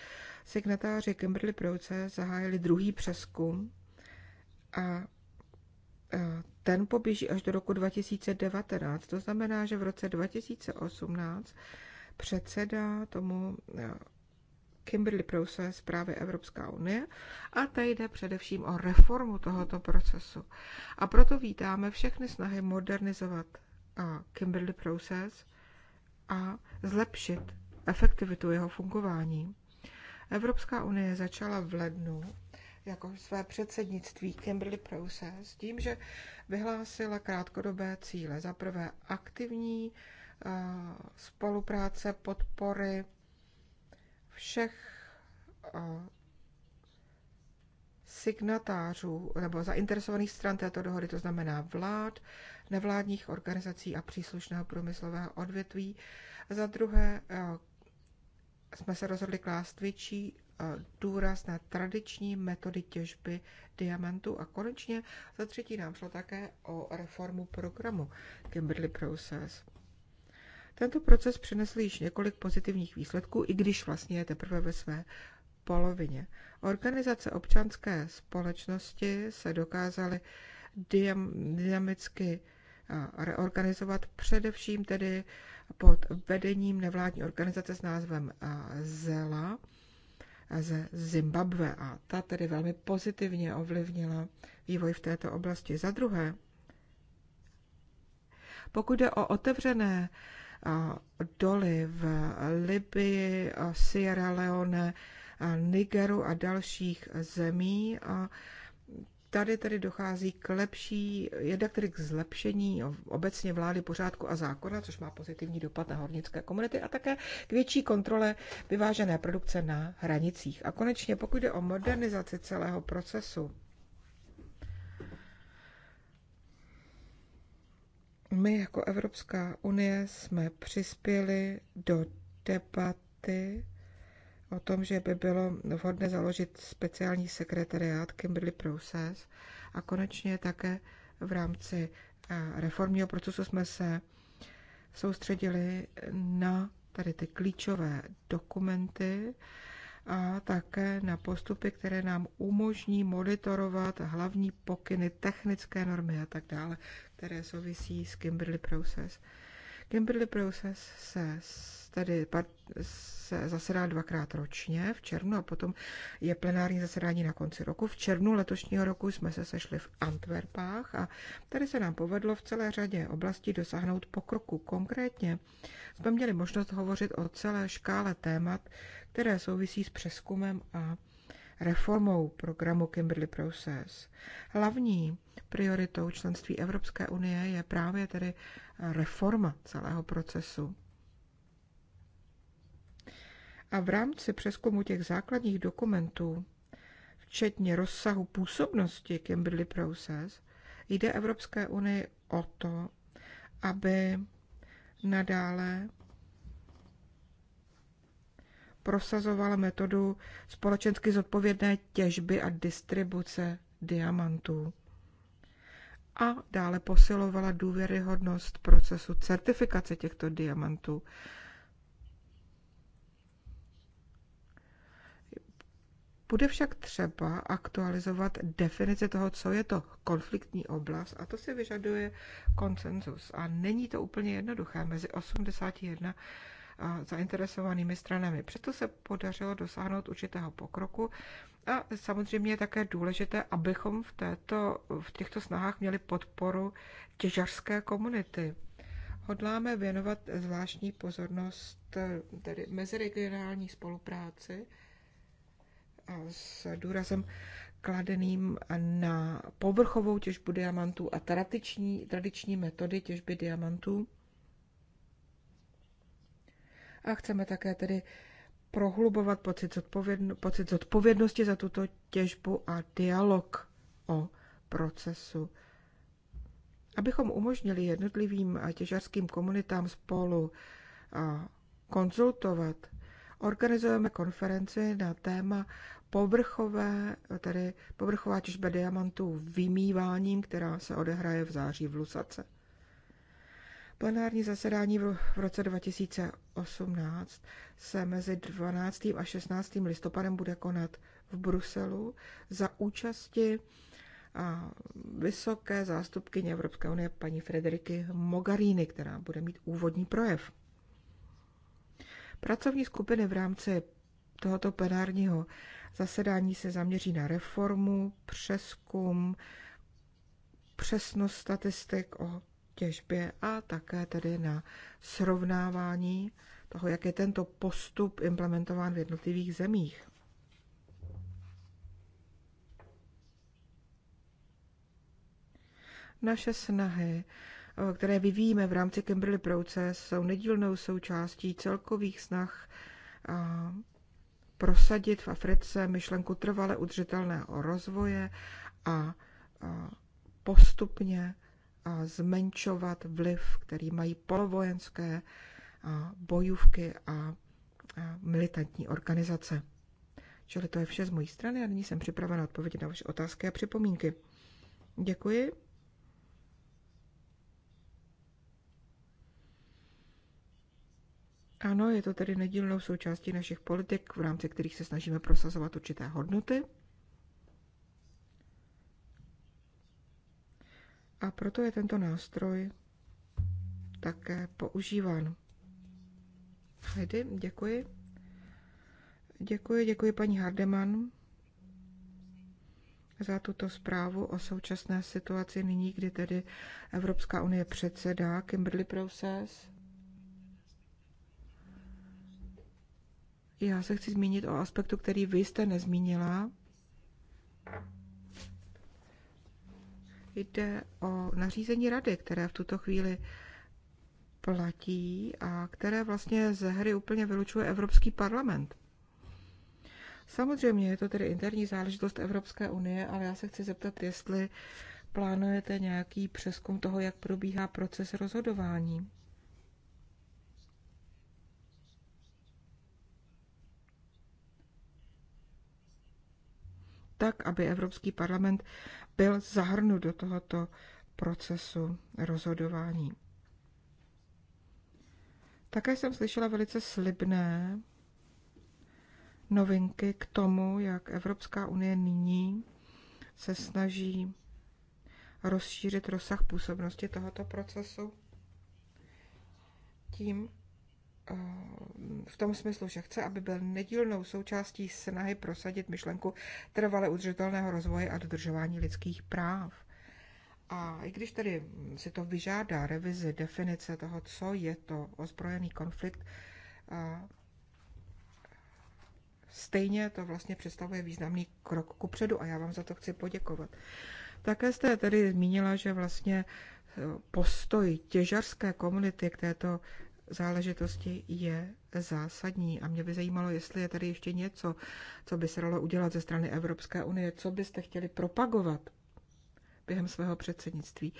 B: signatáři Kimberly Process zahájili druhý přeskum a e, ten poběží až do roku 2019. To znamená, že v roce 2018 předsedá tomu e, Kimberly Process právě Evropská unie a ta jde především o reformu tohoto procesu. A proto vítáme všechny snahy modernizovat e, Kimberly Process a zlepšit efektivitu jeho fungování. Evropská unie začala v lednu jako své předsednictví Kimberly Prouse s tím, že vyhlásila krátkodobé cíle. Za prvé aktivní eh, spolupráce, podpory všech eh, signatářů nebo zainteresovaných stran této dohody, to znamená vlád, nevládních organizací a příslušného průmyslového odvětví. Za druhé eh, jsme se rozhodli klást větší důraz na tradiční metody těžby diamantů. A konečně za třetí nám šlo také o reformu programu Kimberley Process. Tento proces přinesl již několik pozitivních výsledků, i když vlastně je teprve ve své polovině. Organizace občanské společnosti se dokázaly dynamicky reorganizovat především tedy pod vedením nevládní organizace s názvem ZELA, ze Zimbabwe a ta tedy velmi pozitivně ovlivnila vývoj v této oblasti. Za druhé, pokud jde o otevřené doly v Libii, Sierra Leone, Nigeru a dalších zemí, tady tedy dochází k lepší, jednak tedy k zlepšení obecně vlády pořádku a zákona, což má pozitivní dopad na hornické komunity a také k větší kontrole vyvážené produkce na hranicích. A konečně, pokud jde o modernizaci celého procesu, my jako Evropská unie jsme přispěli do debaty o tom, že by bylo vhodné založit speciální sekretariát Kimberly Process a konečně také v rámci eh, reformního procesu jsme se soustředili na tady ty klíčové dokumenty a také na postupy, které nám umožní monitorovat hlavní pokyny, technické normy a tak dále, které souvisí s Kimberly Process. Kimberly Process se tedy se zasedá dvakrát ročně v červnu a potom je plenární zasedání na konci roku. V červnu letošního roku jsme se sešli v Antwerpách a tady se nám povedlo v celé řadě oblastí dosáhnout pokroku. Konkrétně jsme měli možnost hovořit o celé škále témat, které souvisí s přeskumem a reformou programu Kimberly Process. Hlavní prioritou členství Evropské unie je právě tedy reforma celého procesu. A v rámci přeskumu těch základních dokumentů, včetně rozsahu působnosti Kimberly Process, jde Evropské unii o to, aby nadále prosazovala metodu společensky zodpovědné těžby a distribuce diamantů a dále posilovala důvěryhodnost procesu certifikace těchto diamantů. Bude však třeba aktualizovat definici toho, co je to konfliktní oblast, a to si vyžaduje konsenzus. A není to úplně jednoduché. Mezi 81 zainteresovanými stranami. Přesto se podařilo dosáhnout určitého pokroku a samozřejmě je také důležité, abychom v, této, v těchto snahách měli podporu těžařské komunity. Hodláme věnovat zvláštní pozornost eh, tedy meziregionální spolupráci a s důrazem kladeným na povrchovou těžbu diamantů a tradiční, tradiční metody těžby diamantů a chceme také tedy prohlubovat pocit, zodpovědno, pocit zodpovědnosti za tuto těžbu a dialog o procesu. Abychom umožnili jednotlivým těžarským komunitám spolu konzultovat, organizujeme konferenci na téma povrchové, tedy povrchová těžba diamantů vymýváním, která se odehraje v září v Lusace. Plenární zasedání v roce 2018 se mezi 12. a 16. listopadem bude konat v Bruselu za účasti vysoké zástupkyně Evropské unie paní Frederiky Mogarini, která bude mít úvodní projev. Pracovní skupiny v rámci tohoto plenárního zasedání se zaměří na reformu, přeskum, přesnost statistik o těžbě a také tedy na srovnávání toho, jak je tento postup implementován v jednotlivých zemích. Naše snahy, eh, které vyvíjíme v rámci Kimberly Process, jsou nedílnou součástí celkových snah prosadit v Africe myšlenku trvale udržitelného rozvoje a postupně zmenšovat vliv, který mají polovojenské bojůvky a militantní organizace. Čili to je vše z mojí strany a nyní jsem připravena odpovědět na vaše otázky a připomínky. Děkuji. Ano, je to tedy nedílnou součástí našich politik, v rámci kterých se snažíme prosazovat určité hodnoty. a proto je tento nástroj také používán. Heidi, děkuji. Děkuji, děkuji paní Hardeman za tuto zprávu o současné situaci nyní, kdy tedy Evropská unie předsedá Kimberley Process. Já se chci zmínit o aspektu, který vy jste nezmínila jde o nařízení rady, které v tuto chvíli platí a které vlastně ze hry úplně vylučuje Evropský parlament. Samozřejmě je to tedy interní záležitost Evropské unie, ale já se chci zeptat, jestli plánujete nějaký přeskum toho, jak probíhá proces rozhodování. tak, aby Evropský parlament byl zahrnut do tohoto procesu rozhodování. Také jsem slyšela velice slibné novinky k tomu, jak Evropská unie nyní se snaží rozšířit rozsah působnosti tohoto procesu tím, v tom smyslu, že chce, aby byl nedílnou součástí snahy prosadit myšlenku trvale udržitelného rozvoje a dodržování lidských práv. A i když tedy si to vyžádá revizi definice toho, co je to ozbrojený konflikt, stejně to vlastně představuje významný krok kupředu a já vám za to chci poděkovat. Také jste tedy zmínila, že vlastně postoj těžarské komunity k této záležitosti je zásadní a mě by zajímalo, jestli je tady ještě něco, co by se dalo udělat ze strany Evropské unie, co byste chtěli propagovat během svého předsednictví.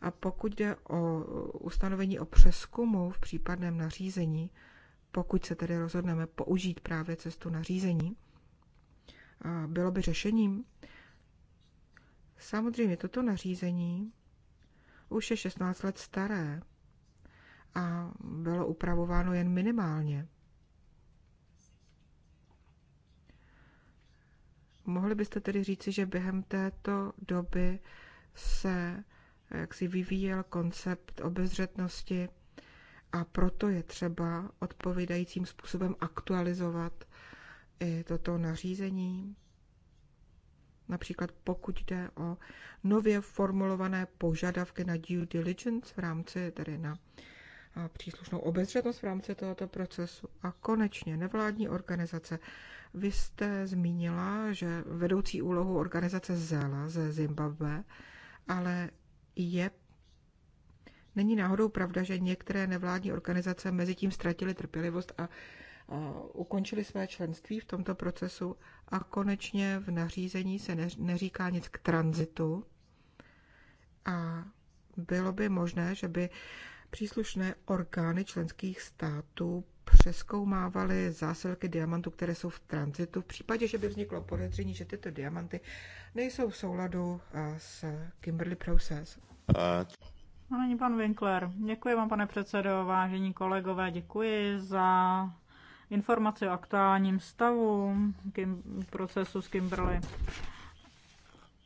B: A pokud jde o ustanovení o přeskumu v případném nařízení, pokud se tedy rozhodneme použít právě cestu nařízení, bylo by řešením. Samozřejmě toto nařízení už je 16 let staré a bylo upravováno jen minimálně. Mohli byste tedy říci, že během této doby se jak si vyvíjel koncept obezřetnosti a proto je třeba odpovídajícím způsobem aktualizovat i toto nařízení. Například pokud jde o nově formulované požadavky na due diligence v rámci tedy na a příslušnou obezřetnost v rámci tohoto procesu. A konečně nevládní organizace. Vy jste zmínila, že vedoucí úlohu organizace Zela ze Zimbabwe, ale je Není náhodou pravda, že některé nevládní organizace mezi tím ztratily trpělivost a, a ukončily své členství v tomto procesu a konečně v nařízení se ne, neříká nic k tranzitu a bylo by možné, že by Příslušné orgány členských států přeskoumávaly zásilky diamantů, které jsou v tranzitu, v případě, že by vzniklo podezření, že tyto diamanty nejsou v souladu eh, s Kimberly Process.
A: No, není pan Winkler. Děkuji vám, pane předsedo, vážení kolegové, děkuji za informaci o aktuálním stavu procesu s Kimberly.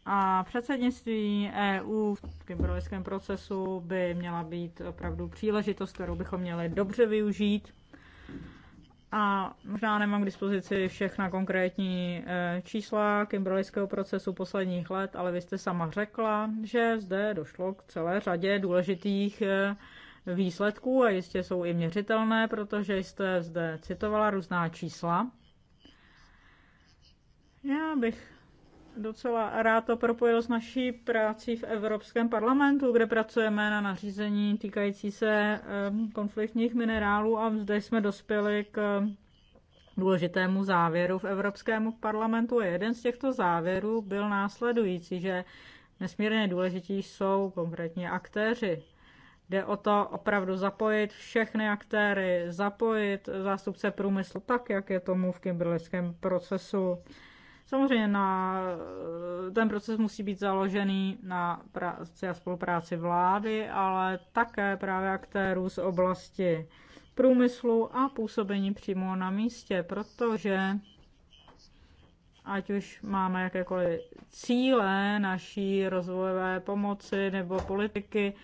A: A předsednictví EU v kimberlickém procesu by měla být opravdu příležitost, kterou bychom měli dobře využít. A možná nemám k dispozici všechna konkrétní e, čísla kimberlického procesu posledních let, ale vy jste sama řekla, že zde došlo k celé řadě důležitých e, výsledků a jistě jsou i měřitelné, protože jste zde citovala různá čísla. Já bych docela rád to propojil s naší prací v Evropském parlamentu, kde pracujeme na nařízení týkající se konfliktních minerálů a zde jsme dospěli k důležitému závěru v Evropském parlamentu a jeden z těchto závěrů byl následující, že nesmírně důležití jsou konkrétní aktéři. Jde o to opravdu zapojit všechny aktéry, zapojit zástupce průmyslu tak, jak je tomu v kimberlickém procesu, Samozřejmě na, eh, ten proces musí být založený na práci a spolupráci vlády, ale také právě aktérů z oblasti průmyslu a působení přímo na místě, protože ať už máme jakékoliv cíle naší rozvojové pomoci nebo politiky,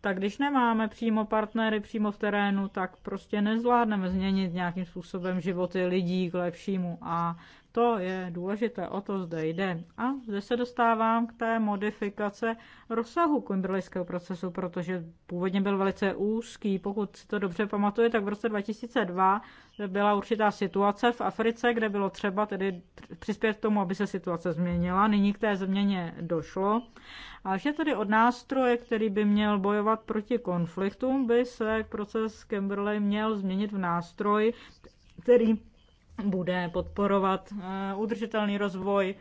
A: tak když nemáme přímo partnery přímo v terénu, tak prostě nezvládneme změnit nějakým způsobem životy lidí k lepšímu. A to je důležité, o to zde jde. A zde se dostávám k té modifikace rozsahu kimberleyského procesu, protože původně byl velice úzký. Pokud si to dobře pamatuje, tak v roce 2002 byla určitá situace v Africe, kde bylo třeba tedy přispět k tomu, aby se situace změnila. Nyní k té změně došlo. A že tedy od nástroje, který by měl bojovat proti konfliktům, by se proces Kimberley měl změnit v nástroj, který bude podporovat eh, udržitelný rozvoj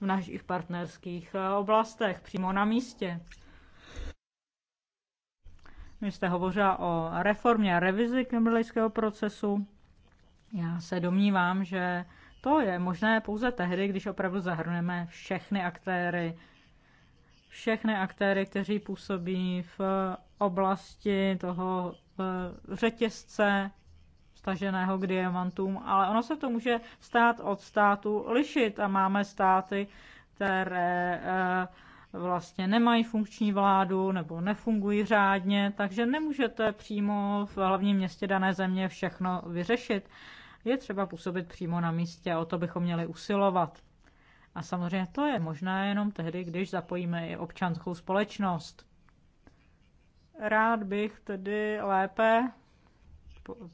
A: v našich partnerských eh, oblastech přímo na místě. Vy jste hovořila o reformě a revizi kemberlejského procesu. Já se domnívám, že to je možné pouze tehdy, když opravdu zahrneme všechny aktéry, všechny aktéry, kteří působí v eh, oblasti toho řetězce staženého k diamantům, ale ono se to může stát od státu lišit a máme státy, které eh, vlastně nemají funkční vládu nebo nefungují řádně, takže nemůžete přímo v hlavním městě dané země všechno vyřešit. Je třeba působit přímo na místě a o to bychom měli usilovat. A samozřejmě to je možné jenom tehdy, když zapojíme i občanskou společnost. Rád bych tedy lépe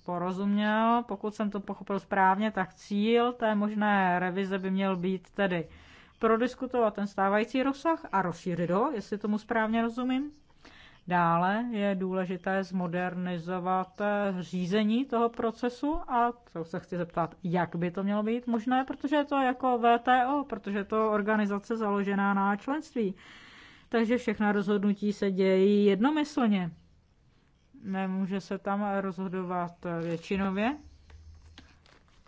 A: porozuměl, pokud jsem to pochopil správně, tak cíl té možné revize by měl být tedy prodiskutovat ten stávající rozsah a rozšířit ho, jestli tomu správně rozumím. Dále je důležité zmodernizovat eh, řízení toho procesu a to se chci zeptat, jak by to mělo být možné, protože je to jako VTO, protože je to organizace založená na členství. Takže všechna rozhodnutí se dějí jednomyslně. Nemůže se tam rozhodovat většinově.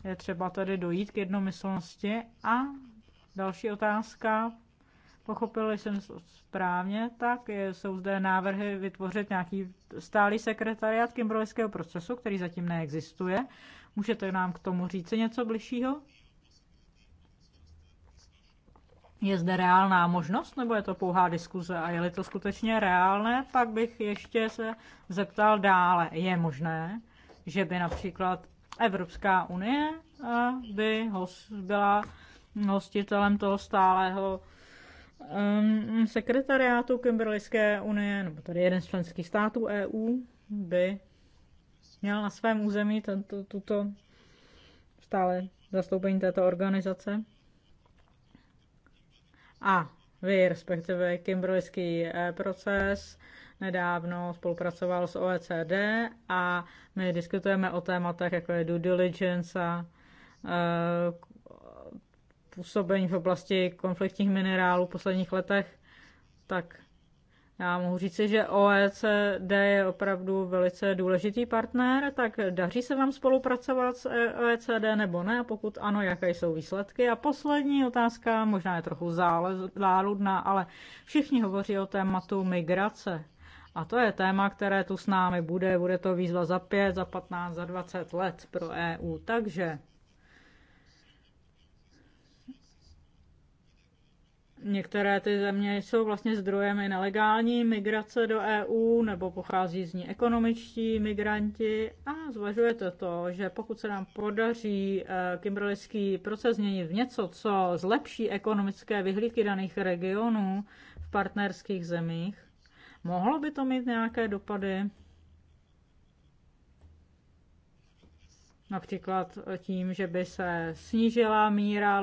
A: Je třeba tady dojít k jednomyslnosti. A další otázka. Pochopili jsem správně, tak jsou zde návrhy vytvořit nějaký stálý sekretariát kimbrojského procesu, který zatím neexistuje. Můžete nám k tomu říct něco bližšího? Je zde reálná možnost, nebo je to pouhá diskuze? A je-li to skutečně reálné, pak bych ještě se zeptal dále. Je možné, že by například Evropská unie eh, by byla hostitelem toho stálého um, sekretariátu Kimberlické unie, nebo tady jeden z členských států EU, by měl na svém území tento, tuto stále zastoupení této organizace. A vy, respektive Kimberlyský eh, proces, nedávno spolupracoval s OECD a my diskutujeme o tématech, jako je due diligence a eh, působení v oblasti konfliktních minerálů v posledních letech, tak já mohu říct, že OECD je opravdu velice důležitý partner, tak daří se vám spolupracovat s OECD nebo ne? Pokud ano, jaké jsou výsledky? A poslední otázka, možná je trochu záludná, ale všichni hovoří o tématu migrace. A to je téma, které tu s námi bude. Bude to výzva za 5, za 15, za 20 let pro EU. Takže Některé ty země jsou vlastně zdrojem i nelegální migrace do EU, nebo pochází z ní ekonomičtí migranti a zvažujete to, že pokud se nám podaří eh, kimberlický proces změnit v něco, co zlepší ekonomické vyhlídky daných regionů v partnerských zemích, mohlo by to mít nějaké dopady? Například tím, že by se snížila míra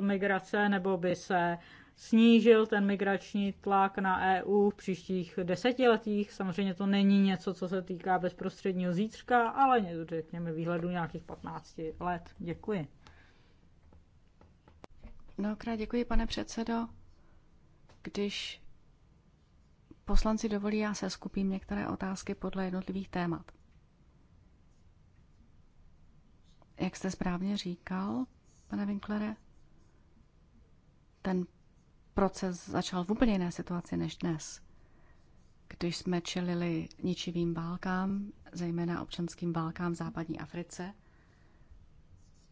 A: migrace nebo by se snížil ten migrační tlak na EU v příštích desetiletích. Samozřejmě to není něco, co se týká bezprostředního zítřka, ale řekněme výhledu nějakých 15 let. Děkuji. Mnohokrát děkuji,
C: pane předsedo. Když poslanci dovolí, já se skupím některé otázky podle jednotlivých témat. Jak jste správně říkal, pane Winklere, ten proces začal v úplně jiné situaci než dnes. Když jsme čelili ničivým válkám, zejména občanským válkám v západní Africe,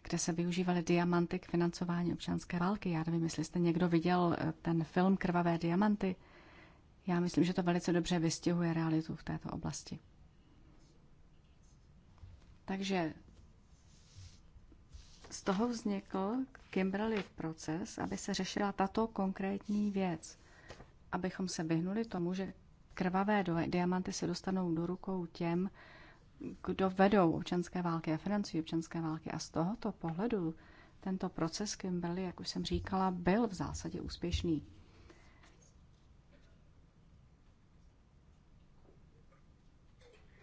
C: kde se využívaly diamanty k financování občanské války. Já nevím, jestli jste někdo viděl eh, ten film Krvavé diamanty. Já myslím, že to velice dobře vystihuje realitu v této oblasti. Takže z toho vznikl Kimberly proces, aby se řešila tato konkrétní věc, abychom se vyhnuli tomu, že krvavé diamanty se dostanou do rukou těm, kdo vedou občanské války a financují občanské války. A z tohoto pohledu tento proces Kimberly, jak už jsem říkala, byl v zásadě úspěšný.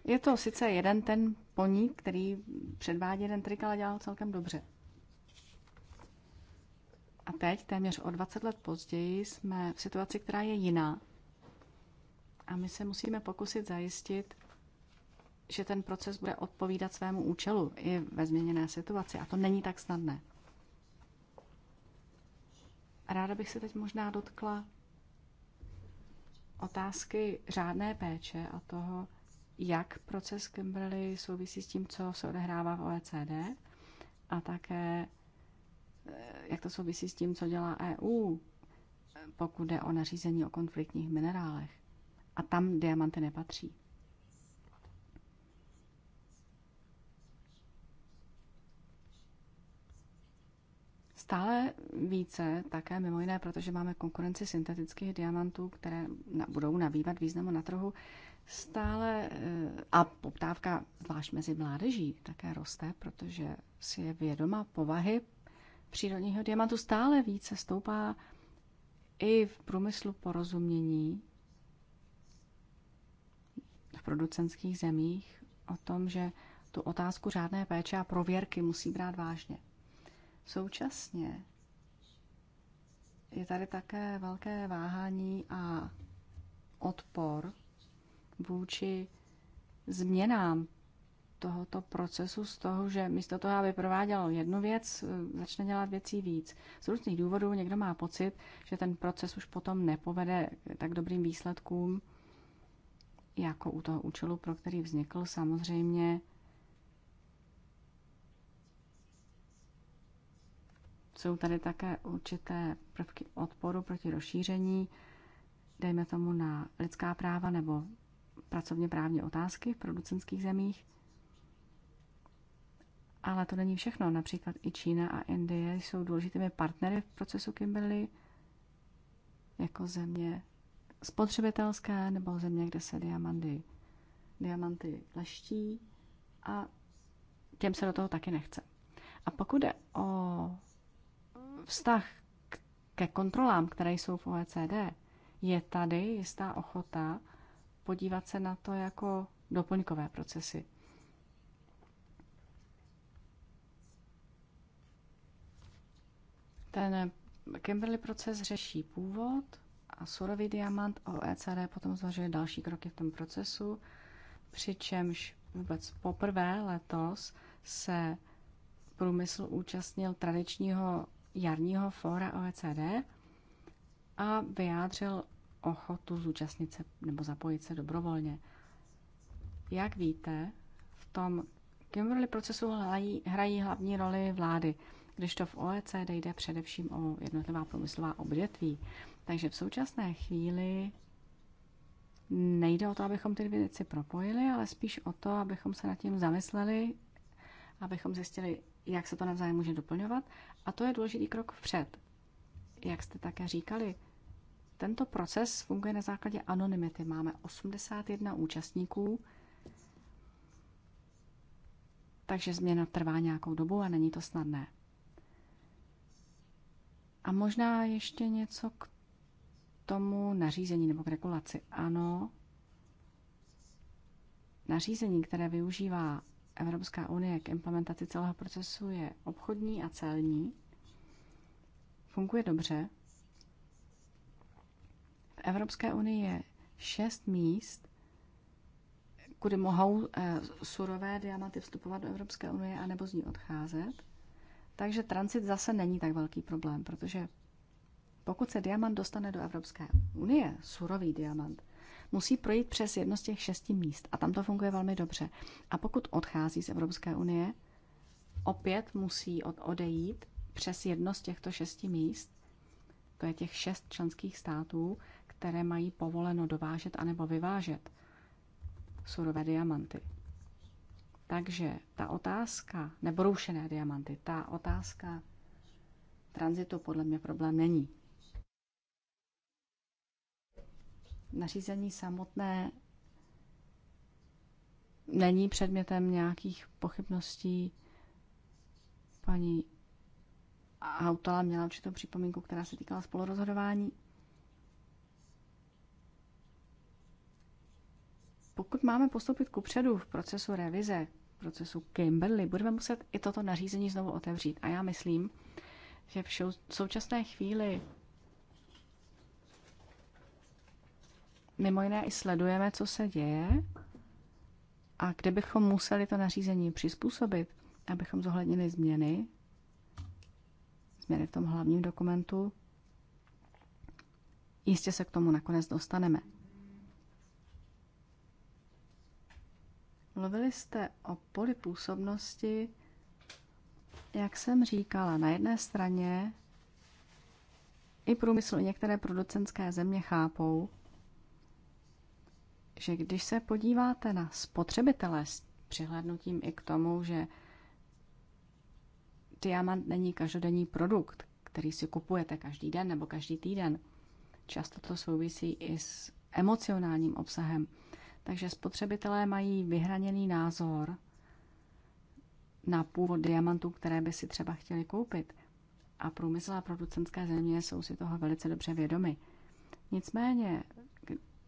C: Je to sice jeden ten poník, který předvádí jeden trik, ale dělal celkem dobře. A teď, téměř o 20 let později, jsme v situaci, která je jiná. A my se musíme pokusit zajistit, že ten proces bude odpovídat svému účelu i ve změněné situaci. A to není tak snadné. Ráda bych se teď možná dotkla otázky řádné péče a toho, jak proces Kimberly souvisí s tím, co se odehrává v OECD a také Eh, jak to souvisí s tím, co dělá EU, eh, pokud jde o nařízení o konfliktních minerálech. A tam diamanty nepatří. Stále více, také mimo jiné, protože máme konkurenci syntetických diamantů, které budou nabývat významu na trhu, stále eh, a poptávka, zvlášť mezi mládeží, také roste, protože si je vědoma povahy přírodního diamantu stále více stoupá i v průmyslu porozumění v producenských zemích o tom, že tu otázku řádné péče a prověrky musí brát vážně. Současně je tady také velké váhání a odpor vůči změnám tohoto procesu z toho, že místo toho, aby prováděl jednu věc, eh, začne dělat věcí víc. Z různých důvodů někdo má pocit, že ten proces už potom nepovede tak dobrým výsledkům, jako u toho účelu, pro který vznikl. Samozřejmě jsou tady také určité prvky odporu proti rozšíření, dejme tomu na lidská práva nebo pracovně právní otázky v producenských zemích. Ale to není všechno. Například i Čína a Indie jsou důležitými partnery v procesu Kimberley jako země spotřebitelské nebo země, kde se diamanty, diamanty leští a těm se do toho taky nechce. A pokud jde o vztah ke kontrolám, které jsou v OECD, je tady jistá ochota podívat se na to jako doplňkové procesy. Ten Kimberley proces řeší původ a surový diamant OECD potom zvažuje další kroky v tom procesu, přičemž vůbec poprvé letos se průmysl účastnil tradičního jarního fóra OECD a vyjádřil ochotu zúčastnit se nebo zapojit se dobrovolně. Jak víte, v tom Kimberley procesu hrají, hrají hlavní roli vlády když to v OECD jde především o jednotlivá průmyslová odvětví. Takže v současné chvíli nejde o to, abychom ty dvě věci propojili, ale spíš o to, abychom se nad tím zamysleli, abychom zjistili, jak se to navzájem může doplňovat. A to je důležitý krok vpřed. Jak jste také říkali, tento proces funguje na základě anonymity. Máme 81 účastníků, takže změna trvá nějakou dobu a není to snadné. A možná ještě něco k tomu nařízení nebo k regulaci. Ano, nařízení, které využívá Evropská unie k implementaci celého procesu, je obchodní a celní. Funguje dobře. V Evropské unii je šest míst, kudy mohou eh, surové diamanty vstupovat do Evropské unie a nebo z ní odcházet. Takže transit zase není tak velký problém, protože pokud se diamant dostane do Evropské unie, surový diamant, musí projít přes jedno z těch šesti míst a tam to funguje velmi dobře. A pokud odchází z Evropské unie, opět musí od odejít přes jedno z těchto šesti míst, to je těch šest členských států, které mají povoleno dovážet anebo vyvážet surové diamanty. Takže ta otázka, nebroušené diamanty, ta otázka tranzitu podle mě problém není. Nařízení samotné není předmětem nějakých pochybností. Paní Hautala měla určitou připomínku, která se týkala spolurozhodování. Pokud máme postoupit ku předu v procesu revize, v procesu Kimberly, budeme muset i toto nařízení znovu otevřít. A já myslím, že v současné chvíli mimo jiné i sledujeme, co se děje a kde bychom museli to nařízení přizpůsobit, abychom zohlednili změny, změny v tom hlavním dokumentu, jistě se k tomu nakonec dostaneme. Mluvili jste o poli působnosti, jak jsem říkala, na jedné straně i průmysl, i některé producentské země chápou, že když se podíváte na spotřebitele s přihlednutím i k tomu, že diamant není každodenní produkt, který si kupujete každý den nebo každý týden, často to souvisí i s emocionálním obsahem – takže spotřebitelé mají vyhraněný názor na původ diamantů, které by si třeba chtěli koupit. A průmysl a producentské země jsou si toho velice dobře vědomi. Nicméně,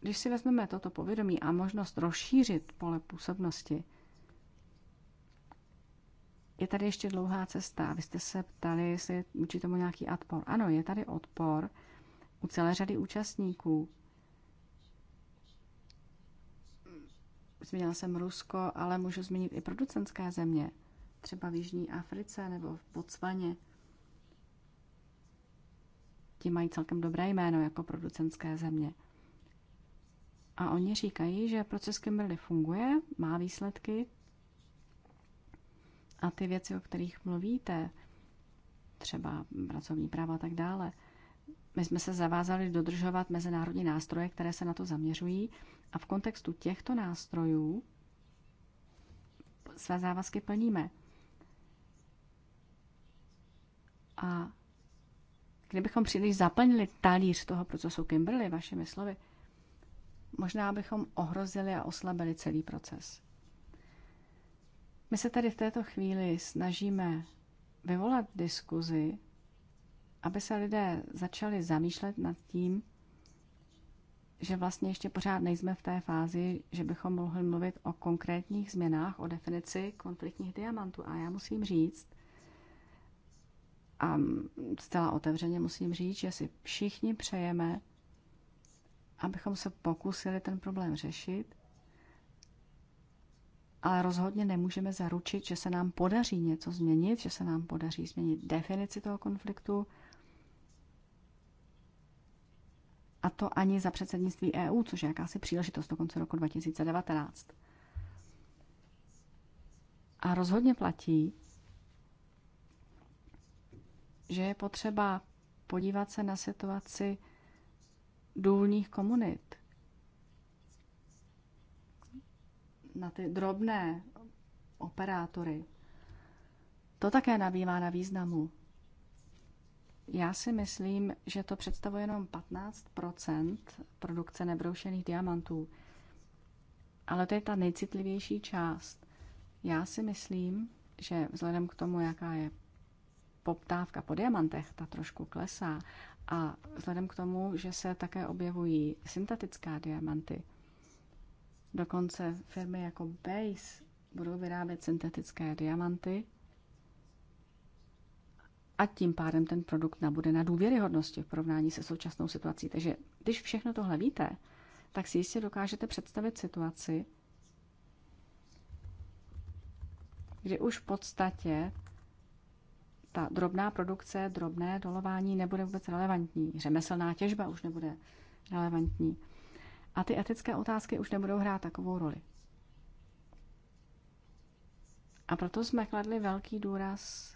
C: když si vezmeme toto povědomí a možnost rozšířit pole působnosti, je tady ještě dlouhá cesta. Vy jste se ptali, jestli je tomu nějaký odpor. Ano, je tady odpor u celé řady účastníků, Zmínila jsem Rusko, ale můžu zmínit i producentské země, třeba v Jižní Africe nebo v Botswaně. Ti mají celkem dobré jméno jako producentské země. A oni říkají, že proces Kimberly funguje, má výsledky a ty věci, o kterých mluvíte, třeba pracovní práva a tak dále – my jsme se zavázali dodržovat mezinárodní nástroje, které se na to zaměřují a v kontextu těchto nástrojů své závazky plníme. A kdybychom příliš zaplnili talíř toho procesu Kimberly, vašimi slovy, možná bychom ohrozili a oslabili celý proces. My se tady v této chvíli snažíme vyvolat diskuzi aby se lidé začali zamýšlet nad tím, že vlastně ještě pořád nejsme v té fázi, že bychom mohli mluvit o konkrétních změnách, o definici konfliktních diamantů. A já musím říct, a zcela otevřeně musím říct, že si všichni přejeme, abychom se pokusili ten problém řešit, ale rozhodně nemůžeme zaručit, že se nám podaří něco změnit, že se nám podaří změnit definici toho konfliktu, A to ani za předsednictví EU, což je jakási příležitost do konce roku 2019. A rozhodně platí, že je potřeba podívat se na situaci důlních komunit, na ty drobné operátory. To také nabývá na významu. Já si myslím, že to představuje jenom 15 produkce nebroušených diamantů. Ale to je ta nejcitlivější část. Já si myslím, že vzhledem k tomu, jaká je poptávka po diamantech, ta trošku klesá, a vzhledem k tomu, že se také objevují syntetická diamanty, dokonce firmy jako Base budou vyrábět syntetické diamanty, a tím pádem ten produkt nabude na důvěryhodnosti v porovnání se současnou situací. Takže když všechno tohle víte, tak si jistě dokážete představit situaci, kdy už v podstatě ta drobná produkce, drobné dolování nebude vůbec relevantní. Řemeslná těžba už nebude relevantní. A ty etické otázky už nebudou hrát takovou roli. A proto jsme kladli velký důraz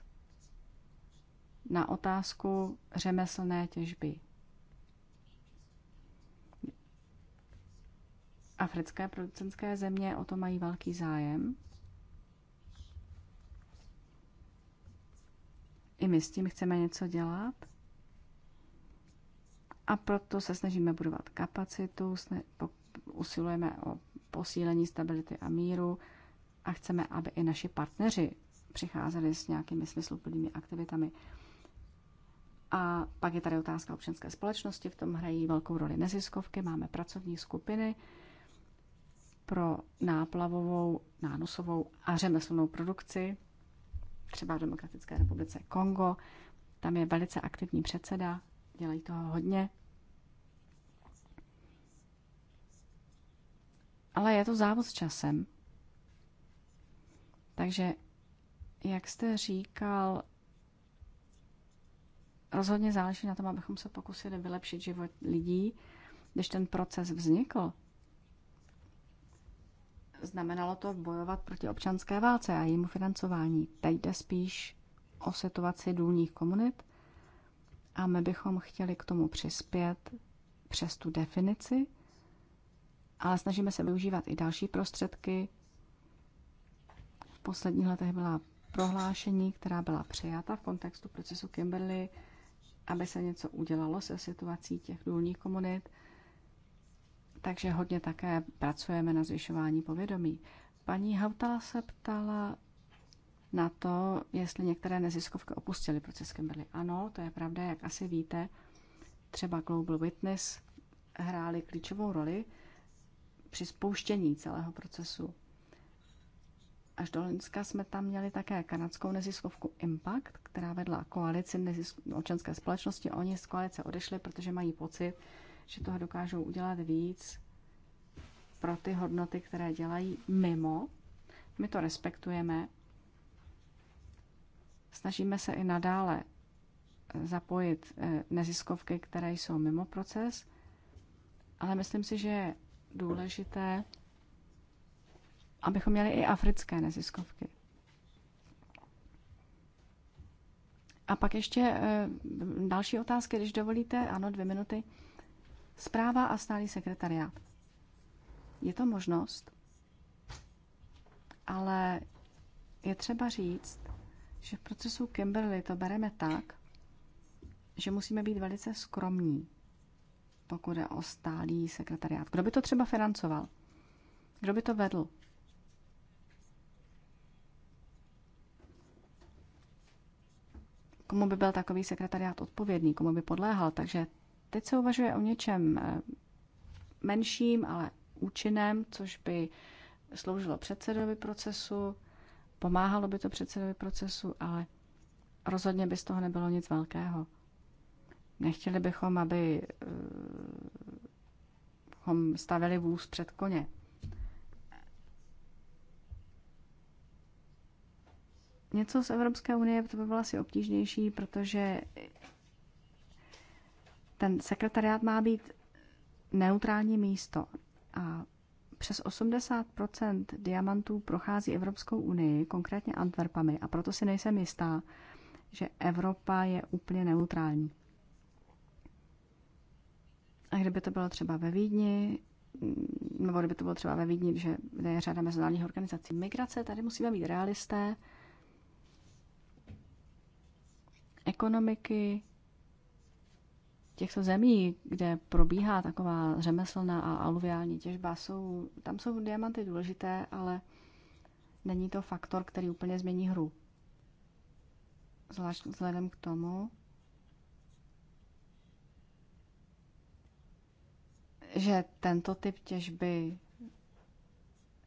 C: na otázku řemeslné těžby. Africké producentské země o to mají velký zájem. I my s tím chceme něco dělat. A proto se snažíme budovat kapacitu, usilujeme o posílení stability a míru a chceme, aby i naši partneři přicházeli s nějakými smysluplnými aktivitami. A pak je tady otázka občanské společnosti, v tom hrají velkou roli neziskovky, máme pracovní skupiny pro náplavovou, nánosovou a řemeslnou produkci, třeba v Demokratické republice Kongo. Tam je velice aktivní předseda, dělají toho hodně. Ale je to závod s časem. Takže, jak jste říkal, rozhodně záleží na tom, abychom se pokusili vylepšit život lidí. Když ten proces vznikl, znamenalo to bojovat proti občanské válce a jejímu financování. Teď jde spíš o situaci důlních komunit a my bychom chtěli k tomu přispět přes tu definici, ale snažíme se využívat i další prostředky. V posledních letech byla prohlášení, která byla přijata v kontextu procesu Kimberley, aby se něco udělalo se situací těch důlních komunit. Takže hodně také pracujeme na zvyšování povědomí. Paní Hautala se ptala na to, jestli některé neziskovky opustily proces Kimberly. Ano, to je pravda, jak asi víte. Třeba Global Witness hráli klíčovou roli při spouštění celého procesu. Až do Loňska jsme tam měli také kanadskou neziskovku Impact, která vedla koalici nezisk- občanské společnosti. Oni z koalice odešli, protože mají pocit, že toho dokážou udělat víc pro ty hodnoty, které dělají mimo. My to respektujeme. Snažíme se i nadále zapojit eh, neziskovky, které jsou mimo proces, ale myslím si, že je důležité, abychom měli i africké neziskovky. A pak ještě eh, další otázky, když dovolíte. Ano, dvě minuty. Zpráva a stálý sekretariát. Je to možnost, ale je třeba říct, že v procesu Kimberly to bereme tak, že musíme být velice skromní, pokud je o stálý sekretariát. Kdo by to třeba financoval? Kdo by to vedl? komu by byl takový sekretariát odpovědný, komu by podléhal. Takže teď se uvažuje o něčem eh, menším, ale účinném, což by sloužilo předsedovi procesu, pomáhalo by to předsedovi procesu, ale rozhodně by z toho nebylo nic velkého. Nechtěli bychom, aby eh, stavěli vůz před koně. Něco z Evropské unie to by bylo asi obtížnější, protože ten sekretariát má být neutrální místo a přes 80 diamantů prochází Evropskou unii, konkrétně Antwerpami, a proto si nejsem jistá, že Evropa je úplně neutrální. A kdyby to bylo třeba ve Vídni, nebo kdyby to bylo třeba ve Vídni, že je řada mezinárodních organizací migrace, tady musíme být realisté ekonomiky těchto zemí, kde probíhá taková řemeslná a aluviální těžba, jsou, tam jsou diamanty důležité, ale není to faktor, který úplně změní hru. Zvlášť vzhledem k tomu, že tento typ těžby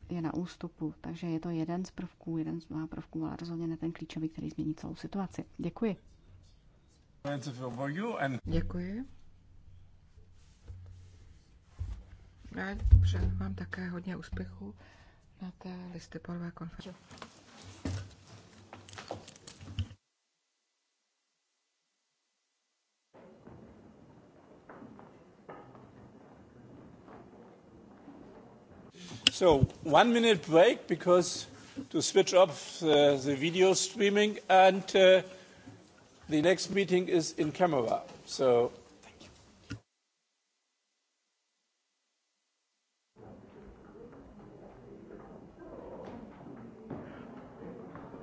C: je na ústupu, takže je to jeden z prvků, jeden z mnoha prvků, ale rozhodně ne ten klíčový, který změní celou
B: situaci. Děkuji.
C: Děkuji.
B: Já přeju vám také hodně úspěchu na té listopadové konferenci. So one minute break because to switch off the, the video streaming and uh, The next meeting is in Camera, so